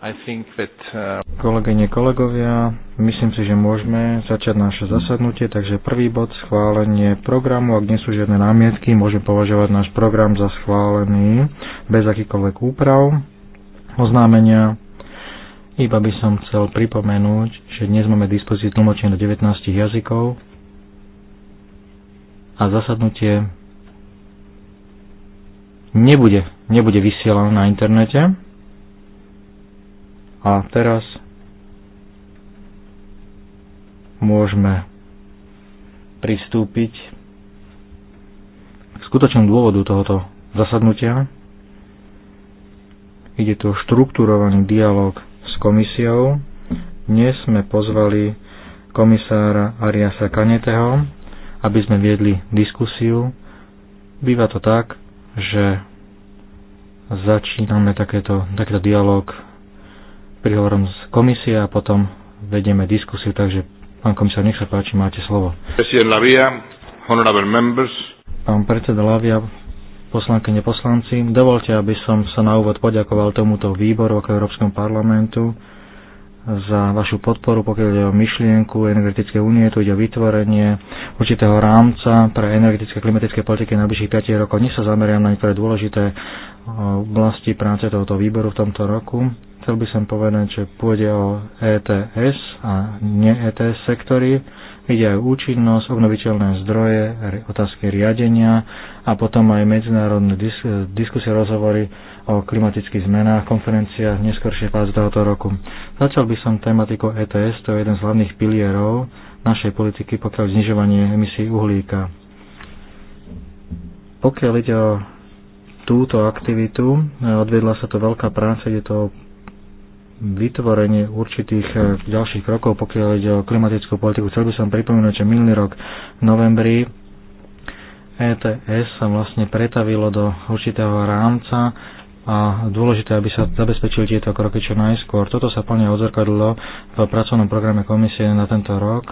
Uh, Kolegyne, kolegovia, myslím si, že môžeme začať naše zasadnutie, takže prvý bod schválenie programu, ak nie sú žiadne námietky, môžeme považovať náš program za schválený bez akýkoľvek úprav, oznámenia. Iba by som chcel pripomenúť, že dnes máme dispozíciu tlmočenia do 19 jazykov a zasadnutie nebude nebude vysielaná na internete. A teraz môžeme pristúpiť k skutočnom dôvodu tohoto zasadnutia. Ide tu o štruktúrovaný dialog s komisiou. Dnes sme pozvali komisára Ariasa Kaneteho, aby sme viedli diskusiu. Býva to tak, že začíname takéto, takýto dialog prihovorom z komisie a potom vedieme diskusiu, takže pán komisár, nech sa páči, máte slovo. Pán predseda Lavia, poslankyne poslanci, dovolte, aby som sa na úvod poďakoval tomuto výboru ako Európskom parlamentu za vašu podporu, pokiaľ ide o myšlienku energetickej únie, tu ide o vytvorenie určitého rámca pre energetické a klimatické politiky na najbližších 5 rokov. Dnes sa zameriam na niektoré dôležité oblasti práce tohoto výboru v tomto roku. Chcel by som povedať, že pôjde o ETS a nie ETS sektory. Ide aj účinnosť, obnoviteľné zdroje, otázky riadenia a potom aj medzinárodné dis- diskusie, rozhovory o klimatických zmenách, konferencia v neskôršej fáze tohoto roku. Začal by som tematikou ETS, to je jeden z hlavných pilierov našej politiky, pokiaľ znižovanie emisí uhlíka. Pokiaľ ide o túto aktivitu, e, odvedla sa to veľká práca, je to vytvorenie určitých e, ďalších krokov, pokiaľ ide o klimatickú politiku. Chcel by som pripomínať, že minulý rok v novembri ETS sa vlastne pretavilo do určitého rámca a dôležité, aby sa zabezpečili tieto kroky čo najskôr. Toto sa plne odzrkadlo v pracovnom programe komisie na tento rok.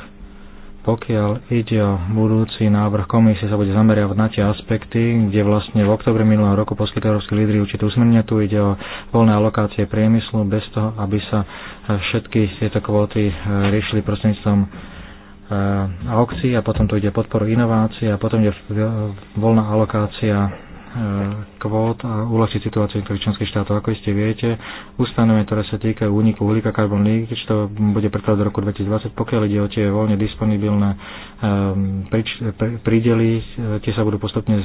Pokiaľ ide o budúci návrh komisie, sa bude zameriavať na tie aspekty, kde vlastne v oktobri minulého roku poskytujú európsky lídry určité usmernenia. Tu ide o voľné alokácie priemyslu bez toho, aby sa všetky tieto kvóty e, riešili prostredníctvom e, aukcií a potom tu ide podporu inovácií a potom ide voľná alokácia E, kvót a uľahčiť situáciu niektorých členských štátov. Ako iste viete, ustanovenie, ktoré sa týkajú úniku uhlíka Carbon Leakage, to bude preklad do roku 2020, pokiaľ ide o tie voľne disponibilné e, prídely, e, tie sa budú postupne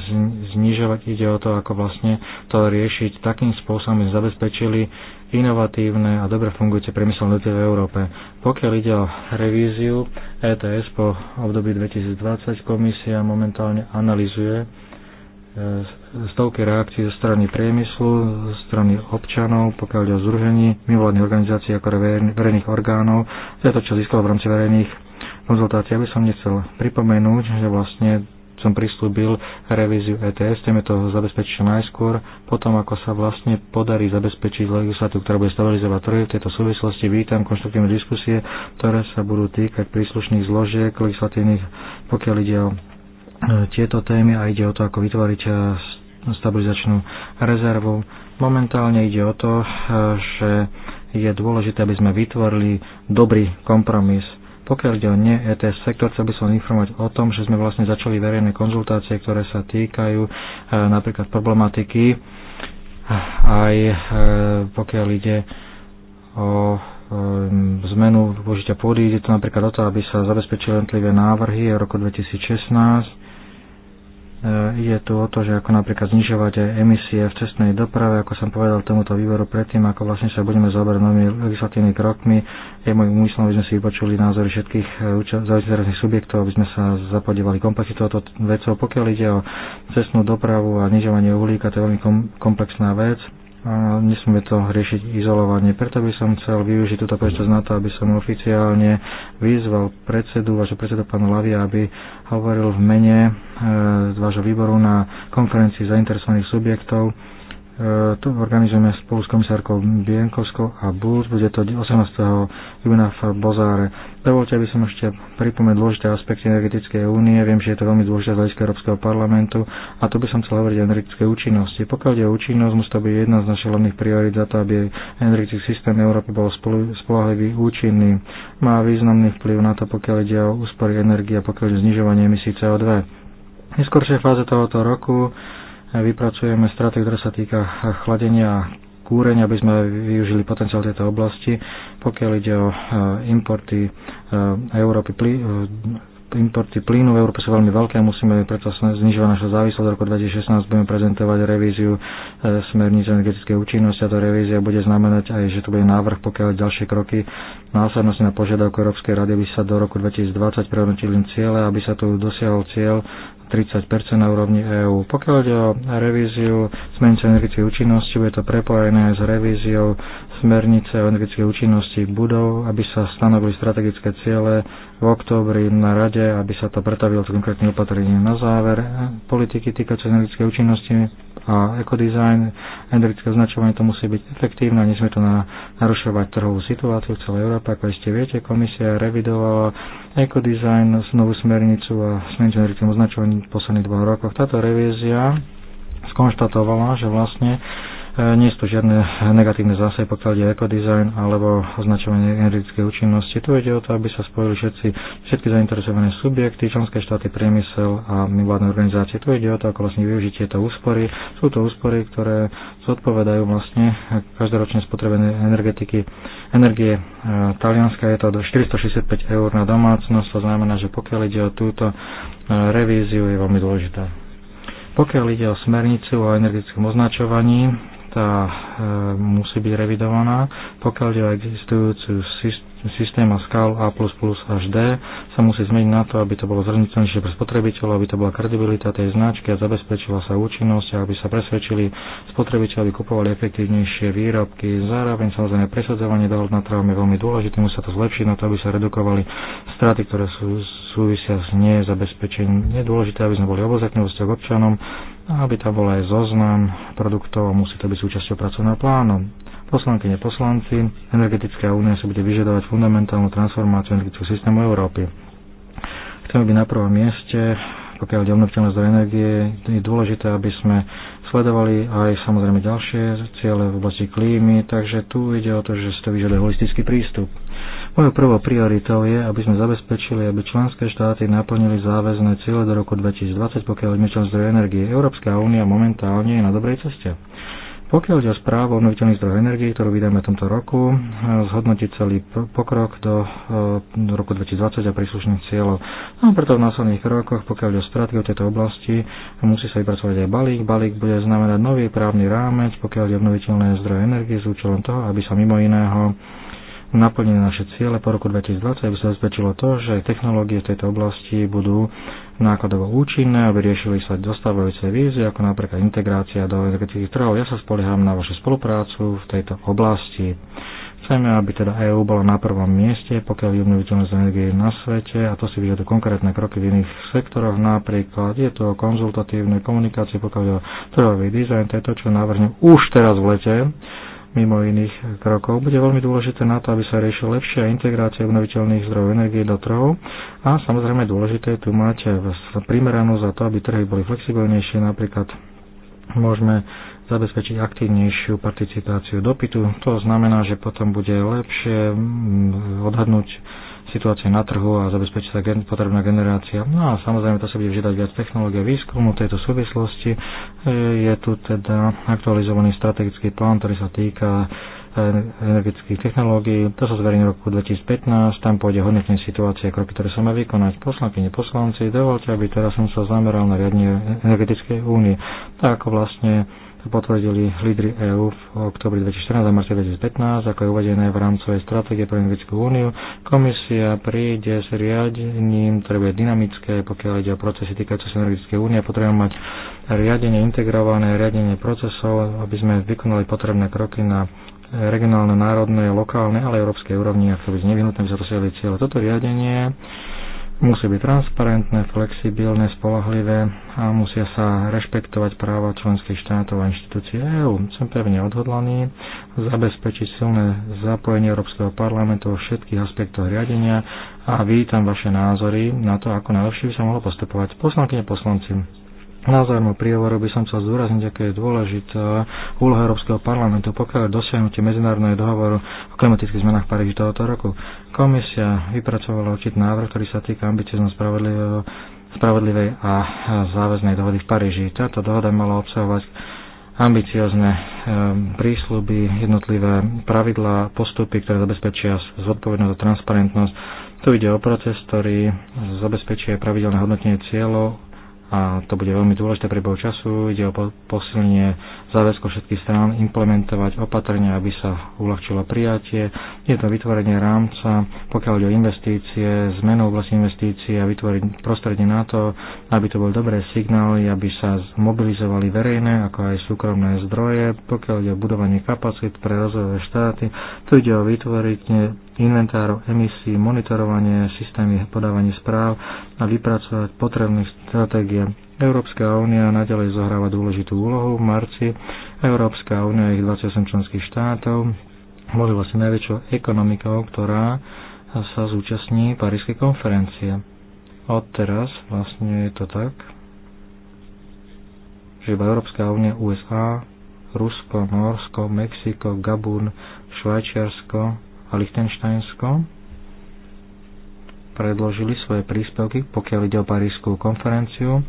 znižovať. Ide o to, ako vlastne to riešiť takým spôsobom, aby zabezpečili inovatívne a dobre fungujúce priemyselné odvetvie v Európe. Pokiaľ ide o revíziu ETS po období 2020, komisia momentálne analizuje stovky reakcií zo strany priemyslu, zo strany občanov, pokiaľ ide o združení mimovládnych organizácií ako verejných orgánov, to je to, čo získalo v rámci verejných konzultácií. Aby by som nechcel pripomenúť, že vlastne som prislúbil revíziu ETS, chceme to zabezpečiť najskôr, potom ako sa vlastne podarí zabezpečiť legislatívu, ktorá bude stabilizovať trhy. V tejto súvislosti vítam konštruktívne diskusie, ktoré sa budú týkať príslušných zložiek legislatívnych, pokiaľ ide o e, tieto témy a ide o to, ako vytvoriť e, stabilizačnú rezervu. Momentálne ide o to, eh, že je dôležité, aby sme vytvorili dobrý kompromis. Pokiaľ ide o nie ETS sektor, chcel by som informovať o tom, že sme vlastne začali verejné konzultácie, ktoré sa týkajú eh, napríklad problematiky, aj eh, pokiaľ ide o zmenu použitia pôdy. Ide to napríklad o to, aby sa zabezpečili jednotlivé návrhy v roku 2016 E, ide tu o to, že ako napríklad znižovať emisie v cestnej doprave, ako som povedal tomuto výboru predtým, ako vlastne sa budeme zaoberať novými legislatívnymi krokmi. Je môj úmyslom, aby sme si vypočuli názory všetkých e, zaujímavých subjektov, aby sme sa zapodívali komplexitu tohoto vecou. Pokiaľ ide o cestnú dopravu a znižovanie uhlíka, to je veľmi komplexná vec nesmieme to riešiť izolovanie. Preto by som chcel využiť túto príležitosť na to, aby som oficiálne vyzval predsedu, vášho predsedu pána Lavia, aby hovoril v mene e, vášho výboru na konferencii zainteresovaných subjektov E, tu organizujeme spolu s komisárkou Bienkovskou a Bulls. Bude to 18. júna v Bozáre. Dovolte, aby som ešte pripomenul dôležité aspekty energetickej únie. Viem, že je to veľmi dôležité z hľadiska Európskeho parlamentu a tu by som chcel hovoriť o energetickej účinnosti. Pokiaľ je účinnosť, musí to byť jedna z našich hlavných priorít za to, aby energetický systém Európy bol spolahlivý, účinný. Má významný vplyv na to, pokiaľ ide o úspory energie a pokiaľ ide o znižovanie emisí CO2. Neskôršia fáza tohoto roku vypracujeme stratégiu, ktorá sa týka chladenia a kúreň, aby sme využili potenciál tejto oblasti. Pokiaľ ide o e, importy e, Európy, e, importy plynu v Európe sú veľmi veľké a musíme preto znižovať našu závislosť. V roku 2016 budeme prezentovať revíziu smerníc energetickej účinnosti a tá revízia bude znamenať aj, že tu bude návrh, pokiaľ ďalšie kroky následnosti na požiadavku Európskej rady, by sa do roku 2020 prehodnotili ciele, aby sa tu dosiahol cieľ 30 na úrovni EÚ. Pokiaľ ide o revíziu smernice energetickej účinnosti, bude to prepojené s revíziou smernice o energetickej účinnosti budov, aby sa stanovili strategické ciele v októbri na rade, aby sa to pretavilo s konkrétnym opatrením. Na záver, politiky týkajúce energetickej účinnosti a ekodizajn, energetické označovanie, to musí byť efektívne, nesme to na, narušovať trhovú situáciu v celej Európe. Ako ešte viete, komisia revidovala ekodizajn, novú smernicu a smernicu energetického označovaní v posledných dvoch rokoch. Táto revízia skonštatovala, že vlastne E, nie sú to žiadne negatívne zásahy, pokiaľ ide ekodizajn alebo označovanie energetickej účinnosti. Tu ide o to, aby sa spojili všetci, všetky zainteresované subjekty, členské štáty, priemysel a mimovládne organizácie. Tu ide o to, ako vlastne využiť tieto úspory. Sú to úspory, ktoré zodpovedajú vlastne každoročne spotrebené energetiky, energie e, Talianska. Je to do 465 eur na domácnosť, to znamená, že pokiaľ ide o túto e, revíziu, je veľmi dôležitá. Pokiaľ ide o smernicu o energetickom označovaní, tá e, musí byť revidovaná. Pokiaľ ide o existujúcu systém a skal A++ až D, sa musí zmeniť na to, aby to bolo zrniteľnejšie pre spotrebiteľov, aby to bola kredibilita tej značky a zabezpečila sa účinnosť a aby sa presvedčili spotrebiteľi, aby kupovali efektívnejšie výrobky. Zároveň samozrejme presadzovanie dohod na trávom je veľmi dôležité, musí sa to zlepšiť na to, aby sa redukovali straty, ktoré sú súvisia s nezabezpečením. Je dôležité, aby sme boli obozretní k občanom, aby tam bol aj zoznam produktov a musí to byť súčasťou pracovného plánu. Poslankyne poslanci, Energetická únia sa bude vyžadovať fundamentálnu transformáciu energetického systému Európy. Chceme byť na prvom mieste, pokiaľ ide obnoviteľné zdroje energie, je dôležité, aby sme sledovali aj samozrejme ďalšie ciele v oblasti klímy, takže tu ide o to, že si to vyžaduje holistický prístup. Mojou prvou prioritou je, aby sme zabezpečili, aby členské štáty naplnili záväzné ciele do roku 2020, pokiaľ ide zdroje energie. Európska únia momentálne je na dobrej ceste. Pokiaľ ide o správu obnoviteľných zdrojov energie, ktorú vydáme v tomto roku, zhodnotiť celý pokrok do, do e, roku 2020 a príslušných cieľov. No a preto v následných rokoch, pokiaľ ide o stratégiu tejto oblasti, musí sa vypracovať aj balík. Balík bude znamenať nový právny rámec, pokiaľ ide obnoviteľné zdroje energie s účelom toho, aby sa mimo iného naplnené naše ciele po roku 2020, aby sa zabezpečilo to, že technológie v tejto oblasti budú nákladovo účinné, aby riešili sa dostávajúce vízy, ako napríklad integrácia do energetických trhov. Ja sa spolieham na vašu spoluprácu v tejto oblasti. Chceme, aby teda EÚ bola na prvom mieste, pokiaľ je obnoviteľnosť energie na svete a to si vyžaduje konkrétne kroky v iných sektoroch. Napríklad je to konzultatívne komunikácie, pokiaľ je trhový dizajn, to je to, čo navrhnem už teraz v lete mimo iných krokov, bude veľmi dôležité na to, aby sa riešila lepšia integrácia obnoviteľných zdrojov energie do trhov a samozrejme dôležité je tu mať primeranú za to, aby trhy boli flexibilnejšie, napríklad môžeme zabezpečiť aktívnejšiu participáciu dopytu. To znamená, že potom bude lepšie mm, odhadnúť situácia na trhu a zabezpečí sa gen- potrebná generácia. No a samozrejme to sa bude vžiadať viac technológie výskumu tejto súvislosti. E, je tu teda aktualizovaný strategický plán, ktorý sa týka e, energetických technológií. To sa zverejní v roku 2015, tam pôjde hodnotenie situácie a kroky, ktoré sa má vykonať. Poslankyne, poslanci, dovolte, aby teraz som sa zameral na riadne energetickej únie. Tak ako vlastne potvrdili lídry EÚ v oktobri 2014 a marci 2015, ako je uvedené v rámcovej stratégie pre Energetickú úniu. Komisia príde s riadením, ktoré bude dynamické, pokiaľ ide o procesy týkajúce sa Energetickej únie. Potrebujeme mať riadenie integrované, riadenie procesov, aby sme vykonali potrebné kroky na regionálne, národnej, lokálnej, ale európskej úrovni, ak to bude nevyhnutné, by sa to cieľe. Toto riadenie Musí byť transparentné, flexibilné, spolahlivé a musia sa rešpektovať práva členských štátov a inštitúcií EÚ. Som pevne odhodlaný zabezpečiť silné zapojenie Európskeho parlamentu vo všetkých aspektoch riadenia a vítam vaše názory na to, ako najlepšie by sa mohlo postupovať. Poslankyne poslanci, na môj príhovoru by som chcel zdôrazniť, aké je dôležitá úloha Európskeho parlamentu, pokiaľ dosiahnutie medzinárodného dohovoru o klimatických zmenách v Paríži tohoto roku. Komisia vypracovala určitý návrh, ktorý sa týka ambiciozno spravodlivej a záväznej dohody v Paríži. Táto dohoda mala obsahovať ambiciozne eh, prísľuby, jednotlivé pravidlá, postupy, ktoré zabezpečia zodpovednosť a transparentnosť. Tu ide o proces, ktorý zabezpečuje pravidelné hodnotenie cieľov, a to bude veľmi dôležité pre času. Ide o posilnenie záväzku všetkých strán implementovať opatrenia, aby sa uľahčilo prijatie. Je to vytvorenie rámca, pokiaľ ide o investície, zmenu oblasti investícií a vytvoriť prostredie na to, aby to boli dobré signály, aby sa mobilizovali verejné ako aj súkromné zdroje, pokiaľ ide o budovanie kapacít pre rozvojové štáty. Tu ide o vytvoriť inventárov emisí, monitorovanie systémy podávania správ a vypracovať potrebných stratégie. Európska únia nadalej zohráva dôležitú úlohu. V marci Európska únia ich 28 členských štátov boli vlastne najväčšou ekonomikou, ktorá sa zúčastní Parískej konferencie. Od teraz vlastne je to tak, že iba Európska únia, USA, Rusko, Norsko, Mexiko, Gabun, Švajčiarsko, a Lichtensteinsko predložili svoje príspevky, pokiaľ ide o Parížskú konferenciu.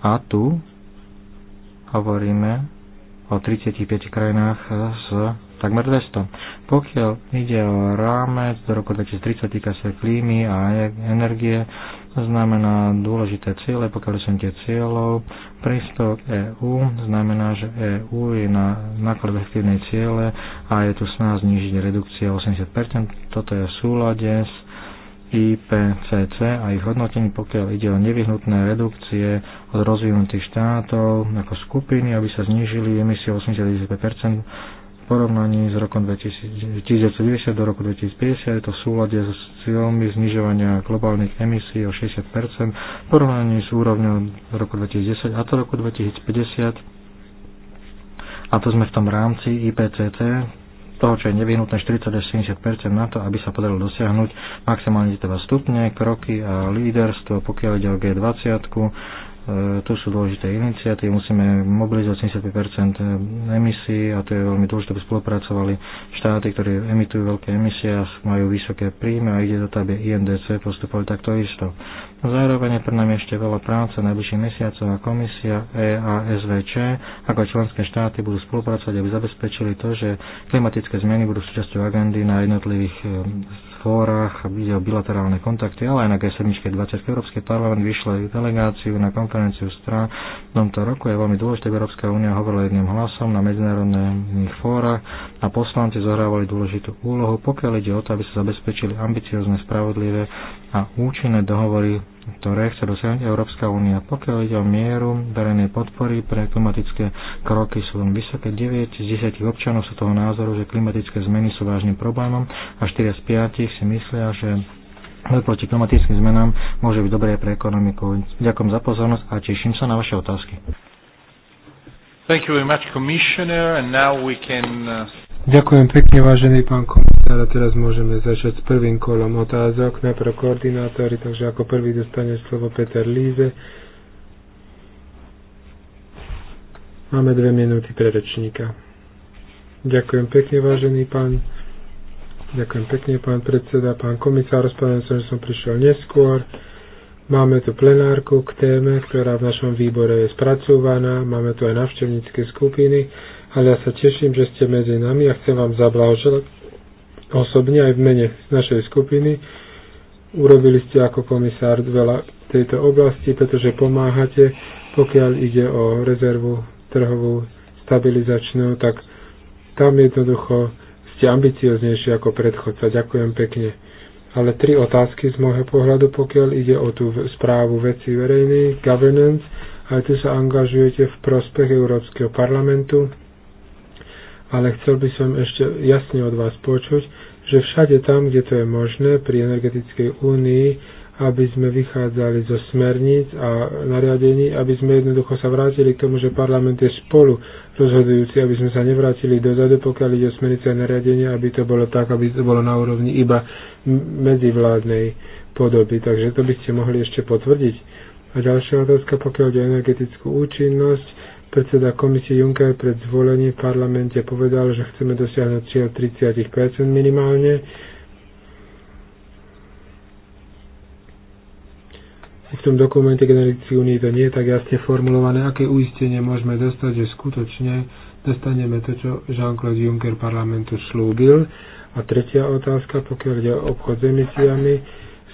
A tu hovoríme o 35 krajinách z takmer 200. Pokiaľ ide o rámec do roku 2030 týka sa klímy a e-, energie, to znamená dôležité ciele, pokiaľ som tie cieľov, Príspevok EÚ znamená, že EÚ je na náklad efektívnej ciele a je tu snaha znížiť redukcie 80%. Toto je v súlade s IPCC a ich hodnotení, pokiaľ ide o nevyhnutné redukcie od rozvinutých štátov ako skupiny, aby sa znížili emisie 80 porovnaní s rokom 1990 do roku 2050 je to v súlade s cieľmi znižovania globálnych emisí o 60 v porovnaní s úrovňou z roku 2010 a to roku 2050. A to sme v tom rámci IPCC, toho, čo je nevyhnutné 40 až 70 na to, aby sa podarilo dosiahnuť maximálne teda stupne, kroky a líderstvo, pokiaľ ide o G20 E, to sú dôležité iniciatívy, musíme mobilizovať 75% emisí a to je veľmi dôležité, aby spolupracovali štáty, ktoré emitujú veľké emisie a majú vysoké príjmy a ide do to, aby INDC postupovali takto isto. No, zároveň je pre nám ešte veľa práce najbližších mesiacov a komisia EASVČ ako členské štáty budú spolupracovať, aby zabezpečili to, že klimatické zmeny budú súčasťou agendy na jednotlivých e, fórach, ide o bilaterálne kontakty, ale aj na G7 20. Európsky parlament vyšle delegáciu na konferenciu strán. V tomto roku je veľmi dôležité, Európska únia hovorila jedným hlasom na medzinárodných fórach a poslanci zohrávali dôležitú úlohu, pokiaľ ide o to, aby sa zabezpečili ambiciozne, spravodlivé a účinné dohovory ktoré chce dosiahnuť Európska únia. Pokiaľ ide o mieru verejnej podpory pre klimatické kroky sú len vysoké. 9 z 10 občanov sú toho názoru, že klimatické zmeny sú vážnym problémom a 4 z 5 si myslia, že boj proti klimatickým zmenám môže byť dobré pre ekonomiku. Ďakujem za pozornosť a teším sa na vaše otázky. Thank you very much, Commissioner, and now we can... Uh, Ďakujem pekne, vážený pán komisár. A teraz môžeme začať s prvým kolom otázok. Najprv koordinátori, takže ako prvý dostane slovo Peter Líze. Máme dve minúty pre rečníka. Ďakujem pekne, vážený pán. Ďakujem pekne, pán predseda, pán komisár. Ospravedlňujem sa, že som prišiel neskôr. Máme tu plenárku k téme, ktorá v našom výbore je spracovaná. Máme tu aj navštevnícke skupiny ale ja sa teším, že ste medzi nami a chcem vám zablahoželať osobne aj v mene našej skupiny. Urobili ste ako komisár veľa tejto oblasti, pretože pomáhate, pokiaľ ide o rezervu trhovú stabilizačnú, tak tam jednoducho ste ambicioznejší ako predchodca. Ďakujem pekne. Ale tri otázky z môjho pohľadu, pokiaľ ide o tú správu veci verejnej, governance, aj tu sa angažujete v prospech Európskeho parlamentu ale chcel by som ešte jasne od vás počuť, že všade tam, kde to je možné pri energetickej únii, aby sme vychádzali zo smerníc a nariadení, aby sme jednoducho sa vrátili k tomu, že parlament je spolu rozhodujúci, aby sme sa nevrátili dozadu, pokiaľ ide o smernice a nariadenia, aby to bolo tak, aby to bolo na úrovni iba medzivládnej podoby. Takže to by ste mohli ešte potvrdiť. A ďalšia otázka, pokiaľ ide o energetickú účinnosť, Predseda komisie Juncker pred zvolením v parlamente povedal, že chceme dosiahnuť cieľ 30% minimálne. v tom dokumente generickej únie to nie je tak jasne formulované, aké uistenie môžeme dostať, že skutočne dostaneme to, čo Jean-Claude Juncker parlamentu slúbil. A tretia otázka, pokiaľ ide o obchod s emisiami,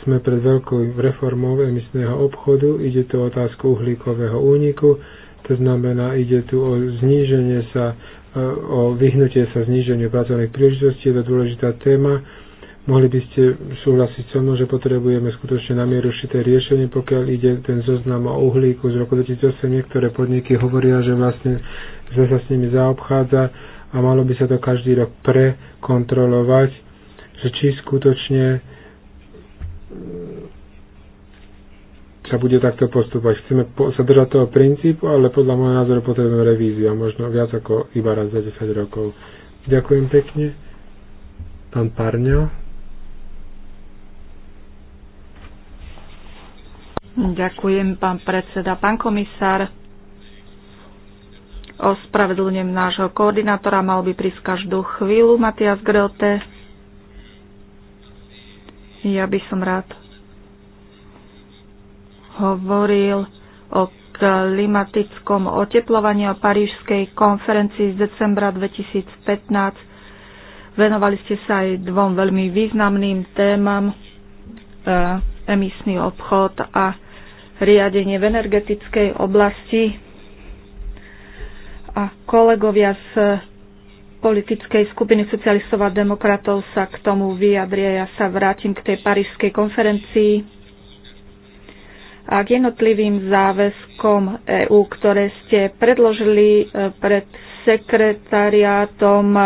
sme pred veľkou reformou emisného obchodu, ide to otázku uhlíkového úniku, to znamená, ide tu o zníženie sa, e, o vyhnutie sa zníženiu pracovných príležitostí. Je to dôležitá téma. Mohli by ste súhlasiť so mnou, že potrebujeme skutočne na mieru šité riešenie, pokiaľ ide ten zoznam o uhlíku z roku 2008. Niektoré podniky hovoria, že vlastne sa s nimi zaobchádza a malo by sa to každý rok prekontrolovať, že či skutočne sa bude takto postupovať. Chceme sa držať toho princípu, ale podľa môjho názoru potrebujeme revíziu a možno viac ako iba raz za 10 rokov. Ďakujem pekne. Pán Parňo. Ďakujem, pán predseda. Pán komisár, ospravedlňujem nášho koordinátora, mal by prísť každú chvíľu Matias Grote. Ja by som rád hovoril o klimatickom oteplovaní o parížskej konferencii z decembra 2015. Venovali ste sa aj dvom veľmi významným témam, e, emisný obchod a riadenie v energetickej oblasti. A kolegovia z politickej skupiny socialistov a demokratov sa k tomu vyjadria. Ja sa vrátim k tej parížskej konferencii a k jednotlivým záväzkom EÚ, ktoré ste predložili e, pred sekretariátom e,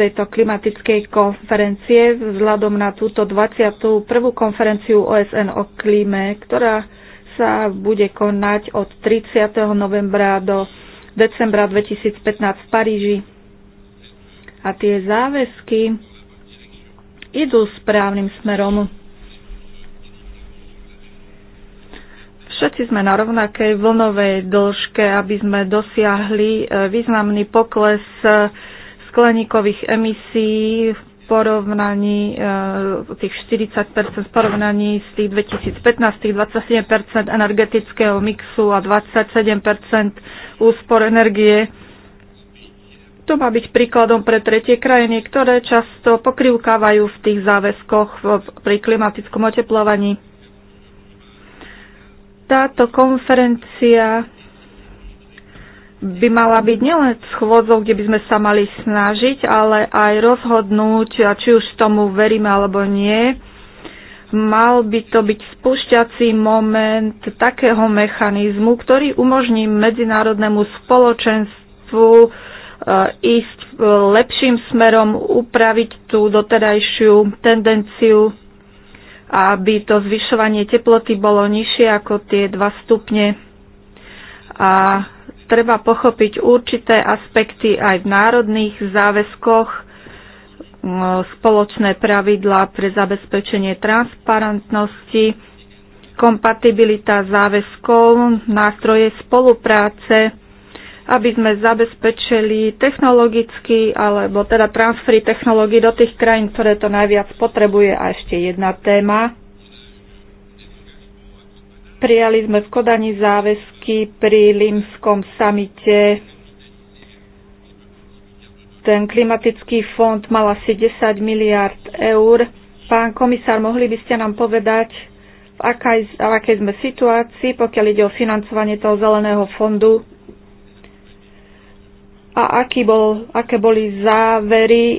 tejto klimatickej konferencie vzhľadom na túto 21. konferenciu OSN o klíme, ktorá sa bude konať od 30. novembra do decembra 2015 v Paríži. A tie záväzky idú správnym smerom Všetci sme na rovnakej vlnovej dĺžke, aby sme dosiahli e, významný pokles e, skleníkových emisí v porovnaní e, tých 40 v porovnaní z tých 2015, tých 27 energetického mixu a 27 úspor energie. To má byť príkladom pre tretie krajiny, ktoré často pokrývkávajú v tých záväzkoch pri klimatickom oteplovaní. Táto konferencia by mala byť nielen schôdzou, kde by sme sa mali snažiť, ale aj rozhodnúť, či už tomu veríme alebo nie. Mal by to byť spúšťací moment takého mechanizmu, ktorý umožní medzinárodnému spoločenstvu e, ísť lepším smerom, upraviť tú doterajšiu tendenciu aby to zvyšovanie teploty bolo nižšie ako tie 2 stupne. A treba pochopiť určité aspekty aj v národných záväzkoch, spoločné pravidlá pre zabezpečenie transparentnosti, kompatibilita záväzkov, nástroje spolupráce, aby sme zabezpečili technologicky alebo teda transfery technológií do tých krajín, ktoré to najviac potrebuje. A ešte jedna téma. Prijali sme v Kodani záväzky pri Limskom samite. Ten klimatický fond mal asi 10 miliard eur. Pán komisár, mohli by ste nám povedať, v akej, v akej sme situácii, pokiaľ ide o financovanie toho zeleného fondu? a aký bol, aké boli závery e,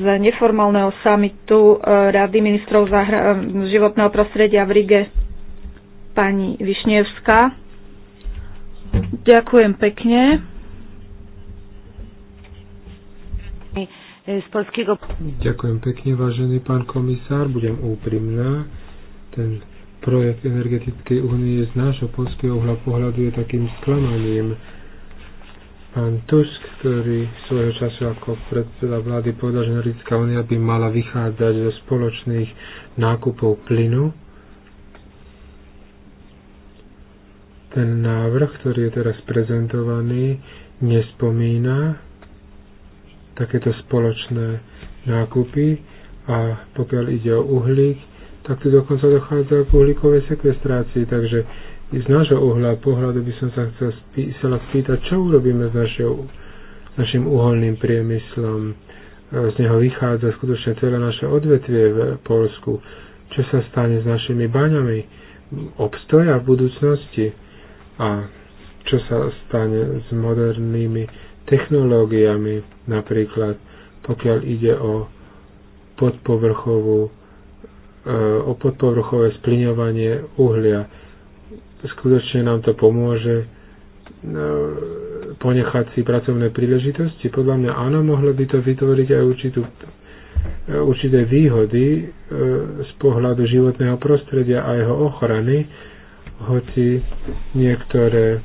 z neformálneho samitu e, Rady ministrov e, životného prostredia v Rige pani Višnevská. Ďakujem pekne. Ďakujem pekne, vážený pán komisár. Budem úprimná. Ten projekt energetickej únie z nášho polského pohľadu je takým sklamaním pán Tusk, ktorý svojho času ako predseda vlády povedal, že Norická únia by mala vychádzať zo spoločných nákupov plynu. Ten návrh, ktorý je teraz prezentovaný, nespomína takéto spoločné nákupy a pokiaľ ide o uhlík, tak tu dokonca dochádza k uhlíkovej sekvestrácii, takže z nášho uhla pohľadu by som sa chcel spý, chcela spýtať, čo urobíme s našou, našim uholným priemyslom. E, z neho vychádza skutočne celé naše odvetvie v Polsku. Čo sa stane s našimi baňami? Obstoja v budúcnosti? A čo sa stane s modernými technológiami, napríklad pokiaľ ide o podpovrchovú e, o podpovrchové spliňovanie uhlia skutočne nám to pomôže e, ponechať si pracovné príležitosti? Podľa mňa áno, mohlo by to vytvoriť aj určitú, e, určité výhody e, z pohľadu životného prostredia a jeho ochrany, hoci niektoré,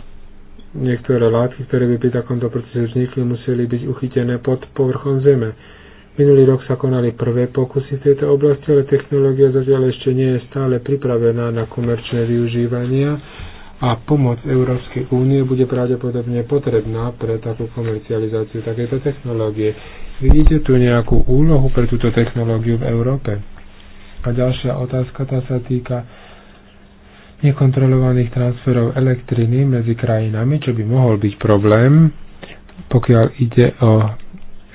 niektoré látky, ktoré by pri takomto procese vznikli, museli byť uchytené pod povrchom zeme. Minulý rok sa konali prvé pokusy v tejto oblasti, ale technológia zatiaľ ešte nie je stále pripravená na komerčné využívania a pomoc Európskej únie bude pravdepodobne potrebná pre takú komercializáciu takéto technológie. Vidíte tu nejakú úlohu pre túto technológiu v Európe? A ďalšia otázka tá sa týka nekontrolovaných transferov elektriny medzi krajinami, čo by mohol byť problém, pokiaľ ide o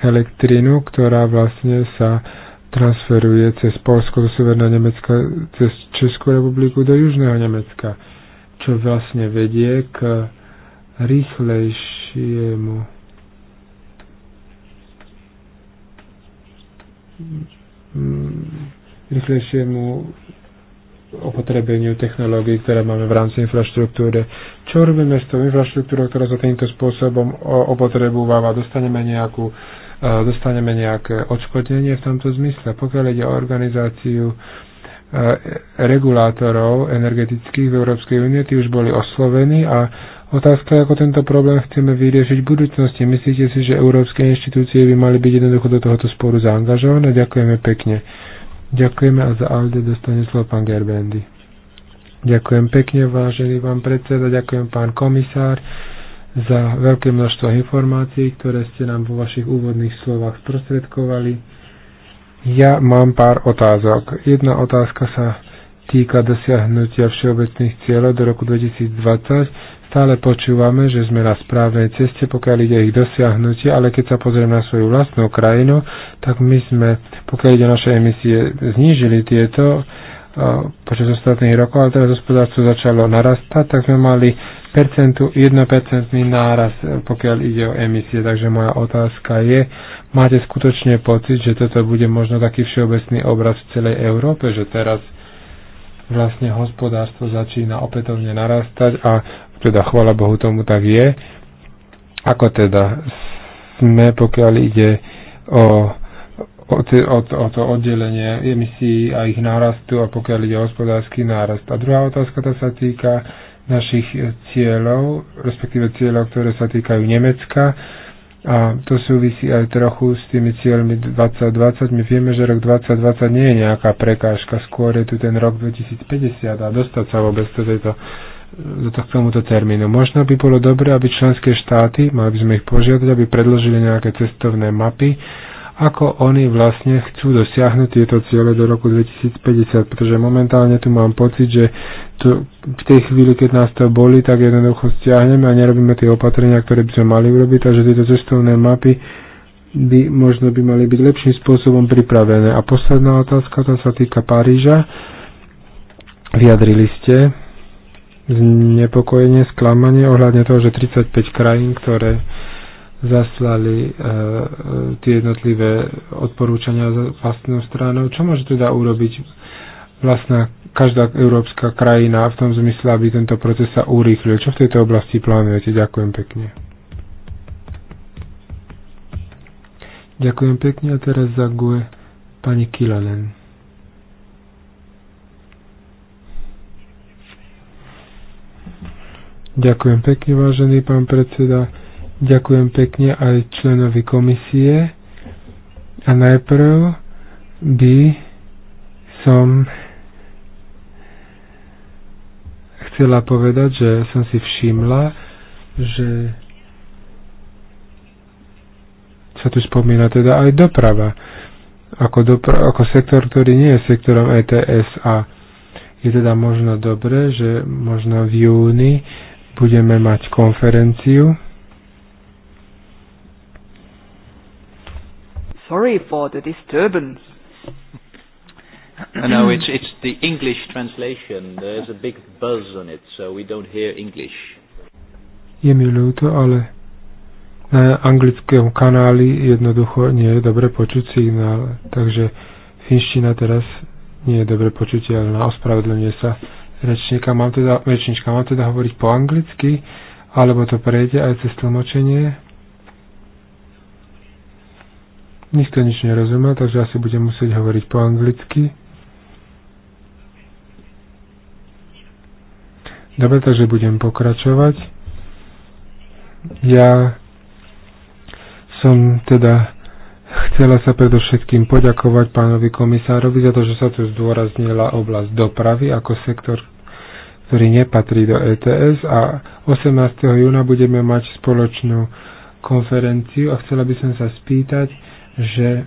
elektrínu, ktorá vlastne sa transferuje cez Polsko do Severného Nemecka, cez Českú republiku do Južného Nemecka, čo vlastne vedie k rýchlejšiemu rýchlejšiemu opotrebeniu technológií, ktoré máme v rámci infraštruktúry. Čo robíme s tou infraštruktúrou, ktorá sa týmto spôsobom opotrebováva? Dostaneme nejakú uh, dostaneme nejaké odškodnenie v tomto zmysle. Pokiaľ ide o organizáciu e, regulátorov energetických v Európskej únie, tí už boli oslovení a otázka je, ako tento problém chceme vyriešiť v budúcnosti. Myslíte si, že európske inštitúcie by mali byť jednoducho do tohoto sporu zaangažované? Ďakujeme pekne. Ďakujeme a za Alde dostane slovo pán Gerbendy. Ďakujem pekne, vážený pán predseda, ďakujem pán komisár za veľké množstvo informácií, ktoré ste nám vo vašich úvodných slovách sprostredkovali. Ja mám pár otázok. Jedna otázka sa týka dosiahnutia všeobecných cieľov do roku 2020. Stále počúvame, že sme na správnej ceste, pokiaľ ide ich dosiahnutie, ale keď sa pozriem na svoju vlastnú krajinu, tak my sme, pokiaľ ide naše emisie, znížili tieto počas ostatných rokov, ale teraz hospodárstvo začalo narastať, tak sme mali percentu, 1% náraz, e, pokiaľ ide o emisie. Takže moja otázka je, máte skutočne pocit, že toto bude možno taký všeobecný obraz v celej Európe, že teraz vlastne hospodárstvo začína opätovne narastať a teda chvala Bohu tomu tak je. Ako teda sme, pokiaľ ide o o, o, o to oddelenie emisí a ich nárastu a pokiaľ ide o hospodársky nárast. A druhá otázka tá sa týka našich e, cieľov, respektíve cieľov, ktoré sa týkajú Nemecka. A to súvisí aj trochu s tými cieľmi 2020. My vieme, že rok 2020 nie je nejaká prekážka, skôr je tu ten rok 2050 a dostať sa vôbec do tejto do to, k tomuto termínu. Možno by bolo dobré, aby členské štáty, mali by sme ich požiadať, aby predložili nejaké cestovné mapy, ako oni vlastne chcú dosiahnuť tieto ciele do roku 2050, pretože momentálne tu mám pocit, že tu, v tej chvíli, keď nás to boli, tak jednoducho stiahneme a nerobíme tie opatrenia, ktoré by sme mali urobiť, takže tieto cestovné mapy by možno by mali byť lepším spôsobom pripravené. A posledná otázka, tá sa týka Paríža. Vyjadrili ste znepokojenie, sklamanie ohľadne toho, že 35 krajín, ktoré zaslali e, e, tie jednotlivé odporúčania za vlastnou stranou. Čo môže teda urobiť vlastná každá európska krajina v tom zmysle, aby tento proces sa urýchlil? Čo v tejto oblasti plánujete? Ďakujem pekne. Ďakujem pekne a teraz za GUE pani Kilanen. Ďakujem pekne, vážený pán predseda. Ďakujem pekne aj členovi komisie. A najprv by som chcela povedať, že som si všimla, že sa tu spomína teda aj doprava ako, dopra- ako sektor, ktorý nie je sektorom ETS a je teda možno dobré, že možno v júni budeme mať konferenciu sorry for the disturbance. I know it's, it's the English translation. There's a big buzz on it, so we don't hear English. Je mi ľúto, ale na anglickom kanáli jednoducho nie je dobre počuť signál, takže finština teraz nie je dobre počuteľná, ospravedlňuje sa rečníka. Mám teda, rečníčka, mám teda hovoriť po anglicky, alebo to prejde aj cez tlmočenie? Nikto nič nerozumel, takže asi budem musieť hovoriť po anglicky. Dobre, takže budem pokračovať. Ja som teda chcela sa predovšetkým poďakovať pánovi komisárovi za to, že sa tu zdôraznila oblasť dopravy ako sektor, ktorý nepatrí do ETS a 18. júna budeme mať spoločnú konferenciu a chcela by som sa spýtať, že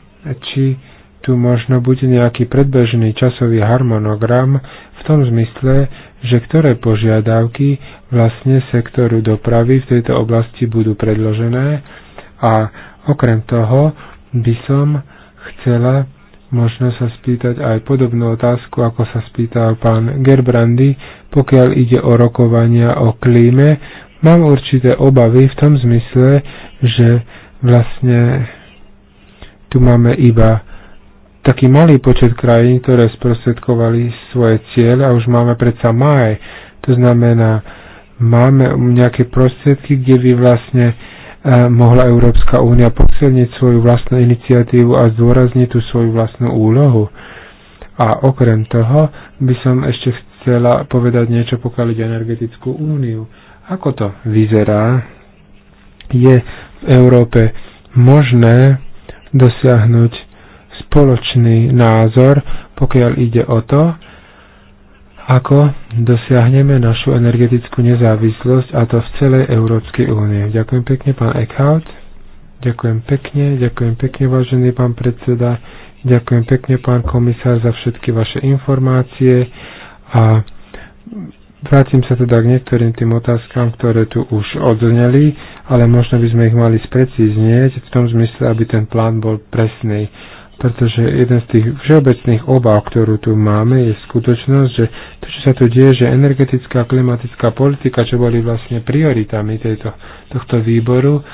či tu možno bude nejaký predbežný časový harmonogram v tom zmysle, že ktoré požiadavky vlastne sektoru dopravy v tejto oblasti budú predložené a okrem toho by som chcela možno sa spýtať aj podobnú otázku, ako sa spýtal pán Gerbrandy, pokiaľ ide o rokovania o klíme. Mám určité obavy v tom zmysle, že vlastne tu máme iba taký malý počet krajín, ktoré sprostredkovali svoje cieľ a už máme predsa maj. To znamená, máme nejaké prostriedky, kde by vlastne e, mohla Európska únia posilniť svoju vlastnú iniciatívu a zdôrazniť tú svoju vlastnú úlohu. A okrem toho by som ešte chcela povedať niečo, pokiaľ ide energetickú úniu. Ako to vyzerá? Je v Európe možné dosiahnuť spoločný názor, pokiaľ ide o to, ako dosiahneme našu energetickú nezávislosť a to v celej Európskej únie. Ďakujem pekne, pán Eckhout. Ďakujem pekne, ďakujem pekne, vážený pán predseda. Ďakujem pekne, pán komisár, za všetky vaše informácie a Vrátim sa teda k niektorým tým otázkam, ktoré tu už odzneli, ale možno by sme ich mali sprecíznieť v tom zmysle, aby ten plán bol presný. Pretože jeden z tých všeobecných obáv, ktorú tu máme, je skutočnosť, že to, čo sa tu deje, že energetická a klimatická politika, čo boli vlastne prioritami tejto, tohto výboru,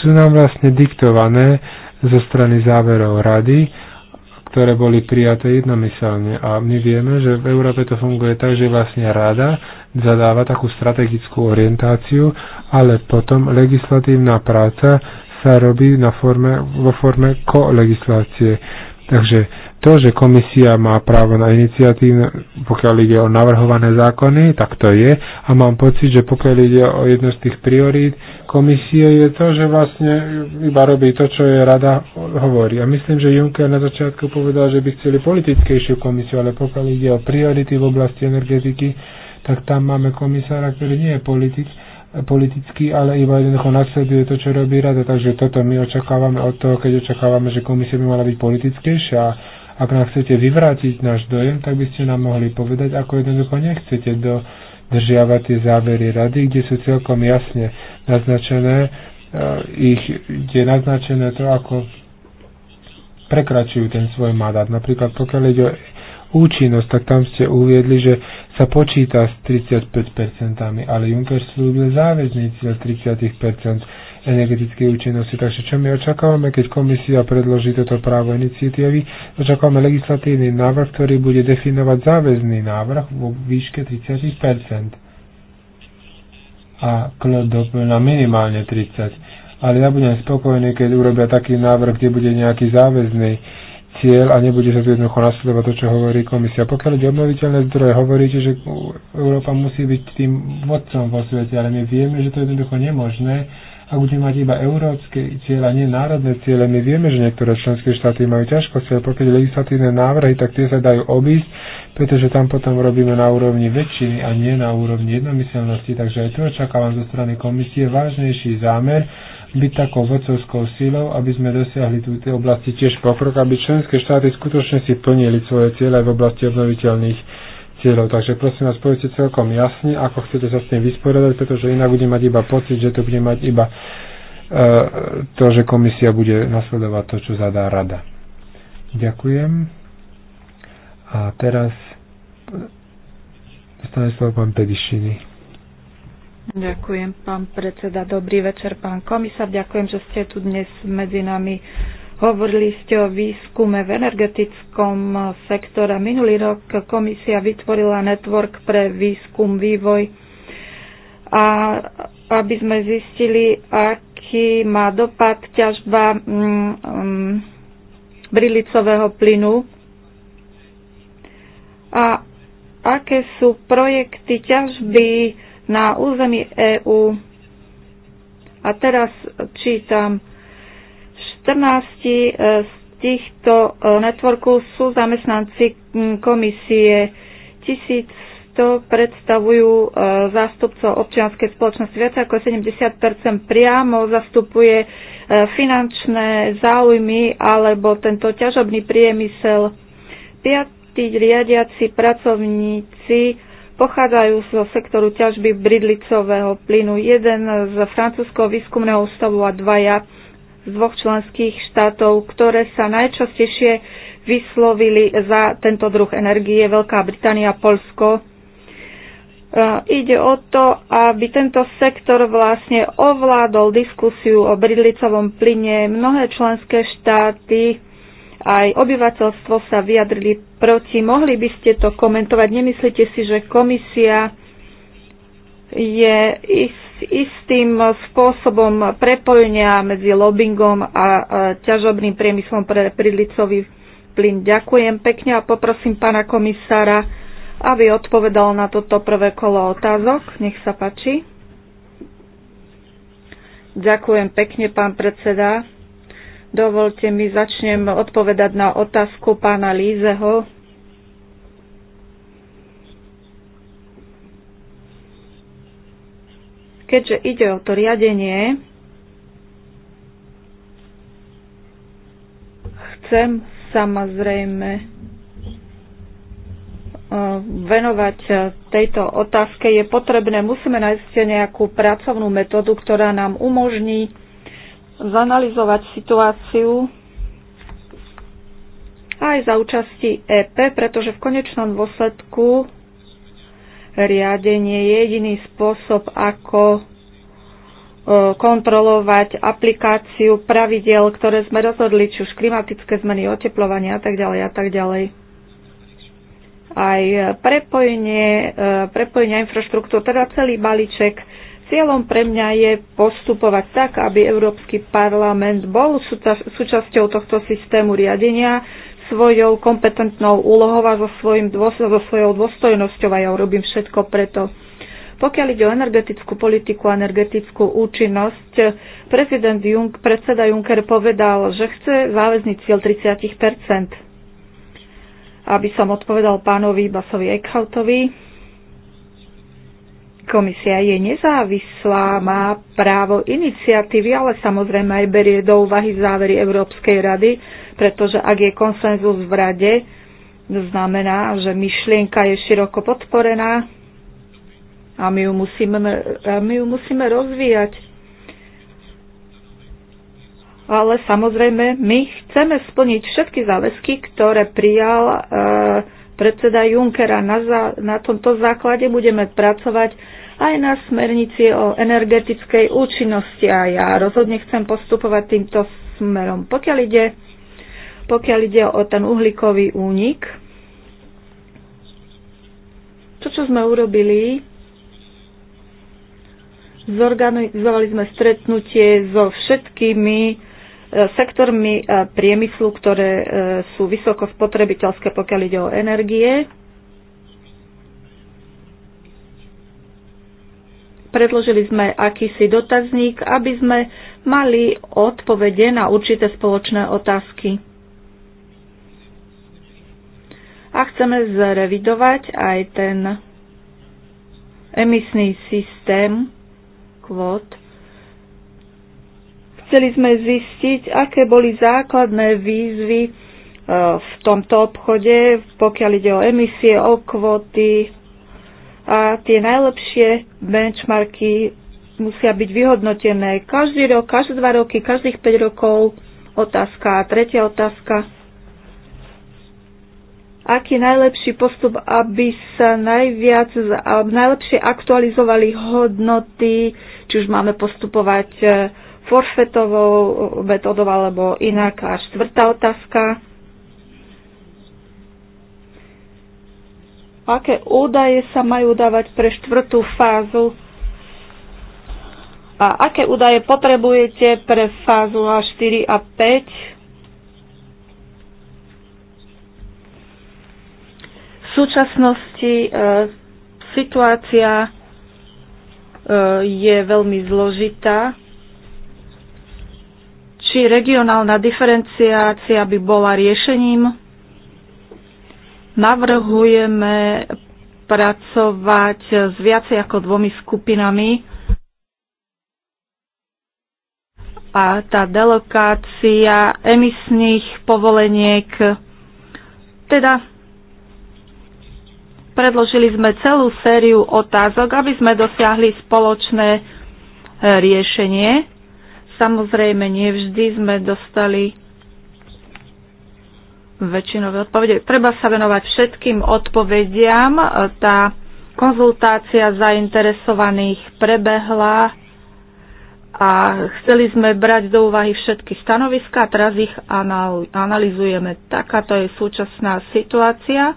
sú nám vlastne diktované zo strany záverov rady ktoré boli prijaté jednomyselne. A my vieme, že v Európe to funguje tak, že vlastne rada zadáva takú strategickú orientáciu, ale potom legislatívna práca sa robí na forme, vo forme kolegislácie. Takže to, že komisia má právo na iniciatívne, pokiaľ ide o navrhované zákony, tak to je. A mám pocit, že pokiaľ ide o jednu z tých priorít komisie, je to, že vlastne iba robí to, čo je rada hovorí. A myslím, že Juncker na začiatku povedal, že by chceli politickejšiu komisiu, ale pokiaľ ide o priority v oblasti energetiky, tak tam máme komisára, ktorý nie je politik, politický, ale iba jednoducho nasleduje to, čo robí rada. Takže toto my očakávame od toho, keď očakávame, že komisia by mala byť politickejšia ak nám chcete vyvrátiť náš dojem, tak by ste nám mohli povedať, ako jednoducho nechcete dodržiavať tie závery rady, kde sú celkom jasne naznačené, e, ich, kde je naznačené to, ako prekračujú ten svoj mandát. Napríklad pokiaľ ide o účinnosť, tak tam ste uviedli, že sa počíta s 35%, ale Juncker slúbil záväzný cieľ 30% energetickej účinnosti. Takže čo my očakávame, keď komisia predloží toto právo iniciatívy? Očakávame legislatívny návrh, ktorý bude definovať záväzný návrh vo výške 30 a klodop na minimálne 30. Ale ja budem spokojný, keď urobia taký návrh, kde bude nejaký záväzný cieľ a nebude sa tu jednoducho nasledovať to, čo hovorí komisia. Pokiaľ ide obnoviteľné zdroje, hovoríte, že Európa musí byť tým vodcom vo svete, ale my vieme, že to je jednoducho nemožné ak bude mať iba európske cieľa, nie národné ciele, my vieme, že niektoré členské štáty majú ťažkosti, ale pokiaľ legislatívne návrhy, tak tie sa dajú obísť, pretože tam potom robíme na úrovni väčšiny a nie na úrovni jednomyselnosti. Takže aj tu očakávam zo strany komisie vážnejší zámer, byť takou vodcovskou silou, aby sme dosiahli tu oblasti tiež pokrok, aby členské štáty skutočne si plnili svoje ciele v oblasti obnoviteľných cieľov. Takže prosím vás, povedzte celkom jasne, ako chcete sa s tým vysporiadať, pretože inak budem mať iba pocit, že to bude mať iba e, to, že komisia bude nasledovať to, čo zadá rada. Ďakujem. A teraz dostane slovo pán Pedišiny. Ďakujem, pán predseda. Dobrý večer, pán komisár. Ďakujem, že ste tu dnes medzi nami Hovorili ste o výskume v energetickom sektore. Minulý rok komisia vytvorila network pre výskum, vývoj a aby sme zistili, aký má dopad ťažba mm, mm, brilicového plynu a aké sú projekty ťažby na území EÚ. A teraz čítam 14 eh, z týchto eh, networkov sú zamestnanci mm, komisie. 1100 predstavujú eh, zástupcov občianskej spoločnosti. Viac ako 70 priamo zastupuje finančné záujmy alebo tento ťažobný priemysel. Piatí riadiaci pracovníci pochádzajú zo sektoru ťažby bridlicového plynu. Jeden z francúzského výskumného ústavu a dvaja z dvoch členských štátov, ktoré sa najčastejšie vyslovili za tento druh energie, Veľká Británia a Polsko. E, ide o to, aby tento sektor vlastne ovládol diskusiu o bridlicovom plyne. Mnohé členské štáty aj obyvateľstvo sa vyjadrili proti. Mohli by ste to komentovať? Nemyslíte si, že komisia je ist s istým spôsobom prepojenia medzi lobbyingom a e, ťažobným priemyslom pre prílicový plyn. Ďakujem pekne a poprosím pána komisára, aby odpovedal na toto prvé kolo otázok. Nech sa páči. Ďakujem pekne, pán predseda. Dovolte mi, začnem odpovedať na otázku pána Lízeho Keďže ide o to riadenie, chcem samozrejme e, venovať tejto otázke, je potrebné, musíme nájsť nejakú pracovnú metódu, ktorá nám umožní zanalizovať situáciu aj za účasti EP, pretože v konečnom dôsledku riadenie je jediný spôsob, ako e, kontrolovať aplikáciu pravidel, ktoré sme rozhodli, či už klimatické zmeny, oteplovanie a tak ďalej a tak ďalej. Aj prepojenie, e, prepojenie infraštruktúr, teda celý balíček. Cieľom pre mňa je postupovať tak, aby Európsky parlament bol súčasťou tohto systému riadenia, svojou kompetentnou úlohou a so, svojim so svojou dôstojnosťou a ja urobím všetko preto. Pokiaľ ide o energetickú politiku a energetickú účinnosť, prezident Jung, predseda Juncker povedal, že chce záväzný cieľ 30 Aby som odpovedal pánovi Basovi Eckhoutovi, Komisia je nezávislá, má právo iniciatívy, ale samozrejme aj berie do úvahy závery Európskej rady, pretože ak je konsenzus v rade, znamená, že myšlienka je široko podporená a my ju musíme, my ju musíme rozvíjať. Ale samozrejme, my chceme splniť všetky záväzky, ktoré prijal e, predseda Junckera. Na, za, na tomto základe budeme pracovať aj na smernici o energetickej účinnosti a ja rozhodne chcem postupovať týmto smerom. Pokiaľ ide, pokiaľ ide o ten uhlíkový únik, to, čo sme urobili, zorganizovali sme stretnutie so všetkými sektormi e, priemyslu, ktoré e, sú vysoko spotrebiteľské, pokiaľ ide o energie. Predložili sme akýsi dotazník, aby sme mali odpovede na určité spoločné otázky. A chceme zrevidovať aj ten emisný systém kvót Chceli sme zistiť, aké boli základné výzvy e, v tomto obchode, pokiaľ ide o emisie, o kvoty a tie najlepšie benchmarky musia byť vyhodnotené každý rok, každé dva roky, každých 5 rokov. Otázka a tretia otázka. Aký najlepší postup, aby sa najviac, najlepšie aktualizovali hodnoty, či už máme postupovať e, forfetovou metodou alebo inak. A štvrtá otázka. Aké údaje sa majú dávať pre štvrtú fázu a aké údaje potrebujete pre fázu A4 a 5? V súčasnosti e, situácia e, je veľmi zložitá či regionálna diferenciácia by bola riešením. Navrhujeme pracovať s viacej ako dvomi skupinami a tá delokácia emisných povoleniek. Teda predložili sme celú sériu otázok, aby sme dosiahli spoločné riešenie Samozrejme, nie vždy sme dostali väčšinové odpovede. Treba sa venovať všetkým odpovediam. Tá konzultácia zainteresovaných prebehla a chceli sme brať do úvahy všetky stanoviská, teraz ich analizujeme. Takáto je súčasná situácia.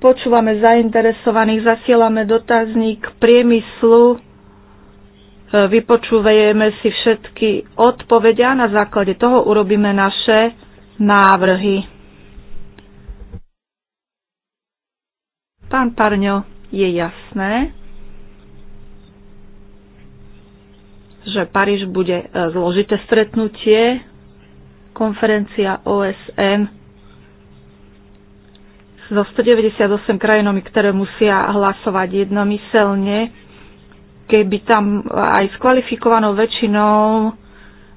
Počúvame zainteresovaných, zasielame dotazník priemyslu, vypočúvajeme si všetky odpovede a na základe toho urobíme naše návrhy. Pán Parňo, je jasné, že Paríž bude e, zložité stretnutie, konferencia OSN so 198 krajinami, ktoré musia hlasovať jednomyselne keby tam aj s kvalifikovanou väčšinou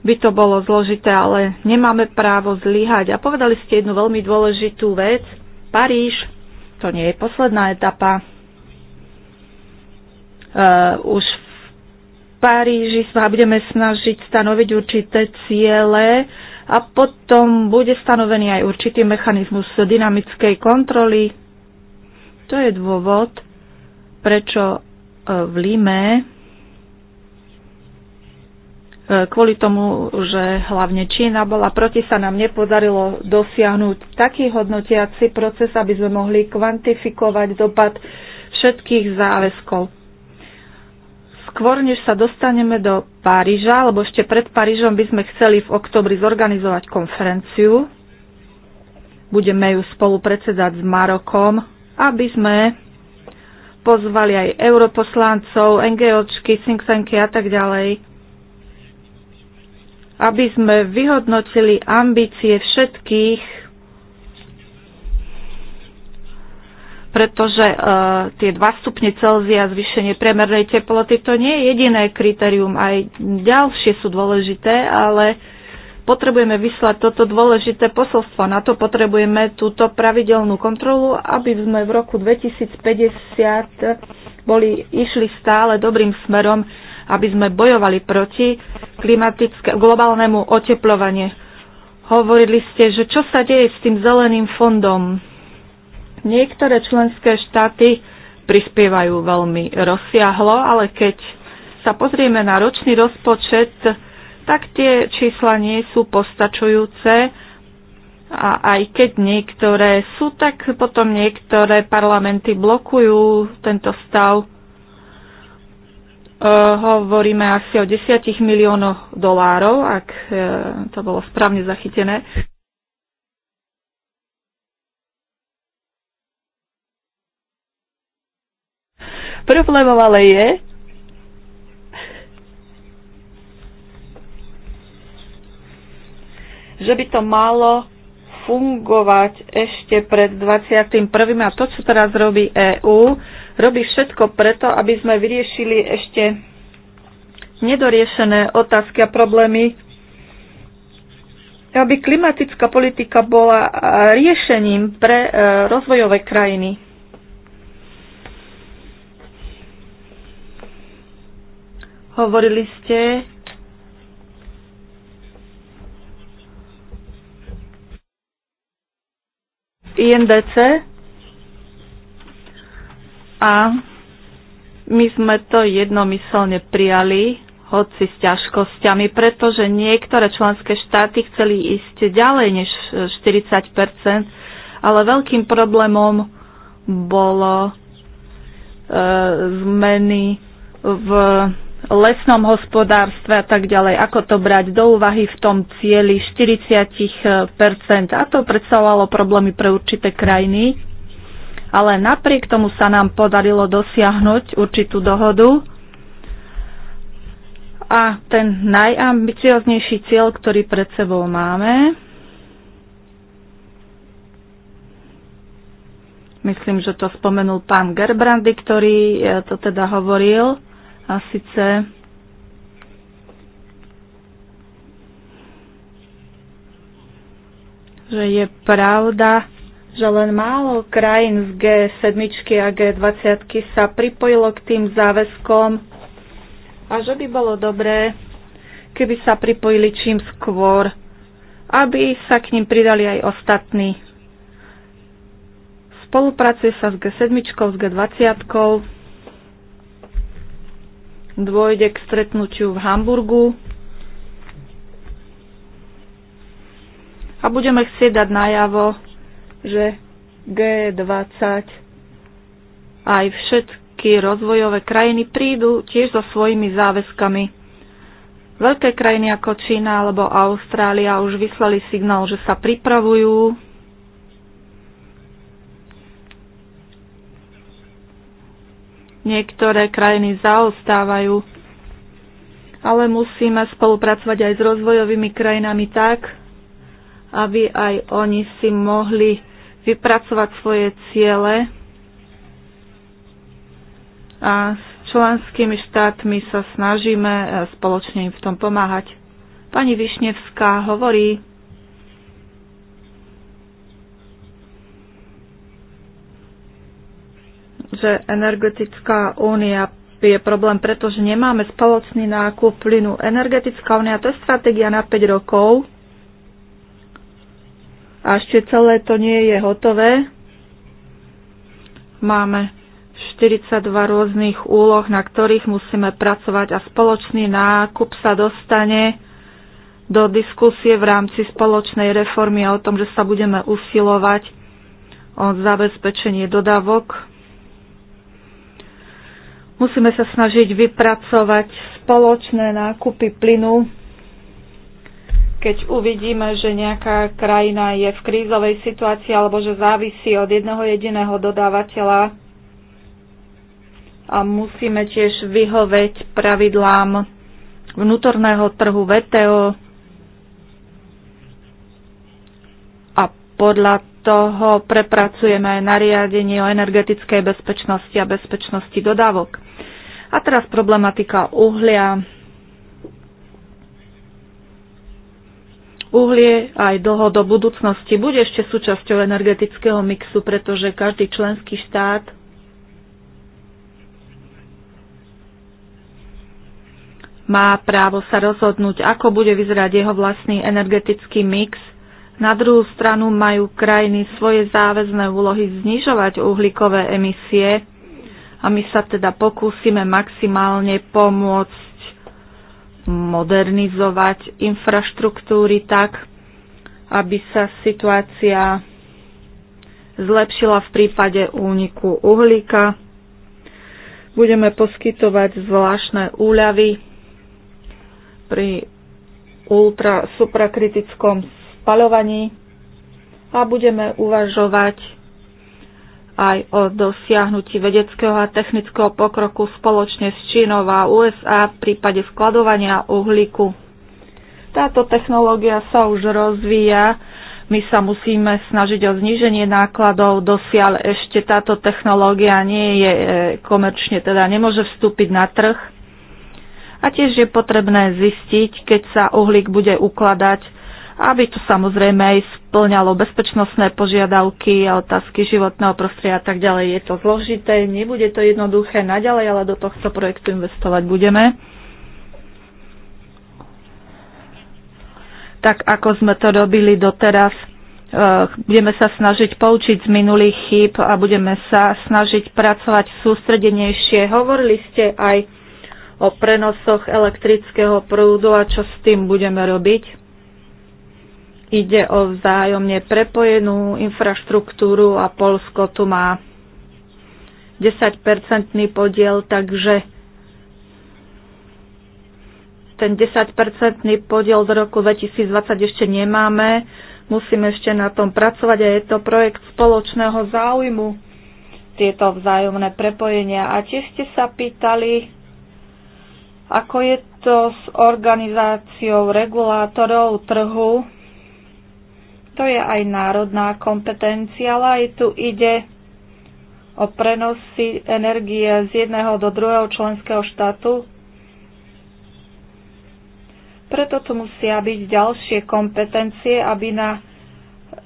by to bolo zložité, ale nemáme právo zlyhať. A povedali ste jednu veľmi dôležitú vec. Paríž, to nie je posledná etapa. Uh, už v Paríži sa budeme snažiť stanoviť určité ciele a potom bude stanovený aj určitý mechanizmus dynamickej kontroly. To je dôvod, prečo v Lime e, kvôli tomu, že hlavne Čína bola proti, sa nám nepodarilo dosiahnuť taký hodnotiaci proces, aby sme mohli kvantifikovať dopad všetkých záväzkov. Skôr, než sa dostaneme do Paríža, alebo ešte pred Parížom by sme chceli v oktobri zorganizovať konferenciu. Budeme ju spolupredsedať s Marokom, aby sme pozvali aj europoslancov, NGOčky, Singsanky a tak ďalej, aby sme vyhodnotili ambície všetkých, pretože uh, tie 2 stupne Celzia zvýšenie priemernej teploty to nie je jediné kritérium, aj ďalšie sú dôležité, ale uh, Potrebujeme vyslať toto dôležité posolstvo. Na to potrebujeme túto pravidelnú kontrolu, aby sme v roku 2050 boli, išli stále dobrým smerom, aby sme bojovali proti globálnemu oteplovaniu. Hovorili ste, že čo sa deje s tým zeleným fondom? Niektoré členské štáty prispievajú veľmi rozsiahlo, ale keď sa pozrieme na ročný rozpočet tak tie čísla nie sú postačujúce a aj keď niektoré sú, tak potom niektoré parlamenty blokujú tento stav. E, hovoríme asi o 10 miliónoch dolárov, ak e, to bolo správne zachytené. Problémom ale je, že by to malo fungovať ešte pred 21. a to, čo teraz robí EÚ, robí všetko preto, aby sme vyriešili ešte nedoriešené otázky a problémy, aby klimatická politika bola riešením pre e, rozvojové krajiny. Hovorili ste INDC a my sme to jednomyselne prijali, hoci s ťažkosťami, pretože niektoré členské štáty chceli ísť ďalej než 40 ale veľkým problémom bolo e, zmeny v lesnom hospodárstve a tak ďalej, ako to brať do úvahy v tom cieli 40%. A to predstavovalo problémy pre určité krajiny. Ale napriek tomu sa nám podarilo dosiahnuť určitú dohodu a ten najambicioznejší cieľ, ktorý pred sebou máme, myslím, že to spomenul pán Gerbrandy, ktorý eh, to teda hovoril, a síce že je pravda, že len málo krajín z G7 a G20 sa pripojilo k tým záväzkom a že by bolo dobré, keby sa pripojili čím skôr, aby sa k ním pridali aj ostatní. Spolupracuje sa s G7, s G20 dôjde k stretnutiu v Hamburgu a budeme chcieť dať najavo, že G20 aj všetky rozvojové krajiny prídu tiež so svojimi záväzkami. Veľké krajiny ako Čína alebo Austrália už vyslali signál, že sa pripravujú Niektoré krajiny zaostávajú, ale musíme spolupracovať aj s rozvojovými krajinami tak, aby aj oni si mohli vypracovať svoje ciele a s členskými štátmi sa snažíme eh, spoločne im v tom pomáhať. Pani Višnevská hovorí, že energetická únia je problém, pretože nemáme spoločný nákup plynu. Energetická únia to je stratégia na 5 rokov a ešte celé to nie je hotové. Máme 42 rôznych úloh, na ktorých musíme pracovať a spoločný nákup sa dostane do diskusie v rámci spoločnej reformy a o tom, že sa budeme usilovať o zabezpečenie dodávok Musíme sa snažiť vypracovať spoločné nákupy plynu. Keď uvidíme, že nejaká krajina je v krízovej situácii alebo že závisí od jedného jediného dodávateľa a musíme tiež vyhoveť pravidlám vnútorného trhu VTO a podľa toho prepracujeme aj nariadenie o energetickej bezpečnosti a bezpečnosti dodávok. A teraz problematika uhlia. Uhlie aj dlho do budúcnosti bude ešte súčasťou energetického mixu, pretože každý členský štát má právo sa rozhodnúť, ako bude vyzerať jeho vlastný energetický mix – na druhú stranu majú krajiny svoje záväzné úlohy znižovať uhlíkové emisie a my sa teda pokúsime maximálne pomôcť modernizovať infraštruktúry tak, aby sa situácia zlepšila v prípade úniku uhlíka. Budeme poskytovať zvláštne úľavy pri ultra suprakritickom spaľovaní a budeme uvažovať aj o dosiahnutí vedeckého a technického pokroku spoločne s Čínou a USA v prípade skladovania uhlíku. Táto technológia sa už rozvíja. My sa musíme snažiť o zníženie nákladov. Dosiaľ ešte táto technológia nie je e, komerčne, teda nemôže vstúpiť na trh. A tiež je potrebné zistiť, keď sa uhlík bude ukladať, aby to samozrejme aj splňalo bezpečnostné požiadavky a otázky životného prostredia a tak ďalej. Je to zložité, nebude to jednoduché naďalej, ale do tohto projektu investovať budeme. Tak ako sme to robili doteraz, eh, budeme sa snažiť poučiť z minulých chýb a budeme sa snažiť pracovať sústredenejšie. Hovorili ste aj o prenosoch elektrického prúdu a čo s tým budeme robiť. Ide o vzájomne prepojenú infraštruktúru a Polsko tu má 10-percentný podiel, takže ten 10-percentný podiel z roku 2020 ešte nemáme. Musíme ešte na tom pracovať a je to projekt spoločného záujmu, tieto vzájomné prepojenia. A tiež ste sa pýtali, ako je to s organizáciou regulátorov trhu to je aj národná kompetencia, ale aj tu ide o prenosy energie z jedného do druhého členského štátu. Preto tu musia byť ďalšie kompetencie, aby na e,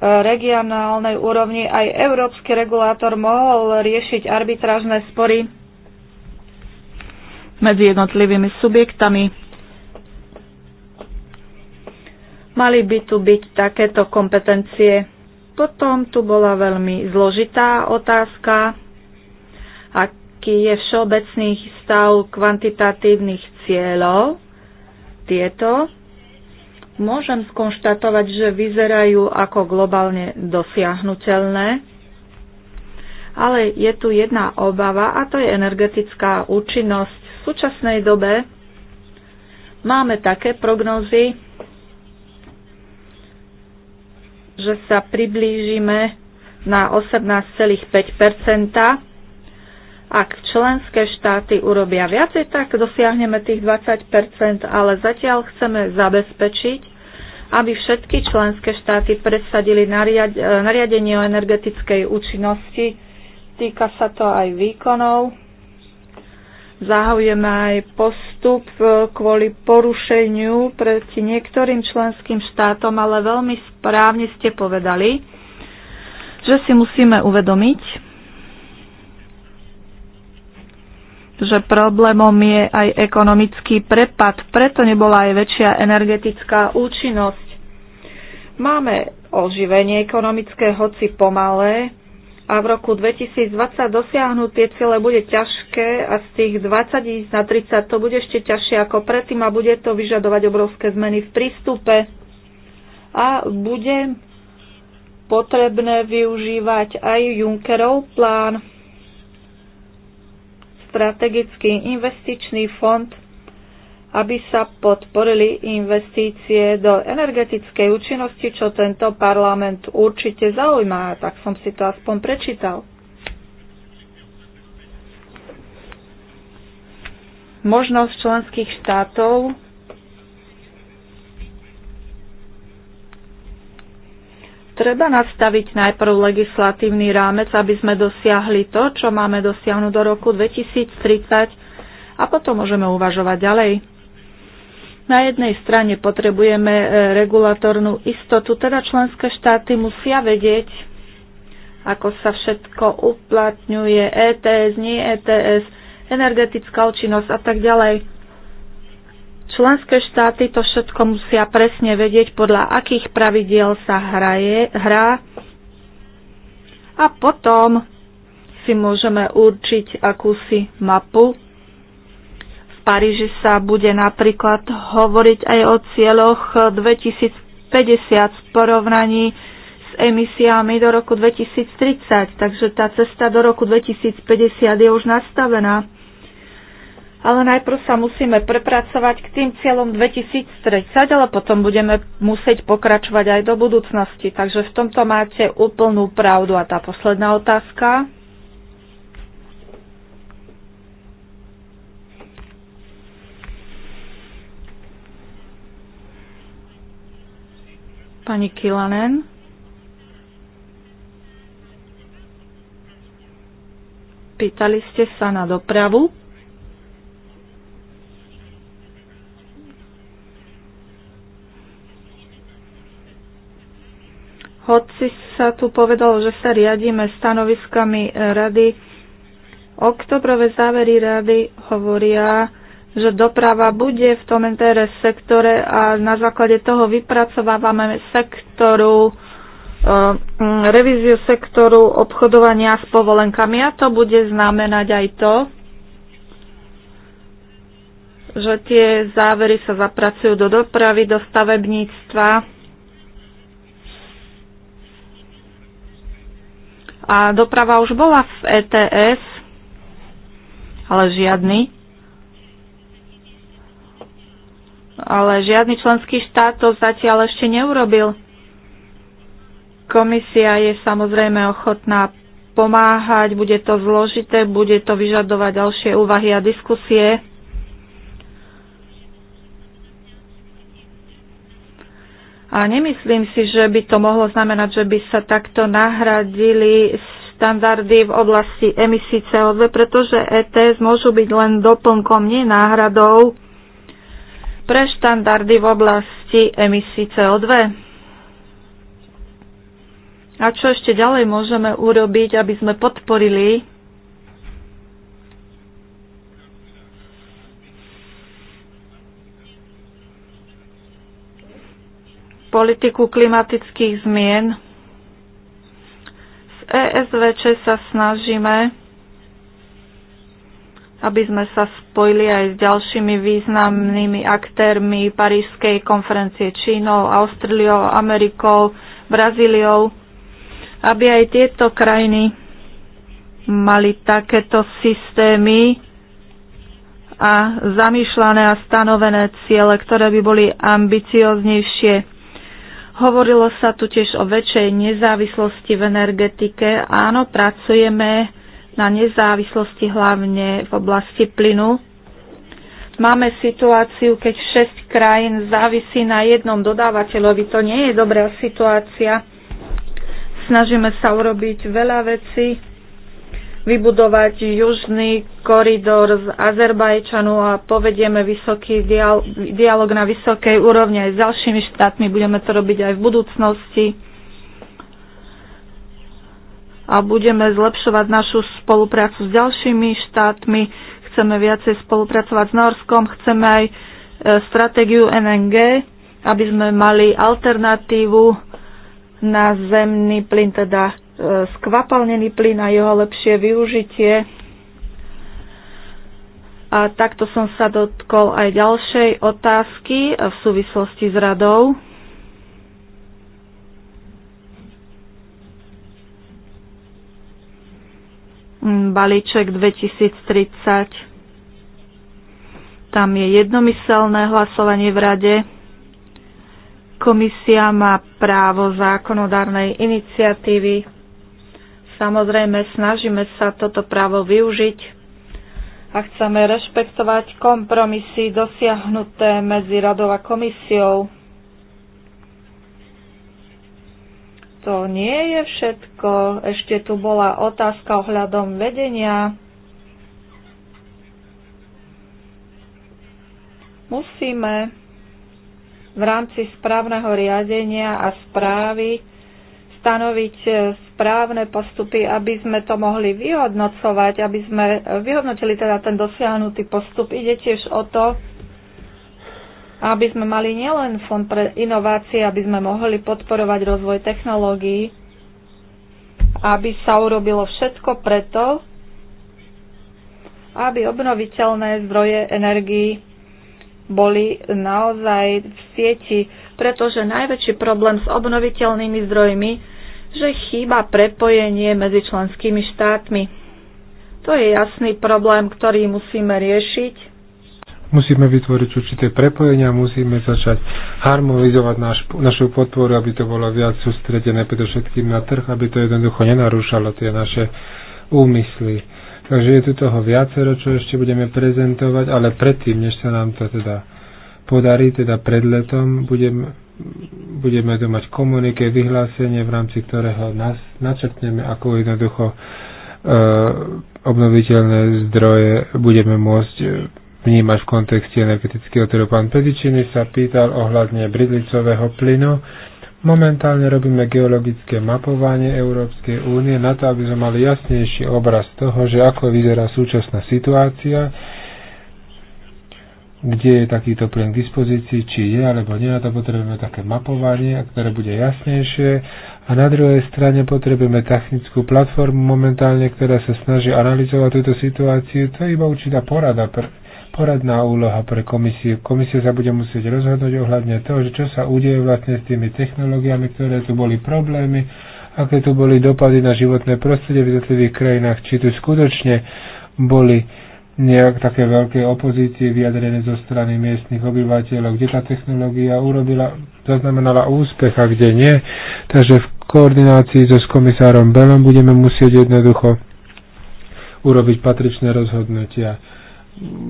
regionálnej úrovni aj európsky regulátor mohol riešiť arbitrážne spory medzi jednotlivými subjektami. Mali by tu byť takéto kompetencie. Potom tu bola veľmi zložitá otázka, aký je všeobecný stav kvantitatívnych cieľov. Tieto môžem skonštatovať, že vyzerajú ako globálne dosiahnutelné, ale je tu jedna obava a to je energetická účinnosť. V súčasnej dobe máme také prognózy, že sa priblížime na 18,5 ak členské štáty urobia viacej, tak dosiahneme tých 20 ale zatiaľ chceme zabezpečiť, aby všetky členské štáty presadili e, nariadenie o energetickej účinnosti. Týka sa to aj výkonov Zahajujeme aj postup e, kvôli porušeniu proti niektorým členským štátom, ale veľmi správne ste povedali, že si musíme uvedomiť, že problémom je aj ekonomický prepad, preto nebola aj väčšia energetická účinnosť. Máme oživenie ekonomické, hoci pomalé, a v roku 2020 dosiahnuť tie ciele bude ťažké a z tých 20 na 30 to bude ešte ťažšie ako predtým a bude to vyžadovať obrovské zmeny v prístupe a bude potrebné využívať aj Junckerov plán, strategický investičný fond aby sa podporili investície do energetickej účinnosti, čo tento parlament určite zaujíma, tak som si to aspoň prečítal. Možnosť členských štátov treba nastaviť najprv legislatívny rámec, aby sme dosiahli to, čo máme dosiahnuť do roku 2030 a potom môžeme uvažovať ďalej. Na jednej strane potrebujeme e, regulatornú istotu, teda členské štáty musia vedieť, ako sa všetko uplatňuje, ETS, nie ETS, energetická účinnosť a tak ďalej. Členské štáty to všetko musia presne vedieť, podľa akých pravidiel sa hraje, hrá a potom si môžeme určiť akúsi mapu Paríži sa bude napríklad hovoriť aj o cieľoch 2050 v porovnaní s emisiami do roku 2030. Takže tá cesta do roku 2050 je už nastavená. Ale najprv sa musíme prepracovať k tým cieľom 2030, ale potom budeme musieť pokračovať aj do budúcnosti. Takže v tomto máte úplnú pravdu. A tá posledná otázka. Pani Kilanen. Pýtali ste sa na dopravu. Hoci sa tu povedalo, že sa riadíme stanoviskami rady, oktobrové závery rady hovoria že doprava bude v tom NTRS sektore a na základe toho vypracovávame sektoru, eh, mm, revíziu sektoru obchodovania s povolenkami a to bude znamenať aj to, že tie závery sa zapracujú do dopravy, do stavebníctva, A doprava už bola v ETS, ale žiadny ale žiadny členský štát to zatiaľ ešte neurobil. Komisia je samozrejme ochotná pomáhať, bude to zložité, bude to vyžadovať ďalšie úvahy a diskusie. A nemyslím si, že by to mohlo znamenať, že by sa takto nahradili štandardy v oblasti emisí CO2, pretože ETS môžu byť len doplnkom, nie náhradou pre štandardy v oblasti emisí CO2. A čo ešte ďalej môžeme urobiť, aby sme podporili politiku klimatických zmien? Z ESVČ sa snažíme aby sme sa spojili aj s ďalšími významnými aktérmi Parížskej konferencie Čínou, Austriou, Amerikou, Brazíliou, aby aj tieto krajiny mali takéto systémy a zamýšľané a stanovené ciele, ktoré by boli ambicioznejšie. Hovorilo sa tu tiež o väčšej nezávislosti v energetike. Áno, pracujeme na nezávislosti hlavne v oblasti plynu. Máme situáciu, keď 6 krajín závisí na jednom dodávateľovi. To nie je dobrá situácia. Snažíme sa urobiť veľa vecí, vybudovať južný koridor z Azerbajčanu a povedieme vysoký dialog na vysokej úrovni aj s ďalšími štátmi. Budeme to robiť aj v budúcnosti a budeme zlepšovať našu spoluprácu s ďalšími štátmi. Chceme viacej spolupracovať s Norskom, chceme aj e, stratégiu NNG, aby sme mali alternatívu na zemný plyn, teda e, skvapalnený plyn a jeho lepšie využitie. A takto som sa dotkol aj ďalšej otázky v súvislosti s radou. Mm, balíček 2030. Tam je jednomyselné hlasovanie v rade. Komisia má právo zákonodárnej iniciatívy. Samozrejme, snažíme sa toto právo využiť a chceme rešpektovať kompromisy dosiahnuté medzi radou a komisiou. to nie je všetko. Ešte tu bola otázka ohľadom vedenia. Musíme v rámci správneho riadenia a správy stanoviť správne postupy, aby sme to mohli vyhodnocovať, aby sme vyhodnotili teda ten dosiahnutý postup. Ide tiež o to, aby sme mali nielen fond pre inovácie, aby sme mohli podporovať rozvoj technológií, aby sa urobilo všetko preto, aby obnoviteľné zdroje energii boli naozaj v sieti, pretože najväčší problém s obnoviteľnými zdrojmi, že chýba prepojenie medzi členskými štátmi. To je jasný problém, ktorý musíme riešiť Musíme vytvoriť určité prepojenia, musíme začať harmonizovať naš, našu podporu, aby to bolo viac sústredené predovšetkým na trh, aby to jednoducho nenarúšalo tie naše úmysly. Takže je tu toho viacero, čo ešte budeme prezentovať, ale predtým, než sa nám to teda podarí, teda pred letom, budeme, budeme tu mať komuniké, vyhlásenie, v rámci ktorého nás načrtneme, ako jednoducho e, obnoviteľné zdroje budeme môcť e, vnímať v kontexte energetického trhu. Pán Pedičiny sa pýtal ohľadne bridlicového plynu. Momentálne robíme geologické mapovanie Európskej únie na to, aby sme mali jasnejší obraz toho, že ako vyzerá súčasná situácia, kde je takýto plyn k dispozícii, či je alebo nie, a to potrebujeme také mapovanie, ktoré bude jasnejšie. A na druhej strane potrebujeme technickú platformu momentálne, ktorá sa snaží analyzovať túto situáciu. To je iba určitá porada pre poradná úloha pre komisiu. Komisia sa bude musieť rozhodnúť ohľadne toho, že čo sa udeje vlastne s tými technológiami, ktoré tu boli problémy, aké tu boli dopady na životné prostredie v jednotlivých krajinách, či tu skutočne boli nejak také veľké opozície vyjadrené zo strany miestnych obyvateľov, kde tá technológia urobila, zaznamenala úspech a kde nie. Takže v koordinácii so s komisárom Belom budeme musieť jednoducho urobiť patričné rozhodnutia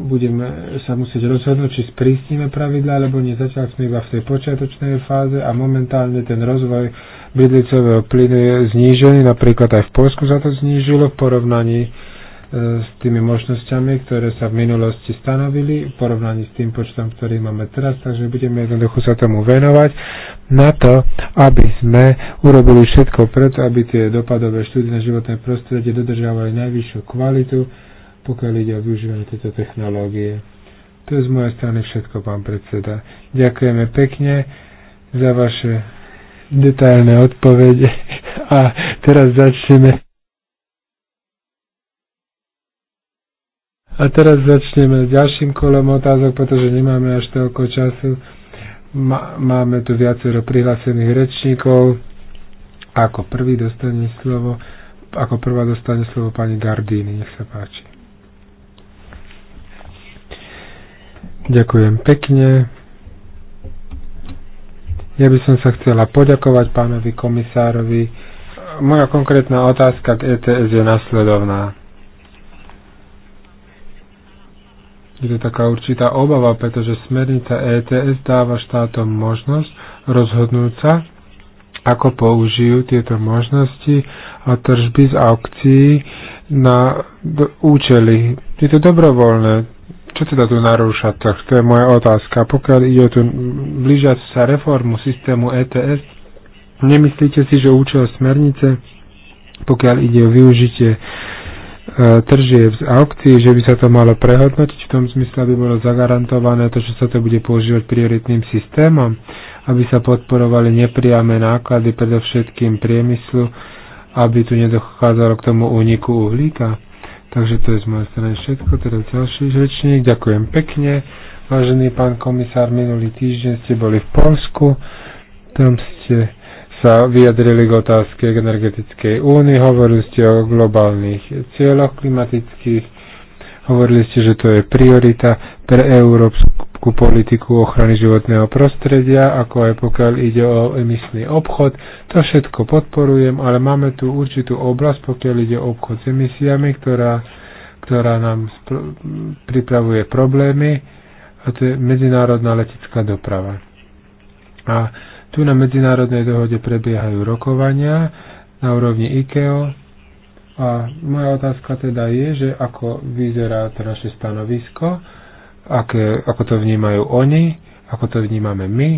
budeme sa musieť rozhodnúť, či sprísnime pravidla, alebo nie. Zatiaľ sme iba v tej počiatočnej fáze a momentálne ten rozvoj bydlicového plynu je znížený, napríklad aj v Polsku sa to znížilo v porovnaní e, s tými možnosťami, ktoré sa v minulosti stanovili, v porovnaní s tým počtom, ktorý máme teraz, takže budeme jednoducho sa tomu venovať na to, aby sme urobili všetko preto, aby tie dopadové štúdie na životné prostredie dodržiavali najvyššiu kvalitu, pokiaľ ide o využívanie tejto technológie. To je z mojej strany všetko, pán predseda. Ďakujeme pekne za vaše detailné odpovede a teraz začneme. A teraz začneme s ďalším kolom otázok, pretože nemáme až toľko času. Máme tu viacero prihlásených rečníkov. Ako prvý dostane slovo, ako prvá dostane slovo pani Gardini, nech sa páči. Ďakujem pekne. Ja by som sa chcela poďakovať pánovi komisárovi. Moja konkrétna otázka k ETS je nasledovná. Je to taká určitá obava, pretože smernica ETS dáva štátom možnosť rozhodnúť sa, ako použijú tieto možnosti a tržby z aukcií na účely. Je to dobrovoľné, čo teda tu narúša tak? To je moja otázka. Pokiaľ ide tu blížať sa reformu systému ETS, nemyslíte si, že účel smernice, pokiaľ ide o využitie tržie tržieb z aukcií, že by sa to malo prehodnotiť v tom zmysle, aby bolo zagarantované to, že sa to bude používať prioritným systémom, aby sa podporovali nepriame náklady predovšetkým priemyslu, aby tu nedochádzalo k tomu úniku uhlíka. Takže to je z mojej strany všetko. Teraz ďalší rečník. Ďakujem pekne. Vážený pán komisár, minulý týždeň ste boli v Polsku. Tam ste sa vyjadrili k otázke k energetickej únii, hovorili ste o globálnych cieľoch klimatických, hovorili ste, že to je priorita pre Európsku ku politiku ochrany životného prostredia, ako aj pokiaľ ide o emisný obchod. To všetko podporujem, ale máme tu určitú oblasť, pokiaľ ide o obchod s emisiami, ktorá, ktorá nám pripravuje problémy, a to je medzinárodná letecká doprava. A tu na medzinárodnej dohode prebiehajú rokovania na úrovni IKEO. a moja otázka teda je, že ako vyzerá to naše stanovisko, aké, ako to vnímajú oni, ako to vnímame my.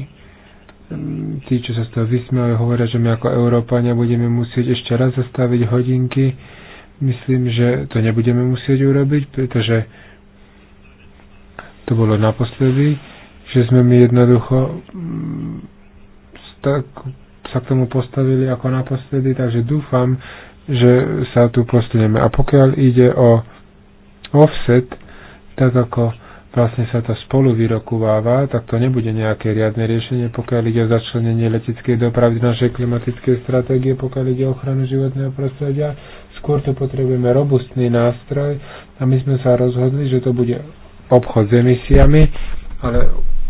Tí, čo sa z toho vysmiali, hovoria, že my ako Európa nebudeme musieť ešte raz zastaviť hodinky. Myslím, že to nebudeme musieť urobiť, pretože to bolo naposledy, že sme my jednoducho mm, tak, sa k tomu postavili ako naposledy, takže dúfam, že sa tu postaneme. A pokiaľ ide o offset, tak ako vlastne sa to spolu vyrokováva, tak to nebude nejaké riadne riešenie, pokiaľ ide o začlenenie leteckej dopravy do našej klimatickej stratégie, pokiaľ ide o ochranu životného prostredia. Skôr tu potrebujeme robustný nástroj a my sme sa rozhodli, že to bude obchod s emisiami, ale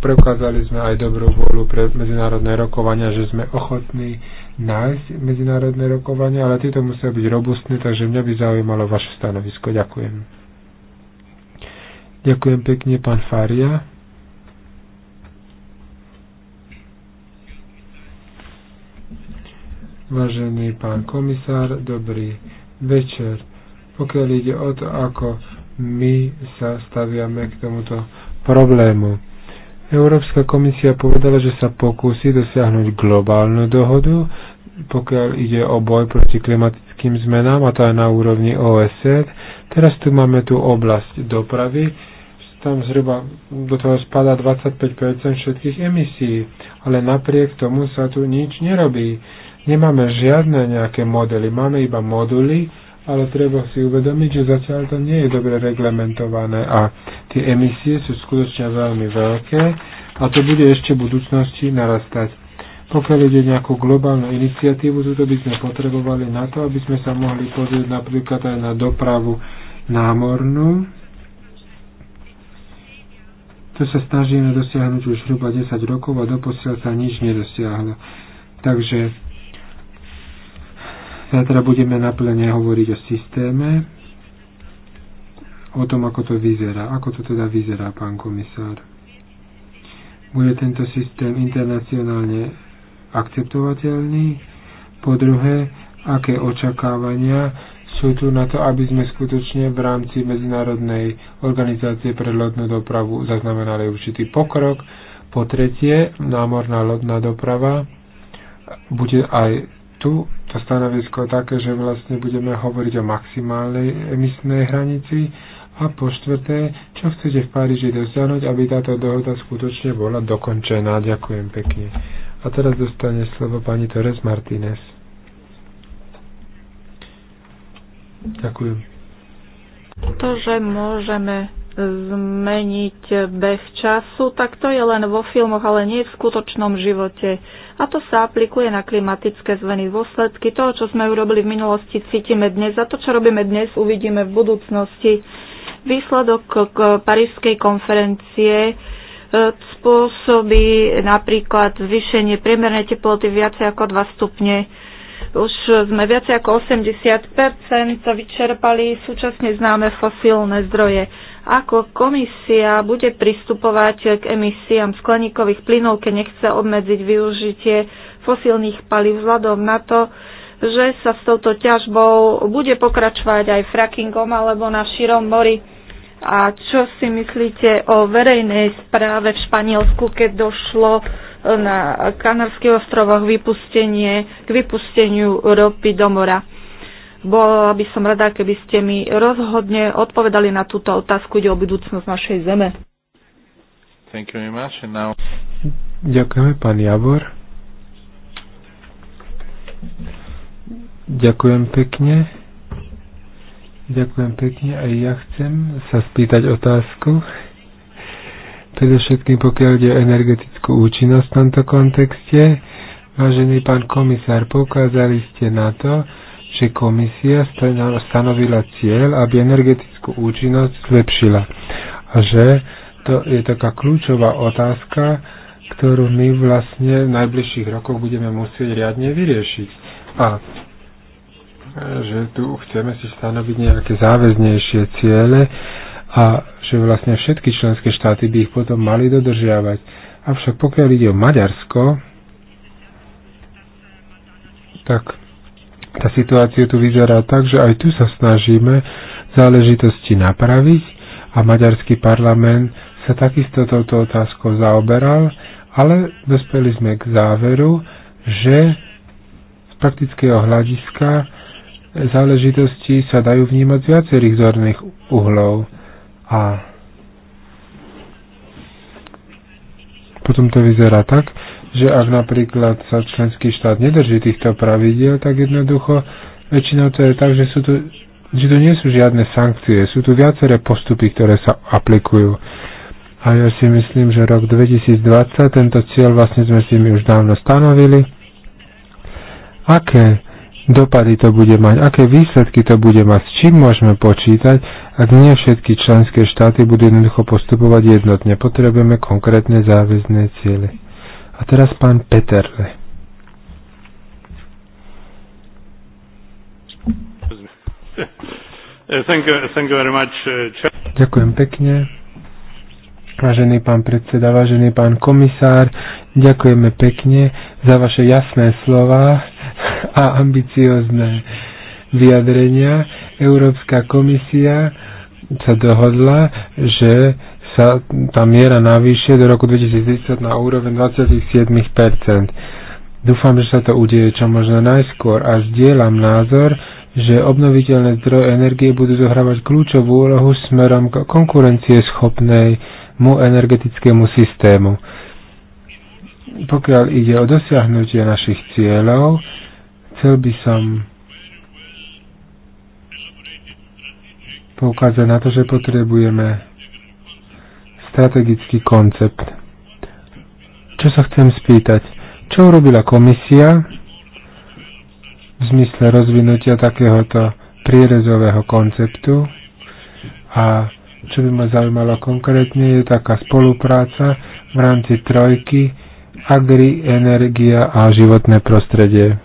preukázali sme aj dobrú vôľu pre medzinárodné rokovania, že sme ochotní nájsť medzinárodné rokovania, ale tieto musia byť robustné, takže mňa by zaujímalo vaše stanovisko. Ďakujem. Ďakujem pekne, pán Faria. Vážený pán komisár, dobrý večer. Pokiaľ ide o to, ako my sa staviame k tomuto problému. Európska komisia povedala, že sa pokúsi dosiahnuť globálnu dohodu, pokiaľ ide o boj proti klimatickým zmenám, a to aj na úrovni OSN. Teraz tu máme tú oblasť dopravy, tam zhruba do toho spada 25% všetkých emisí, ale napriek tomu sa tu nič nerobí. Nemáme žiadne nejaké modely, máme iba moduly, ale treba si uvedomiť, že zatiaľ to nie je dobre reglementované a tie emisie sú skutočne veľmi veľké a to bude ešte v budúcnosti narastať. Pokiaľ ide nejakú globálnu iniciatívu, toto by sme potrebovali na to, aby sme sa mohli pozrieť napríklad aj na dopravu námornú, to sa snažíme dosiahnuť už hruba 10 rokov a doposiaľ sa nič nedosiahlo. Takže zajtra budeme naplne hovoriť o systéme, o tom, ako to vyzerá. Ako to teda vyzerá, pán komisár? Bude tento systém internacionálne akceptovateľný? Po druhé, aké očakávania sú tu na to, aby sme skutočne v rámci Medzinárodnej organizácie pre lodnú dopravu zaznamenali určitý pokrok. Po tretie, námorná lodná doprava bude aj tu to stanovisko také, že vlastne budeme hovoriť o maximálnej emisnej hranici a po štvrté, čo chcete v Paríži dosiahnuť, aby táto dohoda skutočne bola dokončená. Ďakujem pekne. A teraz dostane slovo pani Torres Martínez. Ďakujem. To, že môžeme zmeniť beh času, tak to je len vo filmoch, ale nie v skutočnom živote. A to sa aplikuje na klimatické zmeny. Dôsledky toho, čo sme urobili v minulosti, cítime dnes a to, čo robíme dnes, uvidíme v budúcnosti. Výsledok k parížskej konferencie e, spôsobí napríklad zvýšenie priemernej teploty viacej ako 2 stupne už sme viac ako 80 vyčerpali súčasne známe fosílne zdroje. Ako komisia bude pristupovať k emisiám skleníkových plynov, keď nechce obmedziť využitie fosílnych palív vzhľadom na to, že sa s touto ťažbou bude pokračovať aj frackingom alebo na širom mori. A čo si myslíte o verejnej správe v Španielsku, keď došlo na Kanárských ostrovoch vypustenie, k vypusteniu ropy do mora. Bola by som rada, keby ste mi rozhodne odpovedali na túto otázku, ide o budúcnosť našej zeme. Thank you very much. And now... Ďakujeme, pán Javor. Ďakujem pekne. Ďakujem pekne. Aj ja chcem sa spýtať otázku predovšetkým pokiaľ ide o energetickú účinnosť v tomto kontexte. Vážený pán komisár, poukázali ste na to, že komisia stanovila cieľ, aby energetickú účinnosť zlepšila. A že to je taká kľúčová otázka, ktorú my vlastne v najbližších rokoch budeme musieť riadne vyriešiť. A e, že tu chceme si stanoviť nejaké záväznejšie ciele, a že vlastne všetky členské štáty by ich potom mali dodržiavať. Avšak pokiaľ ide o Maďarsko, tak tá situácia tu vyzerá tak, že aj tu sa snažíme záležitosti napraviť a maďarský parlament sa takisto touto otázkou zaoberal, ale dospeli sme k záveru, že z praktického hľadiska záležitosti sa dajú vnímať z viacerých zorných uhlov. A potom to vyzerá tak, že ak napríklad sa členský štát nedrží týchto pravidiel, tak jednoducho väčšinou to je tak, že sú tu že to nie sú žiadne sankcie, sú tu viaceré postupy, ktoré sa aplikujú. A ja si myslím, že rok 2020, tento cieľ vlastne sme si my už dávno stanovili. Aké dopady to bude mať, aké výsledky to bude mať, s čím môžeme počítať, ak nie všetky členské štáty budú jednoducho postupovať jednotne. Potrebujeme konkrétne záväzné ciele. A teraz pán Peterle. Thank you, thank you very much. Uh, Ďakujem pekne. Vážený pán predseda, vážený pán komisár, ďakujeme pekne za vaše jasné slova a ambiciozne vyjadrenia. Európska komisia sa dohodla, že sa tá miera navýšie do roku 2030 na úroveň 27%. Dúfam, že sa to udeje čo možno najskôr a zdieľam názor, že obnoviteľné zdroje energie budú zohrávať kľúčovú úlohu smerom k mu energetickému systému. Pokiaľ ide o dosiahnutie našich cieľov, Chcel by som poukázať na to, že potrebujeme strategický koncept. Čo sa chcem spýtať? Čo urobila komisia v zmysle rozvinutia takéhoto prierezového konceptu? A čo by ma zaujímalo konkrétne, je taká spolupráca v rámci trojky agri, energia a životné prostredie.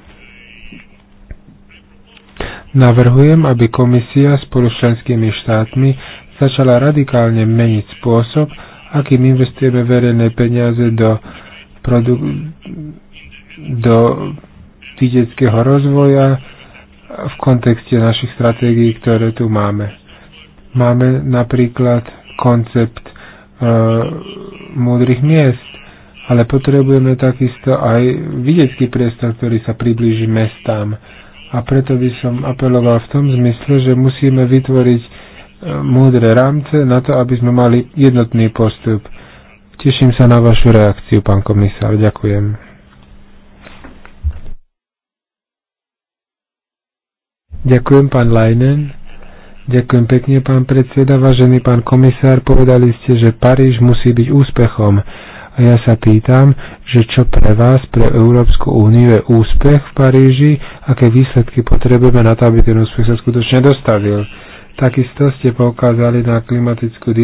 Navrhujem, aby komisia spolu s členskými štátmi začala radikálne meniť spôsob, akým investujeme verejné peniaze do, produ- do vidieckého rozvoja v kontexte našich stratégií, ktoré tu máme. Máme napríklad koncept e, múdrych miest, ale potrebujeme takisto aj vidiecký priestor, ktorý sa priblíži mestám. A preto by som apeloval v tom zmysle, že musíme vytvoriť e, múdre rámce na to, aby sme mali jednotný postup. Teším sa na vašu reakciu, pán komisár. Ďakujem. Ďakujem, pán Leinen. Ďakujem pekne, pán predseda. Vážený pán komisár, povedali ste, že Paríž musí byť úspechom. A ja sa pýtam, že čo pre vás, pre Európsku úniu je úspech v Paríži, aké výsledky potrebujeme na to, aby ten úspech sa skutočne dostavil. Takisto ste poukázali na klimatickú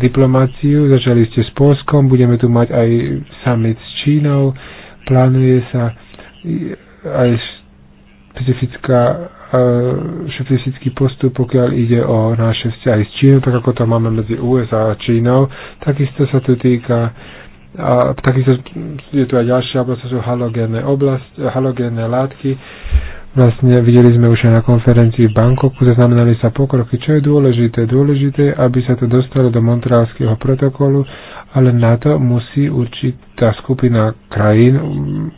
diplomáciu, začali ste s Polskom, budeme tu mať aj summit s Čínou, plánuje sa aj špecifická, e, špecifický postup, pokiaľ ide o naše vzťahy s Čínou, tak ako to máme medzi USA a Čínou. Takisto sa tu týka a takisto je tu aj ďalšia oblasť, sú halogénne, oblasti, halogénne látky. Vlastne videli sme už aj na konferencii v Bankoku, zaznamenali sa pokroky. Čo je dôležité? Dôležité, aby sa to dostalo do Montrealského protokolu, ale na to musí určitá skupina krajín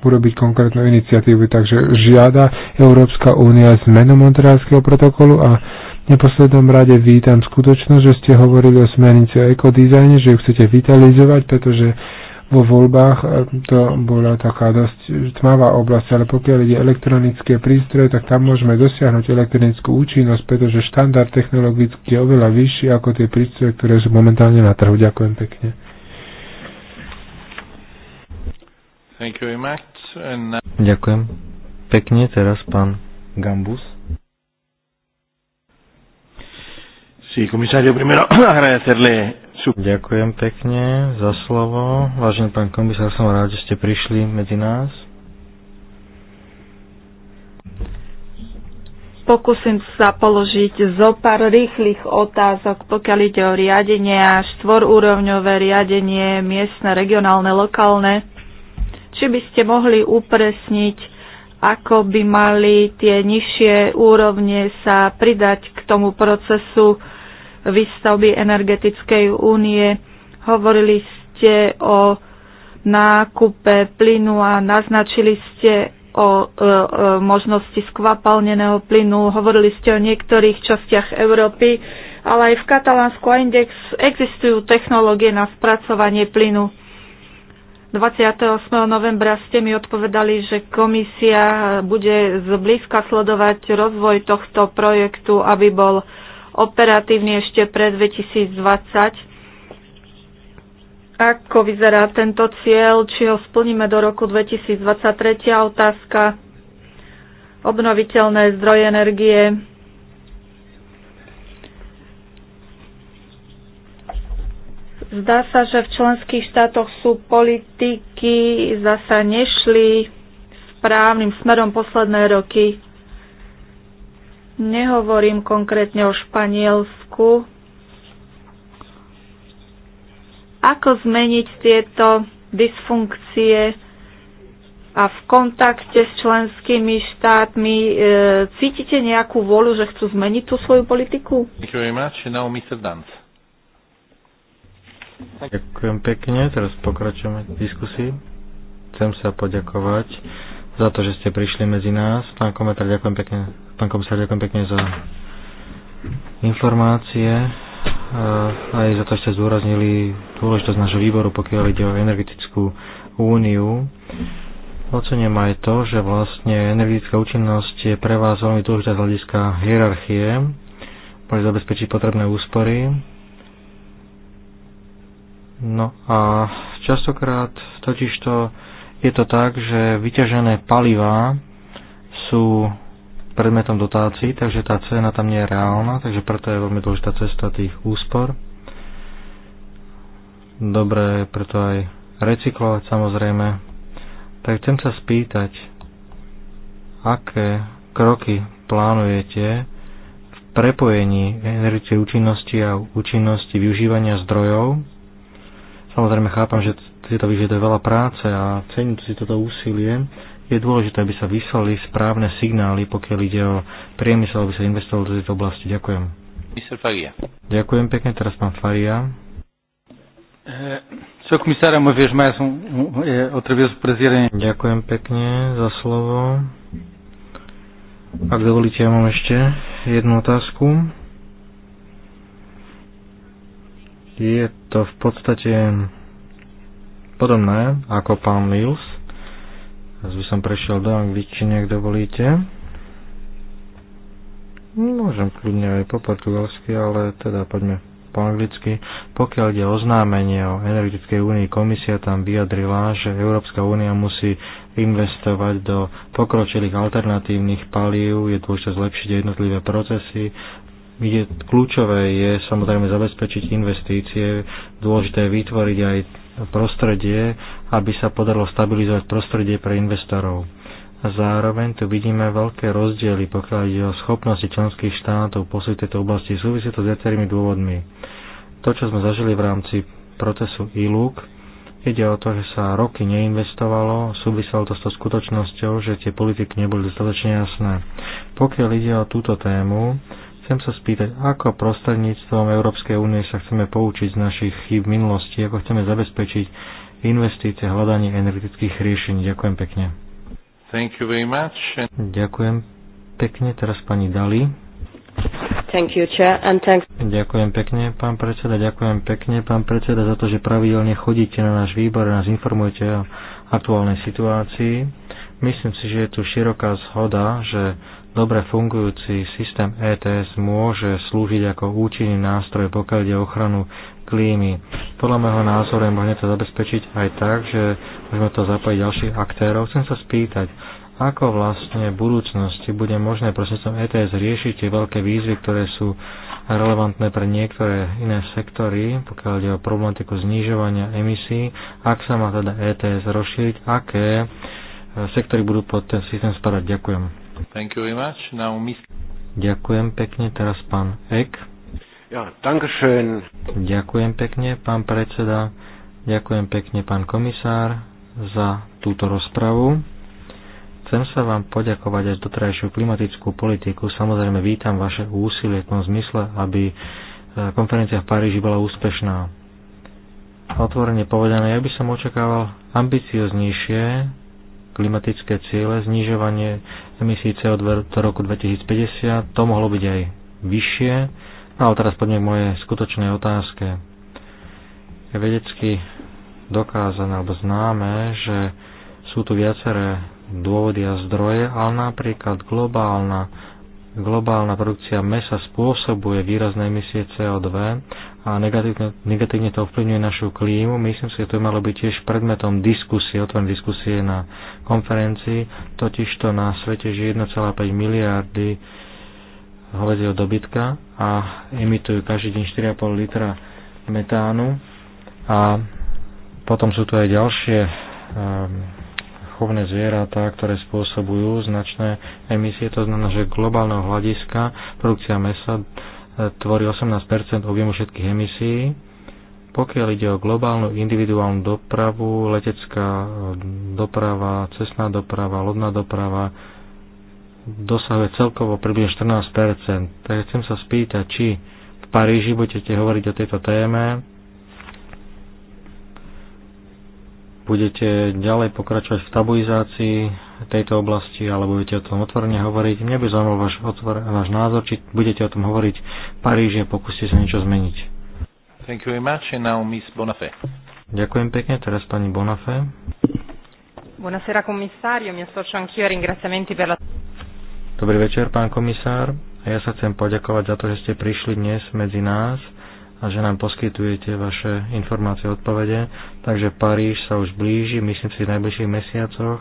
urobiť konkrétnu iniciatívu. Takže žiada Európska únia zmenu Montrealského protokolu a v neposlednom rade vítam skutočnosť, že ste hovorili o smernici o ekodizajne, že ju chcete vitalizovať, pretože vo voľbách e, to bola taká dosť tmavá oblasť, ale pokiaľ ide elektronické prístroje, tak tam môžeme dosiahnuť elektronickú účinnosť, pretože štandard technologický je oveľa vyšší ako tie prístroje, ktoré sú momentálne na trhu. Ďakujem pekne. Thank you very much. And... Ďakujem. Pekne teraz pán Gambus. Sí, comisario, primero agradecerle Ďakujem pekne za slovo. Vážený pán komisár, som rád, že ste prišli medzi nás. Pokúsim sa položiť zo pár rýchlych otázok, pokiaľ ide o riadenie a štvorúrovňové riadenie miestne, regionálne, lokálne. Či by ste mohli upresniť, ako by mali tie nižšie úrovne sa pridať k tomu procesu výstavby energetickej únie. Hovorili ste o nákupe plynu a naznačili ste o e, e, možnosti skvapalneného plynu. Hovorili ste o niektorých častiach Európy, ale aj v Katalánsku a Index existujú technológie na spracovanie plynu. 28. novembra ste mi odpovedali, že komisia bude zblízka sledovať rozvoj tohto projektu, aby bol operatívny ešte pred 2020. Ako vyzerá tento cieľ, či ho splníme do roku 2023? Otázka. Obnoviteľné zdroje energie. Zdá sa, že v členských štátoch sú politiky, zasa nešli správnym smerom posledné roky. Nehovorím konkrétne o Španielsku. Ako zmeniť tieto dysfunkcie a v kontakte s členskými štátmi e, cítite nejakú vôľu, že chcú zmeniť tú svoju politiku? Ďakujem pekne, teraz pokračujeme v diskusii. Chcem sa poďakovať za to, že ste prišli medzi nás. Pán komentár, ďakujem pekne Pán komisár, ďakujem pekne za informácie eh, aj za to, že ste zdôraznili dôležitosť nášho výboru, pokiaľ ide o energetickú úniu. Ocením aj to, že vlastne energetická účinnosť je pre vás veľmi dôležitá z hľadiska hierarchie, môže zabezpečiť potrebné úspory. No a častokrát totižto je to tak, že vyťažené palivá sú predmetom dotácií, takže tá cena tam nie je reálna, takže preto je veľmi dôležitá cesta tých úspor. Dobre preto aj recyklovať samozrejme. Tak chcem sa spýtať, aké kroky plánujete v prepojení energetickej účinnosti a účinnosti využívania zdrojov. Samozrejme chápam, že si to vyžaduje veľa práce a cením si toto úsilie, je dôležité, aby sa vyslali správne signály, pokiaľ ide o priemysel, aby sa investovalo do tejto oblasti. Ďakujem. Mr. Faria. Ďakujem pekne, teraz pán Faria. Eh, Ďakujem pekne za slovo. Ak dovolíte, ja mám ešte jednu otázku. Je to v podstate podobné ako pán Mills. Teraz by som prešiel do angličtiny, ak dovolíte. Môžem kľudne aj po portugalsky, ale teda poďme po anglicky. Pokiaľ ide oznámenie o energetickej únii, komisia tam vyjadrila, že Európska únia musí investovať do pokročilých alternatívnych palív, je dôležité zlepšiť jednotlivé procesy, je, kľúčové je samozrejme zabezpečiť investície, dôležité je vytvoriť aj prostredie, aby sa podarilo stabilizovať prostredie pre investorov. A zároveň tu vidíme veľké rozdiely, pokiaľ ide o schopnosti členských štátov posúť tejto oblasti. Súvisí to s viacerými dôvodmi. To, čo sme zažili v rámci procesu ILUK, ide o to, že sa roky neinvestovalo, súviselo to s tou skutočnosťou, že tie politiky neboli dostatočne jasné. Pokiaľ ide o túto tému, chcem sa spýtať, ako prostredníctvom Európskej únie sa chceme poučiť z našich chýb minulosti, ako chceme zabezpečiť investície, hľadanie energetických riešení. Ďakujem pekne. Thank you very much. Ďakujem pekne. Teraz pani Dali. Thank you, chair, and thanks. Ďakujem pekne, pán predseda. Ďakujem pekne, pán predseda, za to, že pravidelne chodíte na náš výbor a nás informujete o aktuálnej situácii. Myslím si, že je tu široká zhoda, že dobre fungujúci systém ETS môže slúžiť ako účinný nástroj, pokiaľ ide ochranu klímy. Podľa môjho názoru je možné to zabezpečiť aj tak, že môžeme to zapojiť ďalších aktérov. Chcem sa spýtať, ako vlastne v budúcnosti bude možné prostredstvom ETS riešiť tie veľké výzvy, ktoré sú relevantné pre niektoré iné sektory, pokiaľ ide o problematiku znižovania emisí, ak sa má teda ETS rozšíriť, aké e, sektory budú pod ten systém spadať. Ďakujem. Thank you very much. Now, Ďakujem pekne. Teraz pán Ek. Ja, Ďakujem pekne, pán predseda. Ďakujem pekne, pán komisár, za túto rozpravu. Chcem sa vám poďakovať aj dotrajšiu klimatickú politiku. Samozrejme, vítam vaše úsilie v tom zmysle, aby e, konferencia v Paríži bola úspešná. Otvorene povedané, ja by som očakával ambicioznejšie klimatické ciele, znižovanie emisí CO2 do roku 2050. To mohlo byť aj vyššie No Ale teraz poďme k mojej skutočnej otázke. Je vedecky dokázané alebo známe, že sú tu viaceré dôvody a zdroje, ale napríklad globálna, globálna produkcia mesa spôsobuje výrazné emisie CO2 a negatívne, negatívne to ovplyvňuje našu klímu. Myslím si, že to malo byť tiež predmetom diskusie, otvorené diskusie na konferencii. Totižto na svete žije 1,5 miliardy hovedzieho dobytka a emitujú každý deň 4,5 litra metánu a potom sú tu aj ďalšie ehm, chovné zvieratá, ktoré spôsobujú značné emisie, to znamená, že globálneho hľadiska produkcia mesa e, tvorí 18 objemu všetkých emisí. Pokiaľ ide o globálnu individuálnu dopravu, letecká e, doprava, cestná doprava, lodná doprava, dosahuje celkovo približne 14 Takže chcem sa spýtať, či v Paríži budete hovoriť o tejto téme, budete ďalej pokračovať v tabuizácii tejto oblasti, alebo budete o tom otvorene hovoriť. Mne by zaujímal váš, otvor, váš názor, či budete o tom hovoriť v Paríži a pokúste sa niečo zmeniť. Thank you very much, and now Miss Bonafé. Ďakujem pekne, teraz pani Bonafé. Buonasera commissario, mi associo anch'io ai ringraziamenti per la... Dobrý večer, pán komisár. Ja sa chcem poďakovať za to, že ste prišli dnes medzi nás a že nám poskytujete vaše informácie a odpovede. Takže Paríž sa už blíži, myslím si, v najbližších mesiacoch.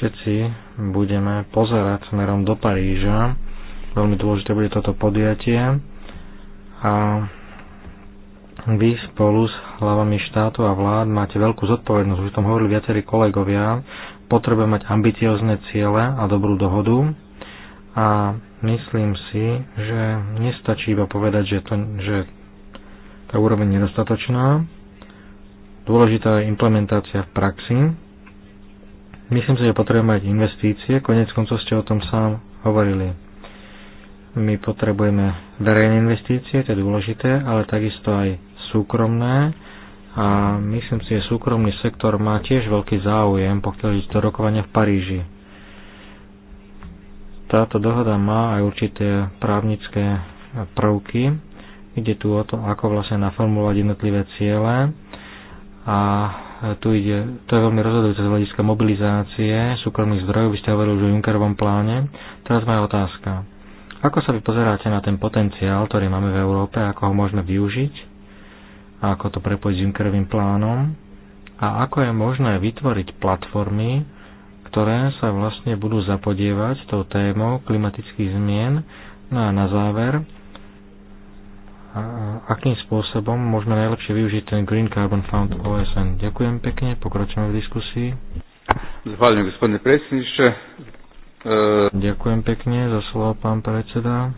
Všetci budeme pozerať smerom do Paríža. Veľmi dôležité bude toto podujatie. A vy spolu s hlavami štátu a vlád máte veľkú zodpovednosť, už tom hovorili viacerí kolegovia, potrebujeme mať ambiciozne ciele a dobrú dohodu a myslím si, že nestačí iba povedať, že, to, že tá úroveň je nedostatočná. Dôležitá je implementácia v praxi. Myslím si, že potrebujeme mať investície, konec koncov ste o tom sám hovorili. My potrebujeme verejné investície, to je dôležité, ale takisto aj súkromné a myslím si, že súkromný sektor má tiež veľký záujem, pokiaľ ide to rokovania v Paríži. Táto dohoda má aj určité právnické prvky. Ide tu o to, ako vlastne naformulovať jednotlivé ciele a tu ide, to je veľmi rozhodujúce z hľadiska mobilizácie súkromných zdrojov, vy ste hovorili už o Junckerovom pláne. Teraz moja otázka. Ako sa vy pozeráte na ten potenciál, ktorý máme v Európe, ako ho môžeme využiť? a ako to prepojiť s Junckerovým plánom a ako je možné vytvoriť platformy, ktoré sa vlastne budú zapodievať tou témou klimatických zmien. No a na záver, a akým spôsobom môžeme najlepšie využiť ten Green Carbon Fund OSN. Ďakujem pekne, pokračujeme v diskusii. Zahvaľujem, gospodine predsedniče. E... Ďakujem pekne za slovo, pán predseda.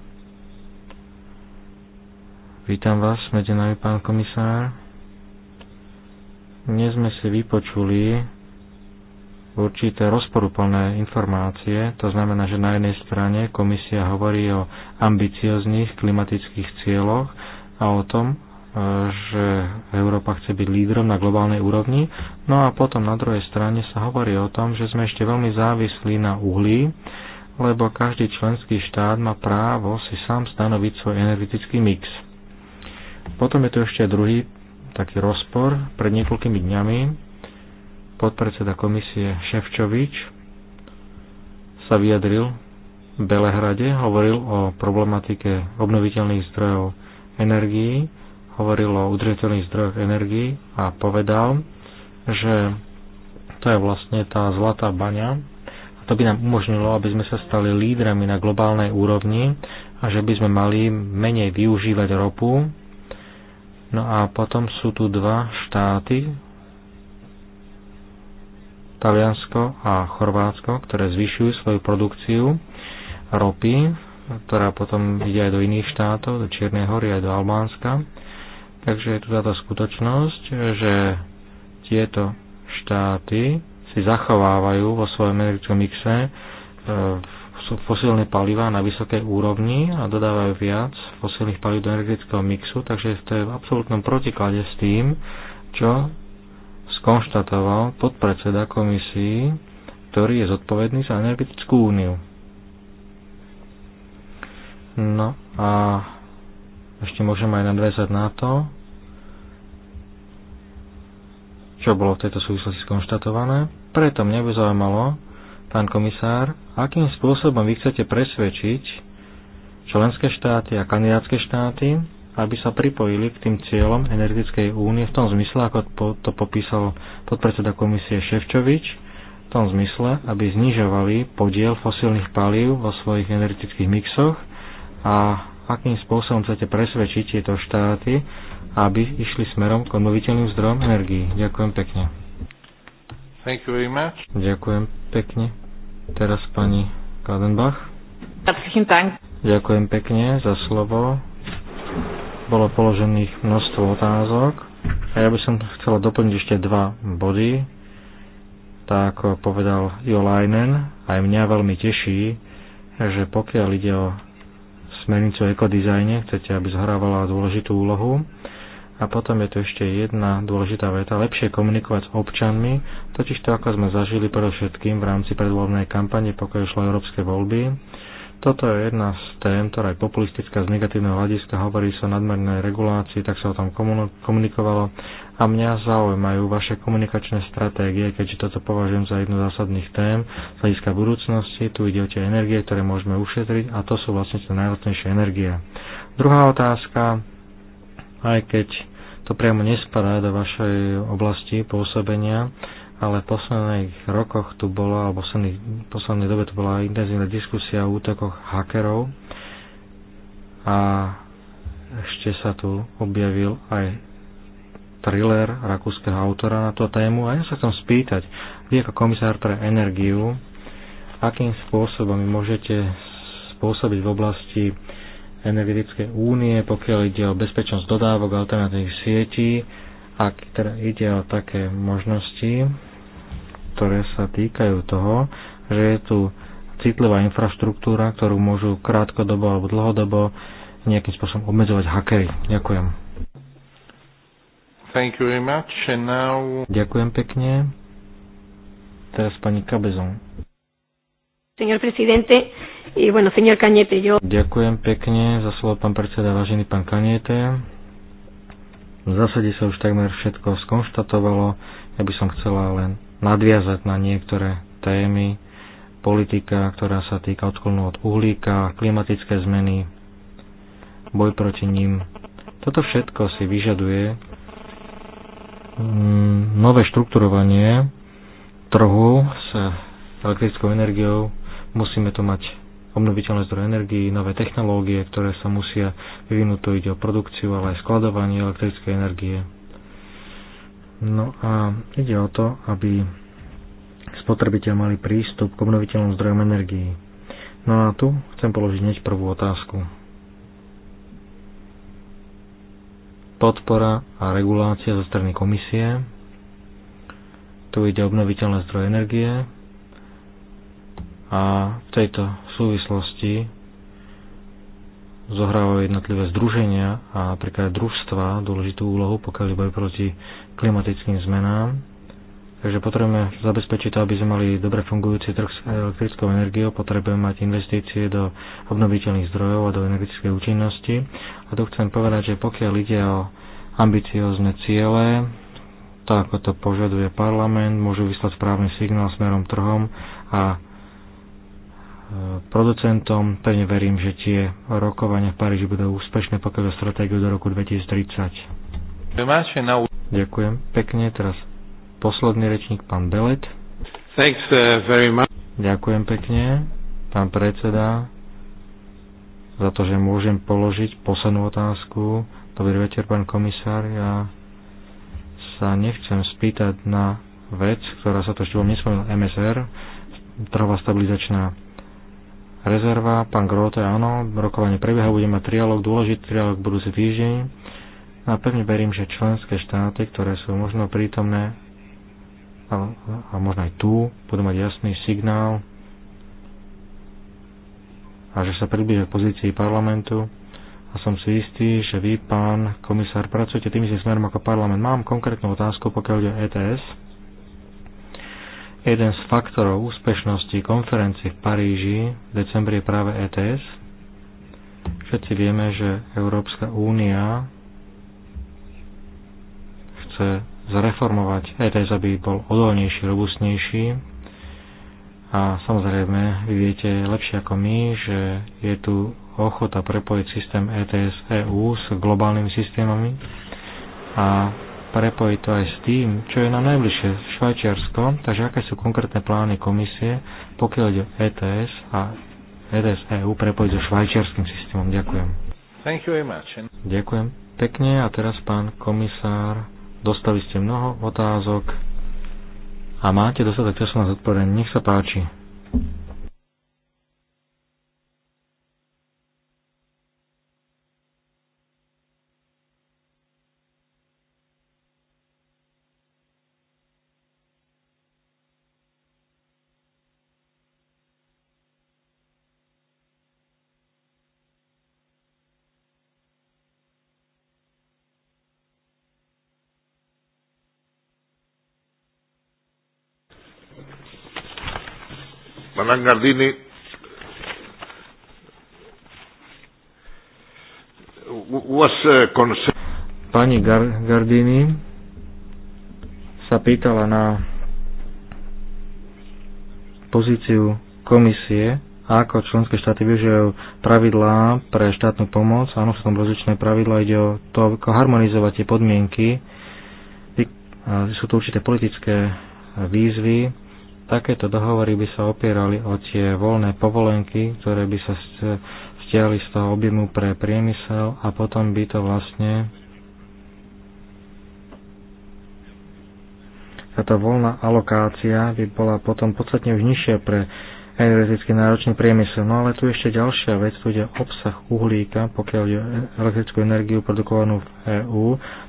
Vítam vás medzi nami, pán komisár. Dnes sme si vypočuli určité rozporúplné informácie. To znamená, že na jednej strane komisia hovorí o ambicioznych klimatických cieľoch a o tom, e, že Európa chce byť lídrom na globálnej úrovni. No a potom na druhej strane sa hovorí o tom, že sme ešte veľmi závislí na uhlí, lebo každý členský štát má právo si sám stanoviť svoj energetický mix. Potom je tu ešte druhý taký rozpor. Pred niekoľkými dňami podpredseda komisie Ševčovič sa vyjadril v Belehrade, hovoril o problematike obnoviteľných zdrojov energií, hovoril o udržateľných zdrojoch energií a povedal, že to je vlastne tá zlatá baňa a to by nám umožnilo, aby sme sa stali lídrami na globálnej úrovni a že by sme mali menej využívať ropu, No a potom sú tu dva štáty, Taliansko a Chorvátsko, ktoré zvyšujú svoju produkciu ropy, ktorá potom ide aj do iných štátov, do Čiernej hory aj do Albánska. Takže je tu táto skutočnosť, že tieto štáty si zachovávajú vo svojom energetickom mixe e, fosílne paliva na vysokej úrovni a dodávajú viac fosílnych palív do energetického mixu, takže to je v absolútnom protiklade s tým, čo skonštatoval podpredseda komisii, ktorý je zodpovedný za energetickú úniu. No a ešte môžeme aj nadväzať na to, čo bolo v tejto súvislosti skonštatované. Preto mňa by zaujímalo, pán komisár, akým spôsobom vy chcete presvedčiť členské štáty a kandidátske štáty, aby sa pripojili k tým cieľom energetickej únie v tom zmysle, ako to popísal podpredseda komisie Ševčovič, v tom zmysle, aby znižovali podiel fosílnych palív vo svojich energetických mixoch a akým spôsobom chcete presvedčiť tieto štáty, aby išli smerom k obnoviteľným zdrojom energii. Ďakujem pekne. Thank you very much. Ďakujem pekne. Teraz pani Kadenbach. Ďakujem pekne za slovo. Bolo položených množstvo otázok a ja by som chcela doplniť ešte dva body. Tak ako povedal Jo Leinen, aj mňa veľmi teší, že pokiaľ ide o smernicu o ekodizajne, chcete, aby zhrávala dôležitú úlohu. A potom je tu ešte jedna dôležitá veta, lepšie komunikovať s občanmi, totiž to, ako sme zažili predovšetkým v rámci predvoľbnej kampane, pokiaľ išlo európske voľby. Toto je jedna z tém, ktorá je populistická z negatívneho hľadiska, hovorí sa o nadmernej regulácii, tak sa o tom komunikovalo a mňa zaujímajú vaše komunikačné stratégie, keďže toto považujem za jednu zásadných tém z hľadiska budúcnosti, tu ide o tie energie, ktoré môžeme ušetriť a to sú vlastne tie najlacnejšie energie. Druhá otázka, aj keď to priamo nespadá do vašej oblasti pôsobenia, ale v posledných rokoch tu bola, alebo v poslednej dobe tu bola intenzívna diskusia o útokoch hackerov a ešte sa tu objavil aj thriller rakúskeho autora na tú tému a ja sa chcem spýtať, vy ako komisár pre energiu, akým spôsobom môžete spôsobiť v oblasti energetické únie, pokiaľ ide o bezpečnosť dodávok alternatívnych sietí, ak teda ide o také možnosti, ktoré sa týkajú toho, že je tu citlivá infraštruktúra, ktorú môžu krátkodobo alebo dlhodobo nejakým spôsobom obmedzovať hakery. Ďakujem. Thank you very much. And now... Ďakujem pekne. Teraz pani Kabezon señor presidente. Y bueno, señor Cañete, yo... Ďakujem pekne za slovo, pán predseda, vážený pán Kañete. V zásade sa už takmer všetko skonštatovalo. Ja by som chcela len nadviazať na niektoré témy. Politika, ktorá sa týka odklonu od uhlíka, klimatické zmeny, boj proti ním. Toto všetko si vyžaduje mm, nové štrukturovanie trhu s elektrickou energiou Musíme to mať obnoviteľné zdroje energii, nové technológie, ktoré sa musia vyvinúť. to ide o produkciu, ale aj skladovanie elektrickej energie. No a ide o to, aby spotrebiteľ mali prístup k obnoviteľným zdrojom energii. No a tu chcem položiť hneď prvú otázku. Podpora a regulácia zo strany komisie. Tu ide obnoviteľné zdroje energie, a v tejto súvislosti zohrávajú jednotlivé združenia a napríklad družstva dôležitú úlohu, pokiaľ boj proti klimatickým zmenám. Takže potrebujeme zabezpečiť to, aby sme mali dobre fungujúci trh s elektrickou energiou, potrebujeme mať investície do obnoviteľných zdrojov a do energetickej účinnosti. A tu chcem povedať, že pokiaľ ide o ambiciózne ciele, tak ako to požaduje parlament, môžu vyslať správny signál smerom trhom a producentom. Pevne verím, že tie rokovania v Paríži budú úspešné, pokiaľ stratégiu do roku 2030. Ďakujem pekne. Teraz posledný rečník, pán Belet. Thanks, uh, very much. Ďakujem pekne, pán predseda, za to, že môžem položiť poslednú otázku. Dobrý večer, pán komisár. Ja sa nechcem spýtať na vec, ktorá sa to ešte nespomenul, MSR, trhová stabilizačná rezerva, pán Grote, áno, rokovanie prebieha, budeme mať trialog, dôležitý trialog budúci týždeň. A pevne verím, že členské štáty, ktoré sú možno prítomné a, a možno aj tu, budú mať jasný signál a že sa približia k pozícii parlamentu. A som si istý, že vy, pán komisár, pracujete tým istým smerom ako parlament. Mám konkrétnu otázku, pokiaľ ide o ETS Jeden z faktorov úspešnosti konferencie v Paríži v decembri je práve ETS. Všetci vieme, že Európska únia chce zreformovať ETS, aby bol odolnejší, robustnejší. A samozrejme, vy viete lepšie ako my, že je tu ochota prepojiť systém ETS EU s globálnymi systémami a prepojiť to aj s tým, čo je nám najbližšie Švajčiarsko, takže aké sú konkrétne plány komisie, pokiaľ ide ETS a ETS EU prepojiť so švajčiarským systémom. Ďakujem. Thank you very much. Ďakujem pekne a teraz pán komisár, dostali ste mnoho otázok a máte dostatok času na zodpovedanie. Nech sa páči. was Καρδίνη. Uh, Pani Gardini sa pýtala na pozíciu komisie, ako členské štáty využijú pravidlá pre štátnu pomoc. Áno, sú tam rozličné pravidlá, ide o to, ako harmonizovať tie podmienky. Sú tu určité politické výzvy, Takéto dohovory by sa opierali o tie voľné povolenky, ktoré by sa stiahli z toho objemu pre priemysel a potom by to vlastne táto voľná alokácia by bola potom podstatne už nižšia pre energeticky náročný priemysel. No ale tu ešte ďalšia vec, tu ide obsah uhlíka, pokiaľ je elektrickú energiu produkovanú v EÚ.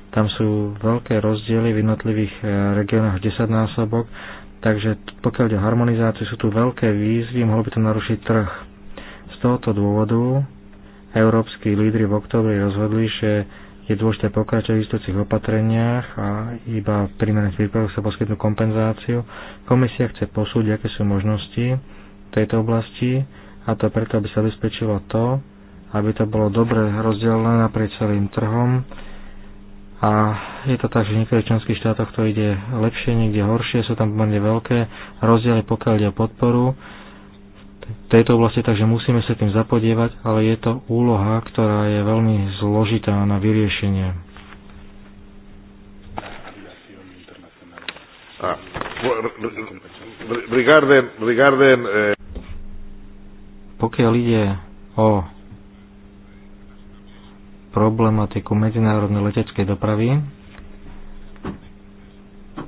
Tam sú veľké rozdiely v jednotlivých e, regiónoch 10 násobok Takže pokiaľ ide harmonizáciu, sú tu veľké výzvy, mohlo by to narušiť trh. Z tohoto dôvodu európsky lídry v oktobri rozhodli, že je dôležité pokračovať v istúcich opatreniach a iba v primerných prípadoch sa poskytnú kompenzáciu. Komisia chce posúdiť, aké sú možnosti v tejto oblasti a to preto, aby sa zabezpečilo to, aby to bolo dobre rozdelené naprieč celým trhom, a je to tak, že v niektorých členských štátoch to ide lepšie, niekde horšie, sú tam pomerne veľké rozdiely, pokiaľ ide o podporu v tejto oblasti, takže musíme sa tým zapodievať, ale je to úloha, ktorá je veľmi zložitá na vyriešenie. eh... Pokiaľ ide o problematiku medzinárodnej leteckej dopravy,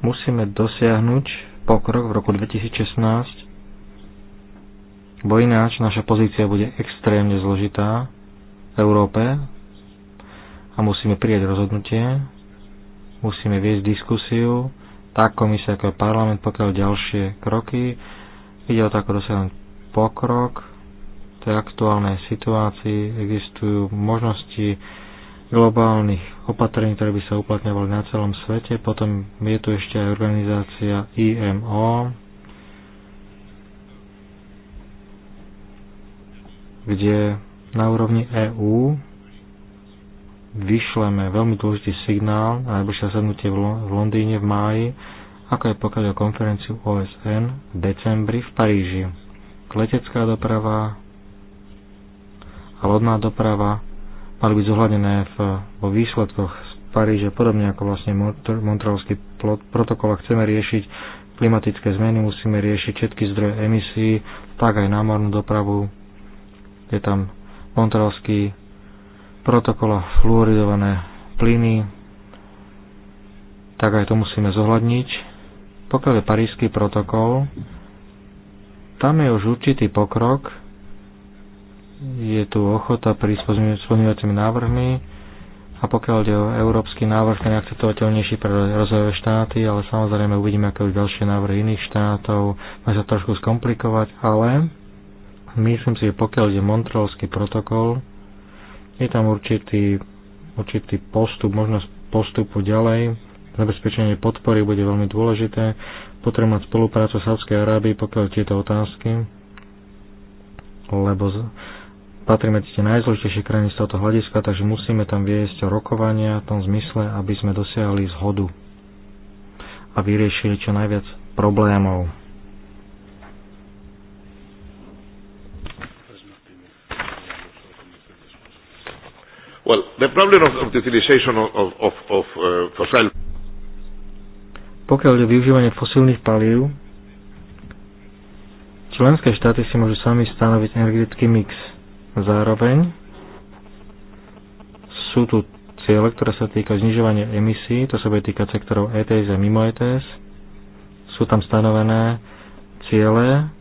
musíme dosiahnuť pokrok v roku 2016, bo ináč naša pozícia bude extrémne zložitá v Európe a musíme prijať rozhodnutie, musíme viesť diskusiu, tak komisia ako parlament, pokiaľ ďalšie kroky, ide o to, ako dosiahnuť pokrok, tej aktuálnej situácii existujú možnosti globálnych opatrení, ktoré by sa uplatňovali na celom svete. Potom je tu ešte aj organizácia IMO, kde na úrovni EÚ vyšleme veľmi dôležitý signál na najbližšie zasadnutie v Londýne v máji, ako aj pokiaľ konferenciu OSN v decembri v Paríži. Letecká doprava, a lodná doprava mali byť zohľadené v, vo výsledkoch z Paríže, podobne ako vlastne Montrealský protokol. Ak chceme riešiť klimatické zmeny, musíme riešiť všetky zdroje emisí, tak aj námornú dopravu. Je tam Montrealský protokol a fluoridované plyny, tak aj to musíme zohľadniť. Pokiaľ je parížský protokol, tam je už určitý pokrok, je tu ochota pri spomínacími návrhmi a pokiaľ ide o európsky návrh, ten je akceptovateľnejší pre rozvojové štáty, ale samozrejme uvidíme, aké budú ďalšie návrhy iných štátov, má sa trošku skomplikovať, ale myslím si, že pokiaľ ide Montrealský protokol, je tam určitý, určitý postup, možnosť postupu ďalej, zabezpečenie podpory bude veľmi dôležité, potrebovať spoluprácu Sávskej Arábii, pokiaľ tieto otázky, lebo patrí medzi tie najzložitejšie krajiny z tohto hľadiska, takže musíme tam viesť o rokovania v tom zmysle, aby sme dosiahli zhodu a vyriešili čo najviac problémov. Well, the problem of, of the utilization of, of, of uh, fossil... Pokiaľ je využívanie fosílnych palív, členské štáty si môžu sami stanoviť energetický mix. Zároveň sú tu ciele, ktoré sa týka znižovania emisí, to sa bude týkať sektorov ETS a mimo ETS. Sú tam stanovené ciele,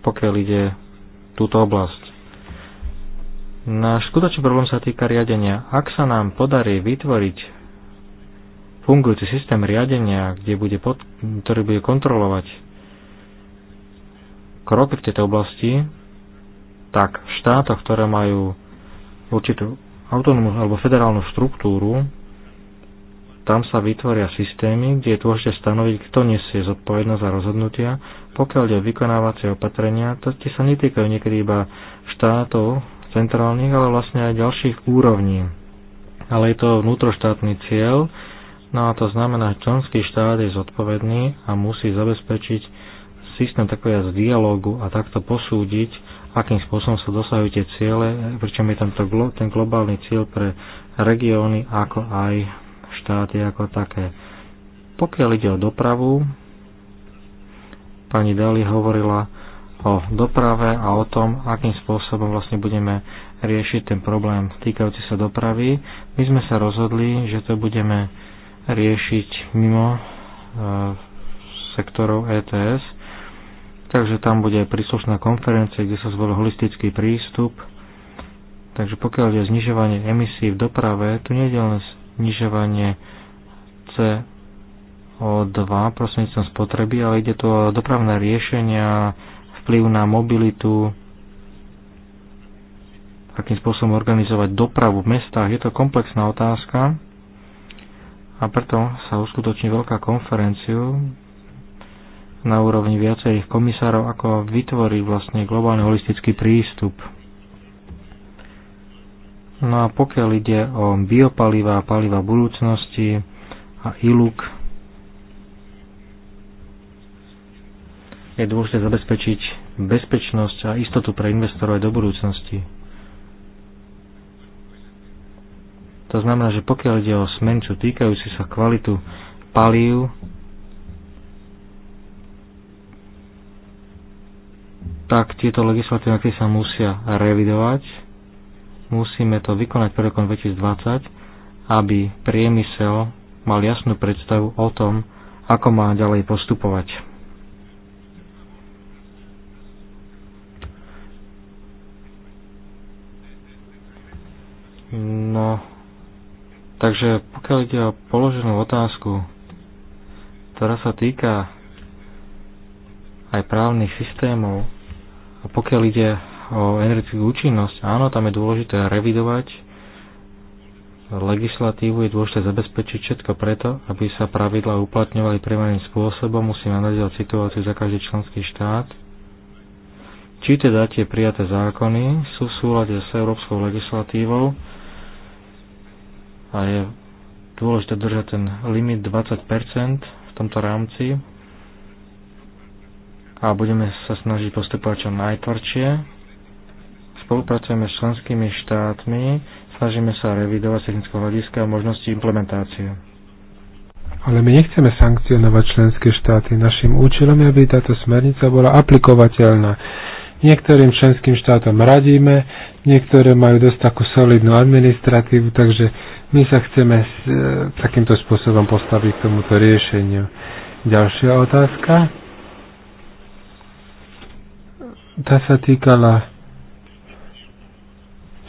pokiaľ ide túto oblasť. Náš skutočný problém sa týka riadenia. Ak sa nám podarí vytvoriť fungujúci systém riadenia, kde bude pod, ktorý bude kontrolovať kroky v tejto oblasti, tak v štátoch, ktoré majú určitú autonómnu alebo federálnu štruktúru, tam sa vytvoria systémy, kde je dôležité stanoviť, kto nesie zodpovednosť za rozhodnutia, pokiaľ ide vykonávacie opatrenia, to tie sa netýkajú niekedy iba štátov centrálnych, ale vlastne aj ďalších úrovní. Ale je to vnútroštátny cieľ, no a to znamená, že členský štát je zodpovedný a musí zabezpečiť systém takového dialógu a takto posúdiť akým spôsobom sa dosahujú tie ciele, pričom je tam to, ten globálny cieľ pre regióny ako aj štáty ako také. Pokiaľ ide o dopravu, pani Dali hovorila o doprave a o tom, akým spôsobom vlastne budeme riešiť ten problém týkajúci sa dopravy. My sme sa rozhodli, že to budeme riešiť mimo e, sektorov ETS, takže tam bude aj príslušná konferencia, kde sa zvolil holistický prístup. Takže pokiaľ je znižovanie emisí v doprave, tu nie je len znižovanie CO2 prostredníctvom spotreby, ale ide tu o dopravné riešenia, vplyv na mobilitu, akým spôsobom organizovať dopravu v mestách. Je to komplexná otázka a preto sa uskutoční veľká konferenciu, na úrovni viacerých komisárov, ako vytvorí vlastne globálny holistický prístup. No a pokiaľ ide o biopaliva a paliva budúcnosti a ILUK, je dôležité zabezpečiť bezpečnosť a istotu pre investorov aj do budúcnosti. To znamená, že pokiaľ ide o smenču týkajúci sa kvalitu palív, tak tieto legislatívne akty sa musia revidovať. Musíme to vykonať pre rokom 2020, aby priemysel mal jasnú predstavu o tom, ako má ďalej postupovať. No, takže pokiaľ ide o položenú otázku, ktorá sa týka aj právnych systémov, a pokiaľ ide o energetickú účinnosť, áno, tam je dôležité revidovať legislatívu, je dôležité zabezpečiť všetko preto, aby sa pravidla uplatňovali primárnym spôsobom, musíme analyzovať situáciu za každý členský štát, či teda tie prijaté zákony sú v súlade s európskou legislatívou a je dôležité držať ten limit 20% v tomto rámci, a budeme sa snažiť postupovať čo najtvrdšie. Spolupracujeme s členskými štátmi, snažíme sa revidovať technického hľadiska a možnosti implementácie. Ale my nechceme sankcionovať členské štáty. Našim účelom je, aby táto smernica bola aplikovateľná. Niektorým členským štátom radíme, niektoré majú dosť takú solidnú administratívu, takže my sa chceme s, e, takýmto spôsobom postaviť k tomuto riešeniu. Ďalšia otázka tá sa týkala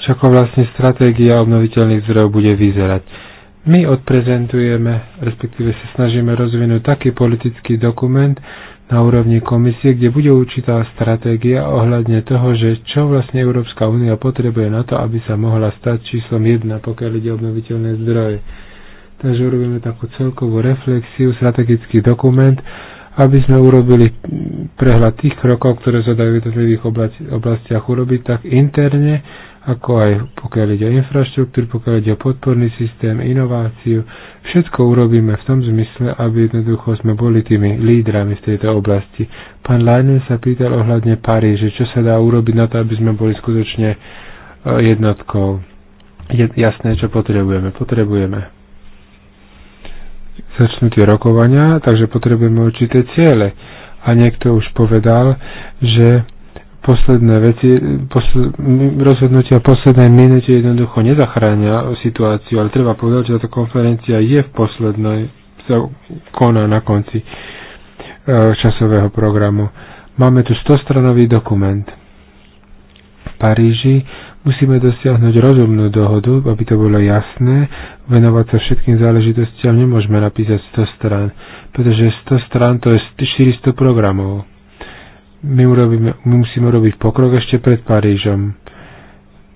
čo ako vlastne stratégia obnoviteľných zdrojov bude vyzerať. My odprezentujeme, respektíve sa snažíme rozvinúť taký politický dokument na úrovni komisie, kde bude určitá stratégia ohľadne toho, že čo vlastne Európska únia potrebuje na to, aby sa mohla stať číslom 1, pokiaľ ide obnoviteľné zdroje. Takže urobíme takú celkovú reflexiu, strategický dokument, aby sme urobili prehľad tých krokov, ktoré sa dajú v jednotlivých oblastiach urobiť, tak interne, ako aj pokiaľ ide o infraštruktúru, pokiaľ ide o podporný systém, inováciu, všetko urobíme v tom zmysle, aby jednoducho sme boli tými lídrami v tejto oblasti. Pán Leinen sa pýtal ohľadne Paríže, čo sa dá urobiť na to, aby sme boli skutočne e, jednotkou. Je jasné, čo potrebujeme. Potrebujeme začnú tie rokovania, takže potrebujeme určité ciele. A niekto už povedal, že posledné veci, posl- rozhodnutia poslednej minúte jednoducho nezachránia situáciu, ale treba povedať, že táto konferencia je v poslednej, sa koná na konci e, časového programu. Máme tu 100-stranový dokument v Paríži, Musíme dosiahnuť rozumnú dohodu, aby to bolo jasné, venovať sa všetkým záležitostiam nemôžeme napísať 100 strán, pretože 100 strán to je 400 programov. My, urobíme, my musíme robiť pokrok ešte pred Parížom.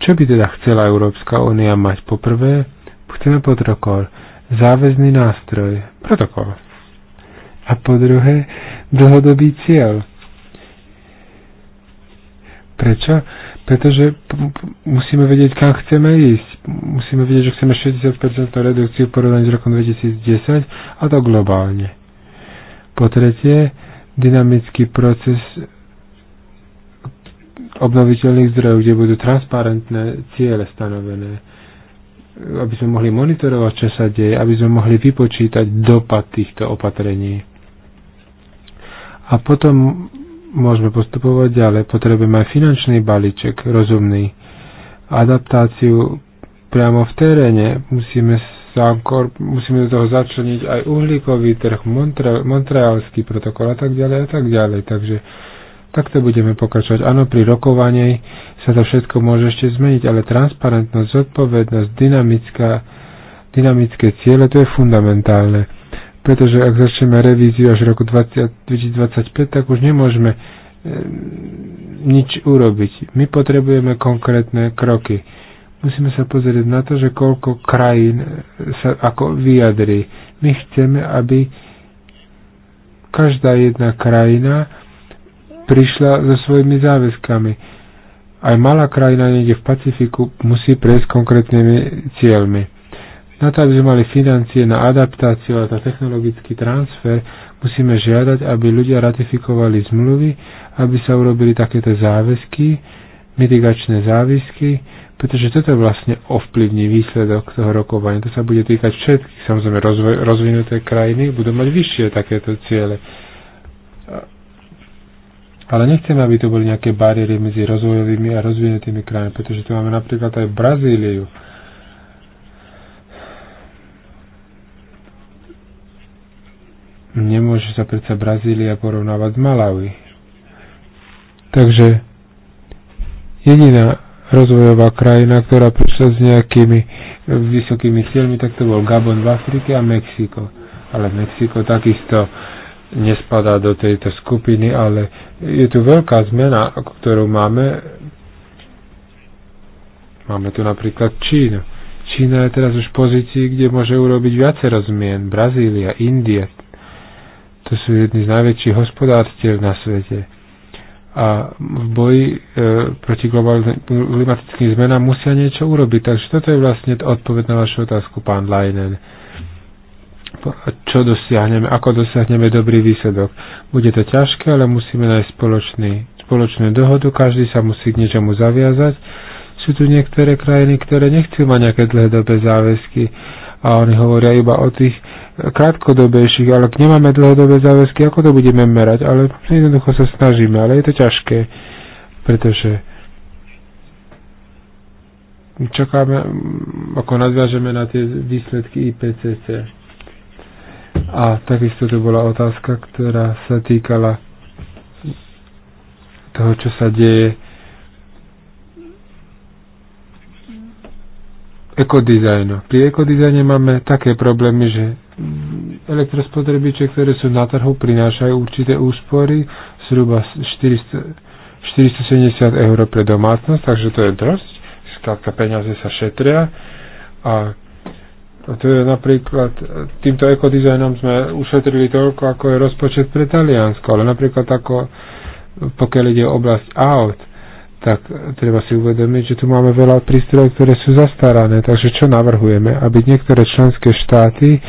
Čo by teda chcela Európska únia mať? Poprvé, chceme protokol, záväzný nástroj, protokol. A po druhé, dlhodobý cieľ. Prečo? Pretože musíme vedieť, kam chceme ísť. Musíme vedieť, že chceme 60% redukciu v porovnaní s rokom 2010 a to globálne. Po tretie, dynamický proces obnoviteľných zdrojov, kde budú transparentné ciele stanovené, aby sme mohli monitorovať, čo sa deje, aby sme mohli vypočítať dopad týchto opatrení. A potom môžeme postupovať ďalej. Potrebujeme aj finančný balíček, rozumný, adaptáciu priamo v teréne. Musíme, sa, musíme do toho začleniť aj uhlíkový trh, Montre, montrealský protokol a tak ďalej a tak ďalej. Takže takto budeme pokračovať. Áno, pri rokovaní sa to všetko môže ešte zmeniť, ale transparentnosť, zodpovednosť, dynamická, dynamické ciele, to je fundamentálne pretože ak začneme revíziu až v roku 20, 2025, tak už nemôžeme eh, nič urobiť. My potrebujeme konkrétne kroky. Musíme sa pozrieť na to, že koľko krajín eh, sa ako vyjadrí. My chceme, aby každá jedna krajina prišla so svojimi záväzkami. Aj malá krajina niekde v Pacifiku musí prejsť konkrétnymi cieľmi. Na to, aby sme mali financie na adaptáciu a na technologický transfer, musíme žiadať, aby ľudia ratifikovali zmluvy, aby sa urobili takéto záväzky, mitigačné závisky, pretože toto vlastne ovplyvní výsledok toho rokovania. To sa bude týkať všetkých. Samozrejme, rozvoj, rozvinuté krajiny budú mať vyššie takéto ciele. Ale nechcem, aby to boli nejaké bariéry medzi rozvojovými a rozvinutými krajinami, pretože tu máme napríklad aj Brazíliu, Nemôže sa predsa Brazília porovnávať s Malawi. Takže jediná rozvojová krajina, ktorá prišla s nejakými e, vysokými cieľmi, tak to bol Gabon v Afrike a Mexiko. Ale Mexiko takisto nespadá do tejto skupiny, ale je tu veľká zmena, ktorú máme. Máme tu napríklad Čínu. Čína je teraz už v pozícii, kde môže urobiť viacero zmien. Brazília, India. To sú jedni z najväčších hospodárstiev na svete. A v boji e, proti globálnym klimatickým zmenám musia niečo urobiť. Takže toto je vlastne odpoveď na vašu otázku, pán Leinen. Čo dosiahneme, ako dosiahneme dobrý výsledok. Bude to ťažké, ale musíme nájsť spoločný, spoločnú dohodu, každý sa musí k niečomu zaviazať. Sú tu niektoré krajiny, ktoré nechcú mať nejaké dlhodobé záväzky a oni hovoria iba o tých krátkodobejších, ale ak nemáme dlhodobé záväzky, ako to budeme merať? Ale jednoducho sa snažíme, ale je to ťažké, pretože čakáme, ako nadviažeme na tie výsledky IPCC. A takisto to bola otázka, ktorá sa týkala toho, čo sa deje ekodizajnu. Pri ekodizajne máme také problémy, že elektrospotrebiče, ktoré sú na trhu, prinášajú určité úspory, zhruba 400, 470 eur pre domácnosť, takže to je dosť. Skladka peniaze sa šetria a to je napríklad, týmto ekodizajnom sme ušetrili toľko, ako je rozpočet pre Taliansko, ale napríklad ako, pokiaľ ide o oblasť aut, tak treba si uvedomiť, že tu máme veľa prístrojov, ktoré sú zastarané. Takže čo navrhujeme? Aby niektoré členské štáty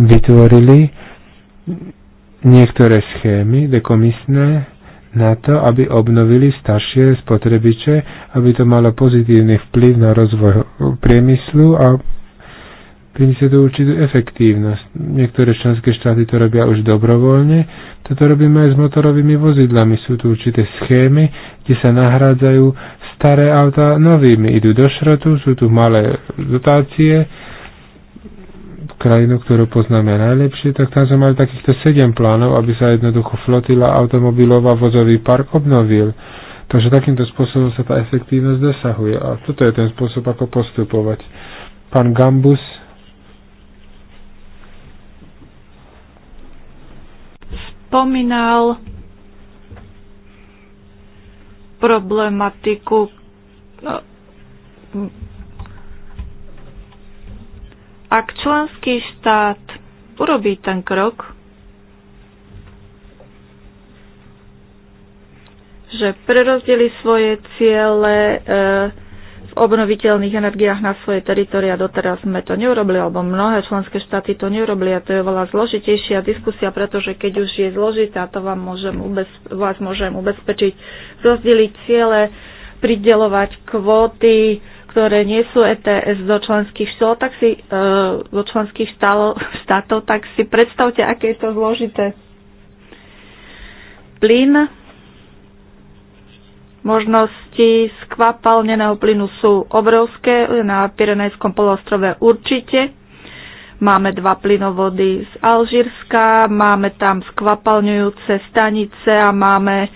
vytvorili niektoré schémy dekomisné na to, aby obnovili staršie spotrebiče, aby to malo pozitívny vplyv na rozvoj priemyslu a priniesie to určitú efektívnosť. Niektoré členské štáty to robia už dobrovoľne, toto robíme aj s motorovými vozidlami. Sú tu určité schémy, kde sa nahrádzajú staré auta novými. Idú do šrotu, sú tu malé dotácie, krajinu, ktorú poznáme najlepšie, tak tam sme mali takýchto 7 plánov, aby sa jednoducho flotila automobilová vozový park obnovil. Takže takýmto spôsobom sa tá efektívnosť dosahuje. A toto je ten spôsob, ako postupovať. Pán Gambus. Spomínal problematiku no, ak členský štát urobí ten krok, že prerozdeli svoje ciele e, v obnoviteľných energiách na svoje teritoria. Doteraz sme to neurobili, alebo mnohé členské štáty to neurobili a to je veľa zložitejšia diskusia, pretože keď už je zložitá, to vám môžem vás môžem ubezpečiť, rozdeliť ciele, pridelovať kvóty, ktoré nie sú ETS do členských štátov, tak si, e, do členských štátov, štátov, tak si predstavte, aké je to zložité. Plyn, možnosti skvapalneného plynu sú obrovské, na Pirenejskom polostrove určite. Máme dva plynovody z Alžírska, máme tam skvapalňujúce stanice a máme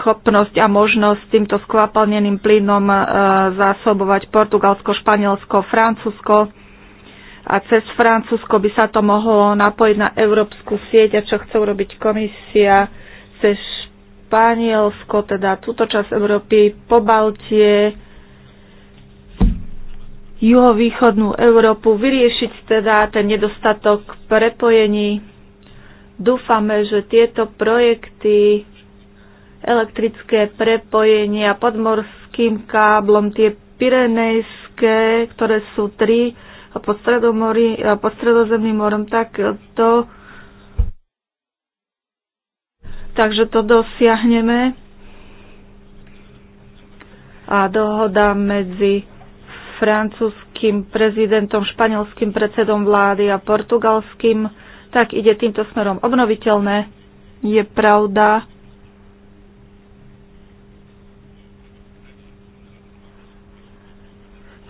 schopnosť a možnosť týmto skvapalneným plynom e, zásobovať Portugalsko, Španielsko, Francúzsko a cez Francúzsko by sa to mohlo napojiť na európsku sieť a čo chce urobiť komisia cez Španielsko, teda túto časť Európy, po Baltie, juhovýchodnú Európu, vyriešiť teda ten nedostatok prepojení. Dúfame, že tieto projekty elektrické prepojenia podmorským káblom, tie Pirenejské, ktoré sú tri pod, stredomori, pod stredozemným morom, tak to takže to dosiahneme a dohoda medzi francúzským prezidentom, španielským predsedom vlády a portugalským, tak ide týmto smerom obnoviteľné. Je pravda,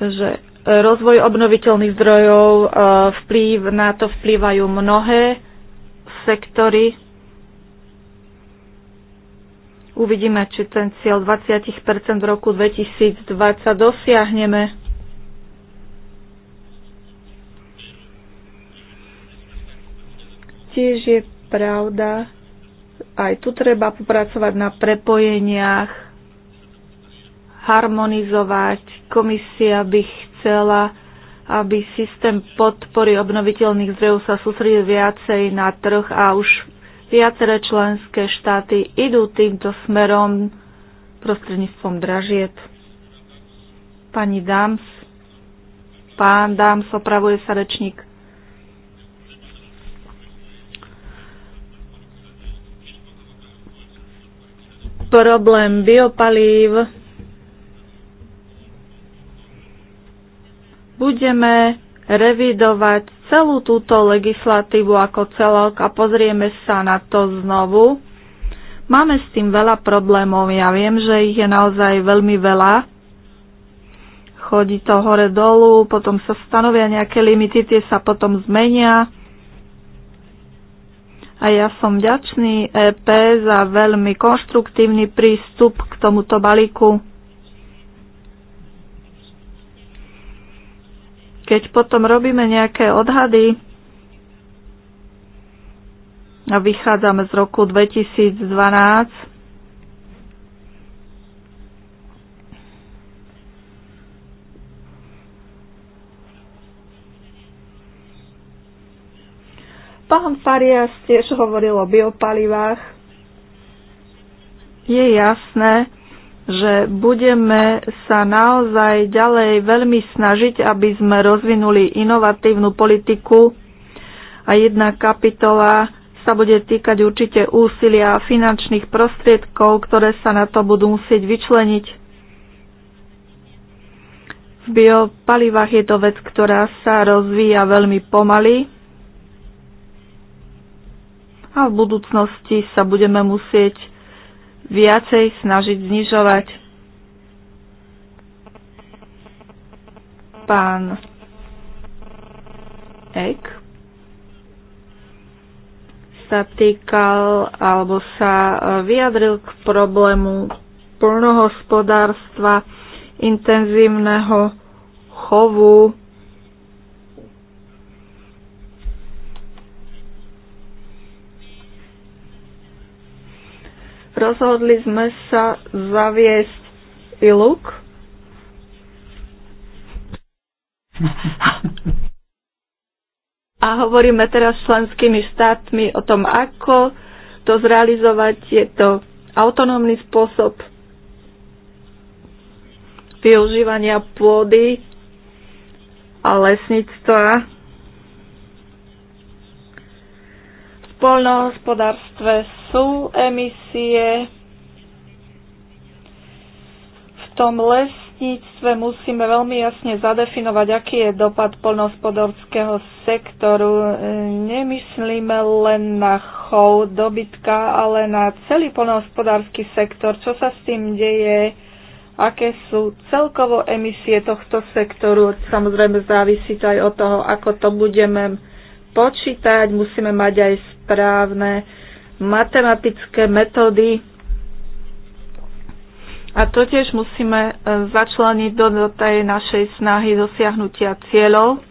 že rozvoj obnoviteľných zdrojov e, vplyv, na to vplývajú mnohé sektory. Uvidíme, či ten cieľ 20% v roku 2020 dosiahneme. Tiež je pravda, aj tu treba popracovať na prepojeniach harmonizovať. Komisia by chcela, aby systém podpory obnoviteľných zdrojov sa sústredil viacej na trh a už viaceré členské štáty idú týmto smerom prostredníctvom dražiet. Pani Dams, pán Dams, opravuje sa rečník. problém biopalív budeme revidovať celú túto legislatívu ako celok a pozrieme sa na to znovu. Máme s tým veľa problémov, ja viem, že ich je naozaj veľmi veľa. Chodí to hore dolu, potom sa stanovia nejaké limity, tie sa potom zmenia. A ja som vďačný EP za veľmi konštruktívny prístup k tomuto balíku. Keď potom robíme nejaké odhady a vychádzame z roku 2012, Pán Farias tiež hovoril o biopalivách. Je jasné, že budeme sa naozaj ďalej veľmi snažiť, aby sme rozvinuli inovatívnu politiku a jedna kapitola sa bude týkať určite úsilia a finančných prostriedkov, ktoré sa na to budú musieť vyčleniť. V biopalivách je to vec, ktorá sa rozvíja veľmi pomaly a v budúcnosti sa budeme musieť viacej snažiť znižovať. Pán Ek sa týkal alebo sa e, vyjadril k problému plnohospodárstva, intenzívneho chovu Rozhodli sme sa zaviesť luk. A hovoríme teraz s členskými štátmi o tom, ako to zrealizovať. Je to autonómny spôsob využívania pôdy a lesníctva poľnohospodárstve sú emisie, v tom lesníctve musíme veľmi jasne zadefinovať, aký je dopad poľnohospodárskeho sektoru. Nemyslíme len na chov dobytka, ale na celý poľnohospodársky sektor, čo sa s tým deje, aké sú celkovo emisie tohto sektoru. Samozrejme závisí to aj od toho, ako to budeme počítať. Musíme mať aj správne matematické metódy. A to tiež musíme e, začleniť do, do tej našej snahy dosiahnutia cieľov.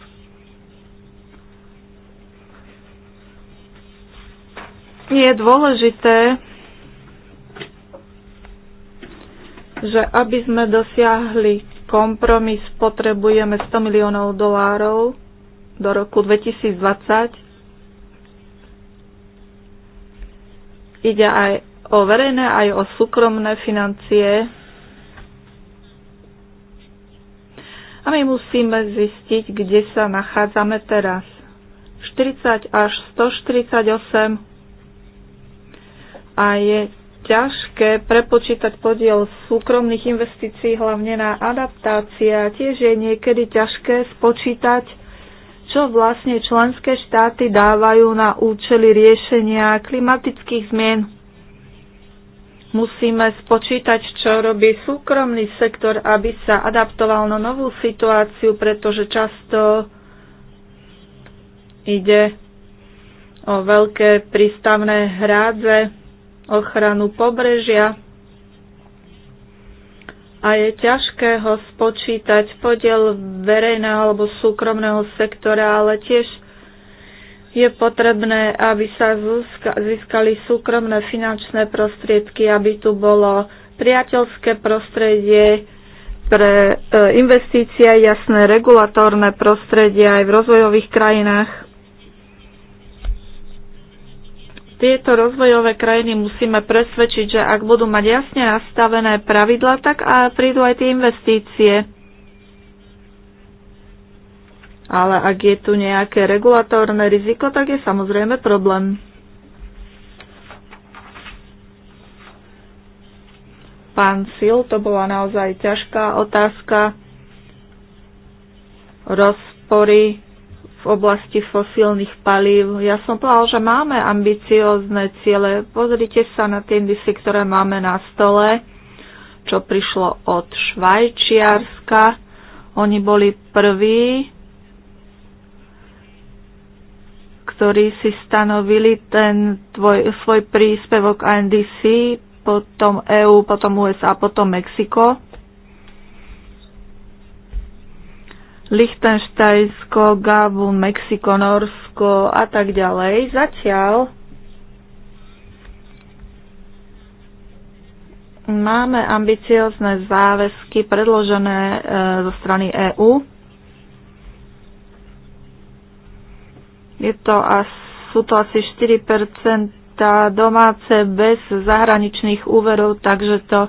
Je dôležité, že aby sme dosiahli kompromis, potrebujeme 100 miliónov dolárov do roku 2020 Ide aj o verejné, aj o súkromné financie. A my musíme zistiť, kde sa nachádzame teraz. 40 až 148 a je ťažké prepočítať podiel súkromných investícií, hlavne na adaptácia. Tiež je niekedy ťažké spočítať čo vlastne členské štáty dávajú na účely riešenia klimatických zmien. Musíme spočítať, čo robí súkromný sektor, aby sa adaptoval na novú situáciu, pretože často ide o veľké prístavné hrádze, ochranu pobrežia a je ťažké ho spočítať podiel verejného alebo súkromného sektora, ale tiež je potrebné, aby sa získali súkromné finančné prostriedky, aby tu bolo priateľské prostredie pre e, investície, jasné regulatórne prostredie aj v rozvojových krajinách. tieto rozvojové krajiny musíme presvedčiť, že ak budú mať jasne nastavené pravidla, tak a prídu aj tie investície. Ale ak je tu nejaké regulatórne riziko, tak je samozrejme problém. Pán Sil, to bola naozaj ťažká otázka. Rozpory v oblasti fosílnych palív. Ja som povedal, že máme ambiciózne ciele. Pozrite sa na tie indisy, ktoré máme na stole, čo prišlo od Švajčiarska. Oni boli prví, ktorí si stanovili ten tvoj, svoj príspevok NDC, potom EU, potom USA, potom Mexiko. Lichtenštajsko, Gabun, Mexiko, Norsko a tak ďalej. Zatiaľ máme ambiciozne záväzky predložené e, zo strany EÚ. Je to a sú to asi 4 domáce bez zahraničných úverov, takže to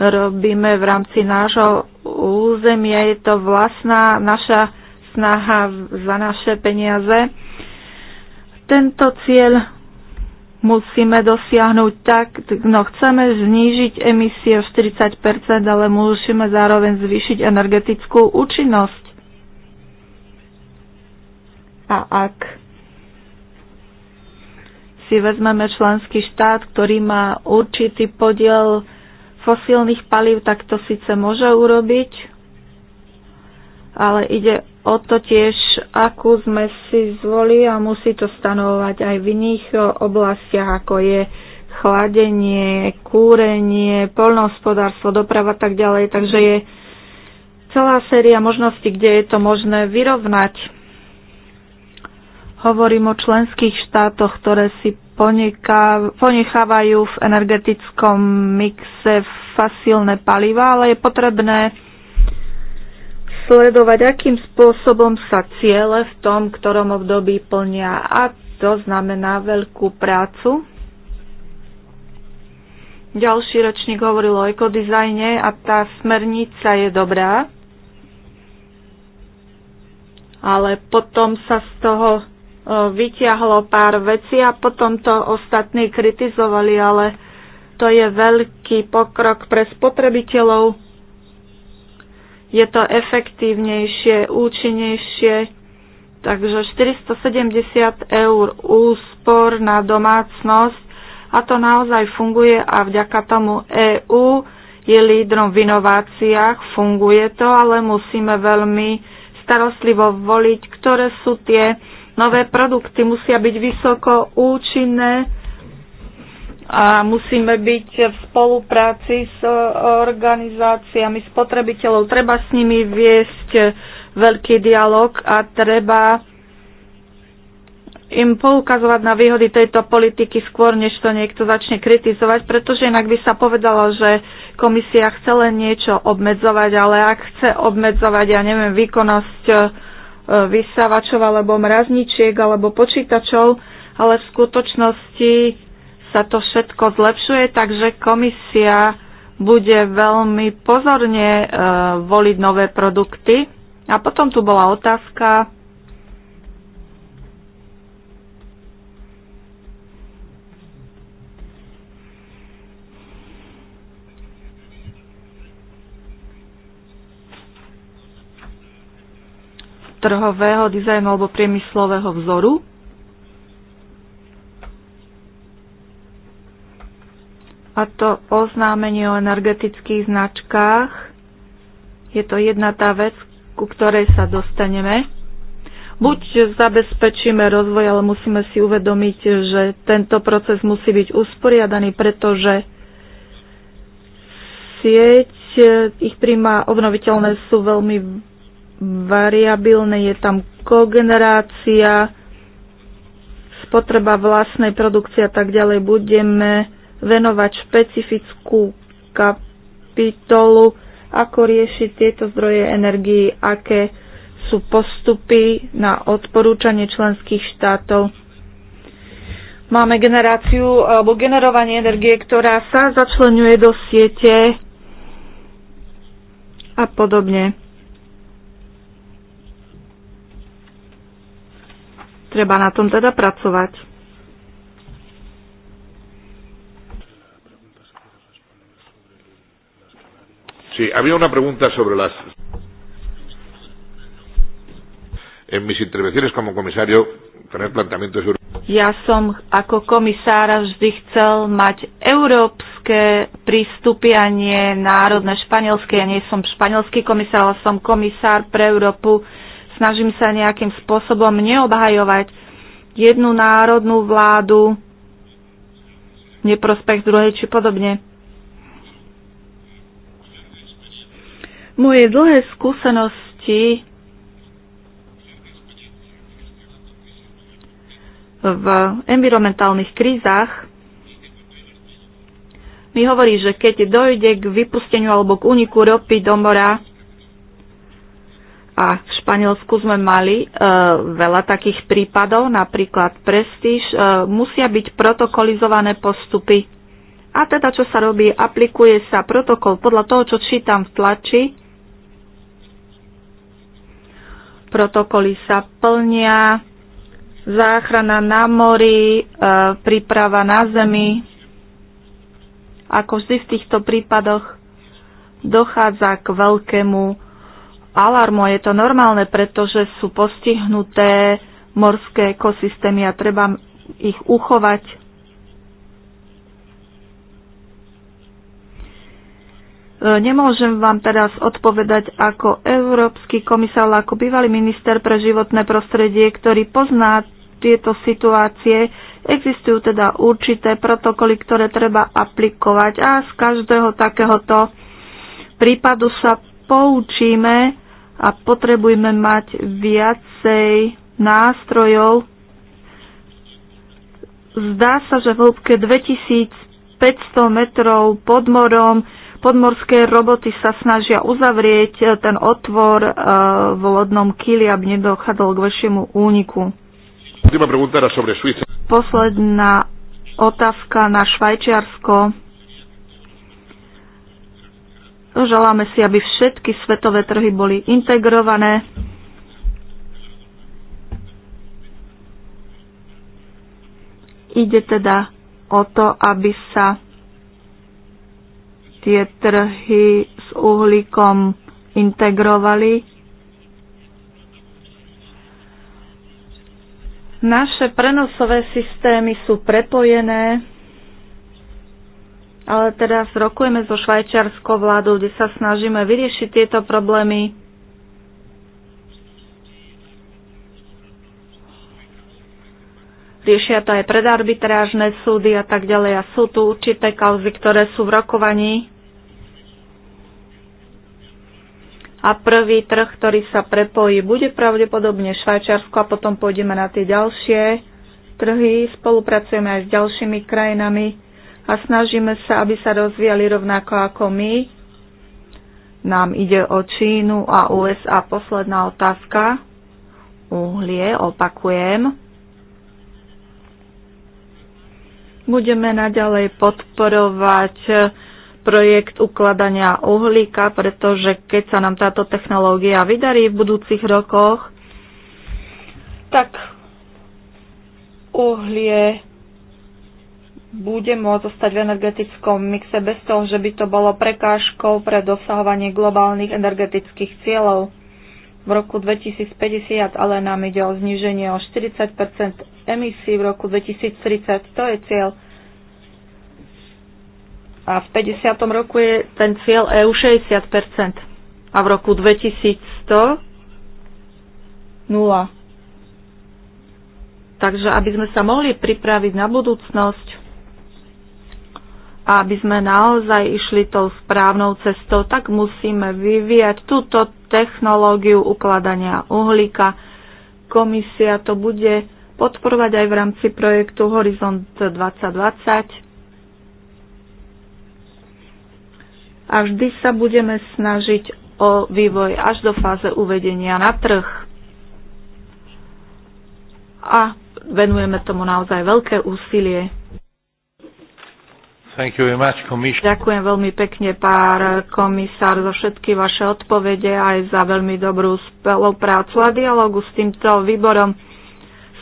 robíme v rámci nášho územia. Je to vlastná naša snaha za naše peniaze. Tento cieľ musíme dosiahnuť tak, no chceme znížiť emisie o 40%, ale musíme zároveň zvýšiť energetickú účinnosť. A ak si vezmeme členský štát, ktorý má určitý podiel fosílnych palív, tak to síce môže urobiť, ale ide o to tiež, akú sme si zvolili a musí to stanovovať aj v iných e, oblastiach, ako je chladenie, kúrenie, polnohospodárstvo, doprava a tak ďalej. Takže je celá séria možností, kde je to možné vyrovnať. Hovorím o členských štátoch, ktoré si ponechávajú v energetickom mixe fasilné paliva, ale je potrebné sledovať, akým spôsobom sa ciele v tom, ktorom období plnia. A to znamená veľkú prácu. Ďalší ročník hovoril o ekodizajne a tá smernica je dobrá, ale potom sa z toho vyťahlo pár vecí a potom to ostatní kritizovali, ale to je veľký pokrok pre spotrebiteľov. Je to efektívnejšie, účinnejšie, takže 470 eur úspor na domácnosť a to naozaj funguje a vďaka tomu EÚ je lídrom v inováciách, funguje to, ale musíme veľmi starostlivo voliť, ktoré sú tie Nové produkty musia byť vysoko účinné a musíme byť v spolupráci s e, organizáciami spotrebiteľov. Treba s nimi viesť veľký dialog a treba im poukazovať na výhody tejto politiky skôr, než to niekto začne kritizovať, pretože inak by sa povedalo, že komisia chce len niečo obmedzovať, ale ak chce obmedzovať, ja neviem, výkonnosť vysávačov alebo mrazničiek alebo počítačov, ale v skutočnosti sa to všetko zlepšuje, takže komisia bude veľmi pozorne eh, voliť nové produkty. A potom tu bola otázka, trhového dizajnu alebo priemyslového vzoru. A to oznámenie o energetických značkách. Je to jedna tá vec, ku ktorej sa dostaneme. Buď zabezpečíme rozvoj, ale musíme si uvedomiť, že tento proces musí byť usporiadaný, pretože sieť eh, ich príjma obnoviteľné sú veľmi variabilné, je tam kogenerácia, spotreba vlastnej produkcie a tak ďalej. Budeme venovať špecifickú kapitolu, ako riešiť tieto zdroje energii, aké sú postupy na odporúčanie členských štátov. Máme generáciu alebo generovanie energie, ktorá sa začlenuje do siete a podobne. Treba na tom teda pracovať. Sí, había una pregunta sobre las. En mis intervenciones como comisario, tener planteamientos Ja som ako komisára vždy chcel mať európske prístupy a nie národné španielské. Ja nie som španielský komisár, ale som komisár pre Európu snažím sa nejakým spôsobom neobhajovať jednu národnú vládu, neprospech druhej či podobne. Moje dlhé skúsenosti v environmentálnych krízach mi hovorí, že keď dojde k vypusteniu alebo k úniku ropy do mora, a v Španielsku sme mali e, veľa takých prípadov, napríklad prestíž, e, musia byť protokolizované postupy. A teda, čo sa robí, aplikuje sa protokol podľa toho, čo čítam v tlači. Protokoly sa plnia, záchrana na mori, e, príprava na zemi. Ako vždy v týchto prípadoch dochádza k veľkému alarmu. Je to normálne, pretože sú postihnuté morské ekosystémy a treba ich uchovať. E, nemôžem vám teraz odpovedať ako európsky komisár, ako bývalý minister pre životné prostredie, ktorý pozná tieto situácie. Existujú teda určité protokoly, ktoré treba aplikovať a z každého takéhoto prípadu sa poučíme a potrebujeme mať viacej nástrojov. Zdá sa, že v hĺbke 2500 metrov pod morom podmorské roboty sa snažia uzavrieť ten otvor eh, v lodnom kýli, aby nedochádzalo k väčšiemu úniku. Posledná otázka na Švajčiarsko. No, želáme si, aby všetky svetové trhy boli integrované. Ide teda o to, aby sa tie trhy s uhlíkom integrovali. Naše prenosové systémy sú prepojené ale teraz rokujeme so švajčiarskou vládou, kde sa snažíme vyriešiť tieto problémy. Riešia to aj predarbitrážne súdy a tak ďalej. A sú tu určité kauzy, ktoré sú v rokovaní. A prvý trh, ktorý sa prepojí, bude pravdepodobne Švajčiarsko a potom pôjdeme na tie ďalšie trhy. Spolupracujeme aj s ďalšími krajinami a snažíme sa, aby sa rozvíjali rovnako ako my. Nám ide o Čínu a USA. Posledná otázka. Uhlie, opakujem. Budeme naďalej podporovať projekt ukladania uhlíka, pretože keď sa nám táto technológia vydarí v budúcich rokoch, tak uhlie bude môcť zostať v energetickom mixe bez toho, že by to bolo prekážkou pre dosahovanie globálnych energetických cieľov. V roku 2050 ale nám ide o zníženie o 40 emisí v roku 2030. To je cieľ. A v 50. roku je ten cieľ EU 60 A v roku 2100 nula. Takže aby sme sa mohli pripraviť na budúcnosť, a aby sme naozaj išli tou správnou cestou, tak musíme vyvíjať túto technológiu ukladania uhlíka. Komisia to bude podporovať aj v rámci projektu Horizont 2020. A vždy sa budeme snažiť o vývoj až do fáze uvedenia na trh. A venujeme tomu naozaj veľké úsilie much, Ďakujem veľmi pekne, pár komisár, za všetky vaše odpovede aj za veľmi dobrú spoluprácu a dialogu s týmto výborom.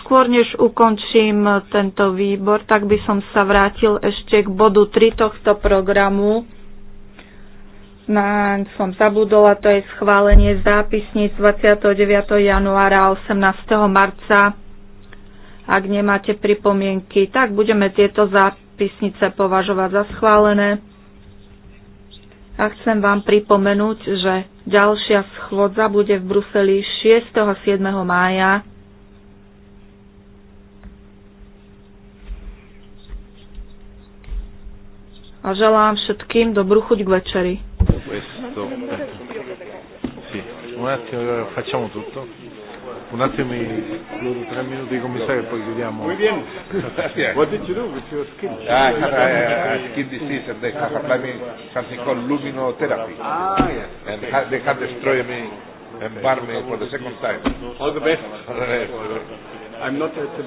Skôr než ukončím tento výbor, tak by som sa vrátil ešte k bodu 3 tohto programu. Na som zabudola, to je schválenie zápisníc 29. januára a 18. marca. Ak nemáte pripomienky, tak budeme tieto zápisnice písnice považovať za schválené. A chcem vám pripomenúť, že ďalšia schôdza bude v Bruseli 6. a 7. mája. A želám všetkým dobrú chuť k večeri. Sì, un attimo facciamo tutto. Un attimo, tre minuti di commissario e poi chiudiamo. Muy bien. What did you do with your skin? Ah, I have a, a skin disease and they have applied me something called luminotherapy. Ah, yes. And okay. they have destroyed me and barred me for the second time. All the best. All the best. I'm not a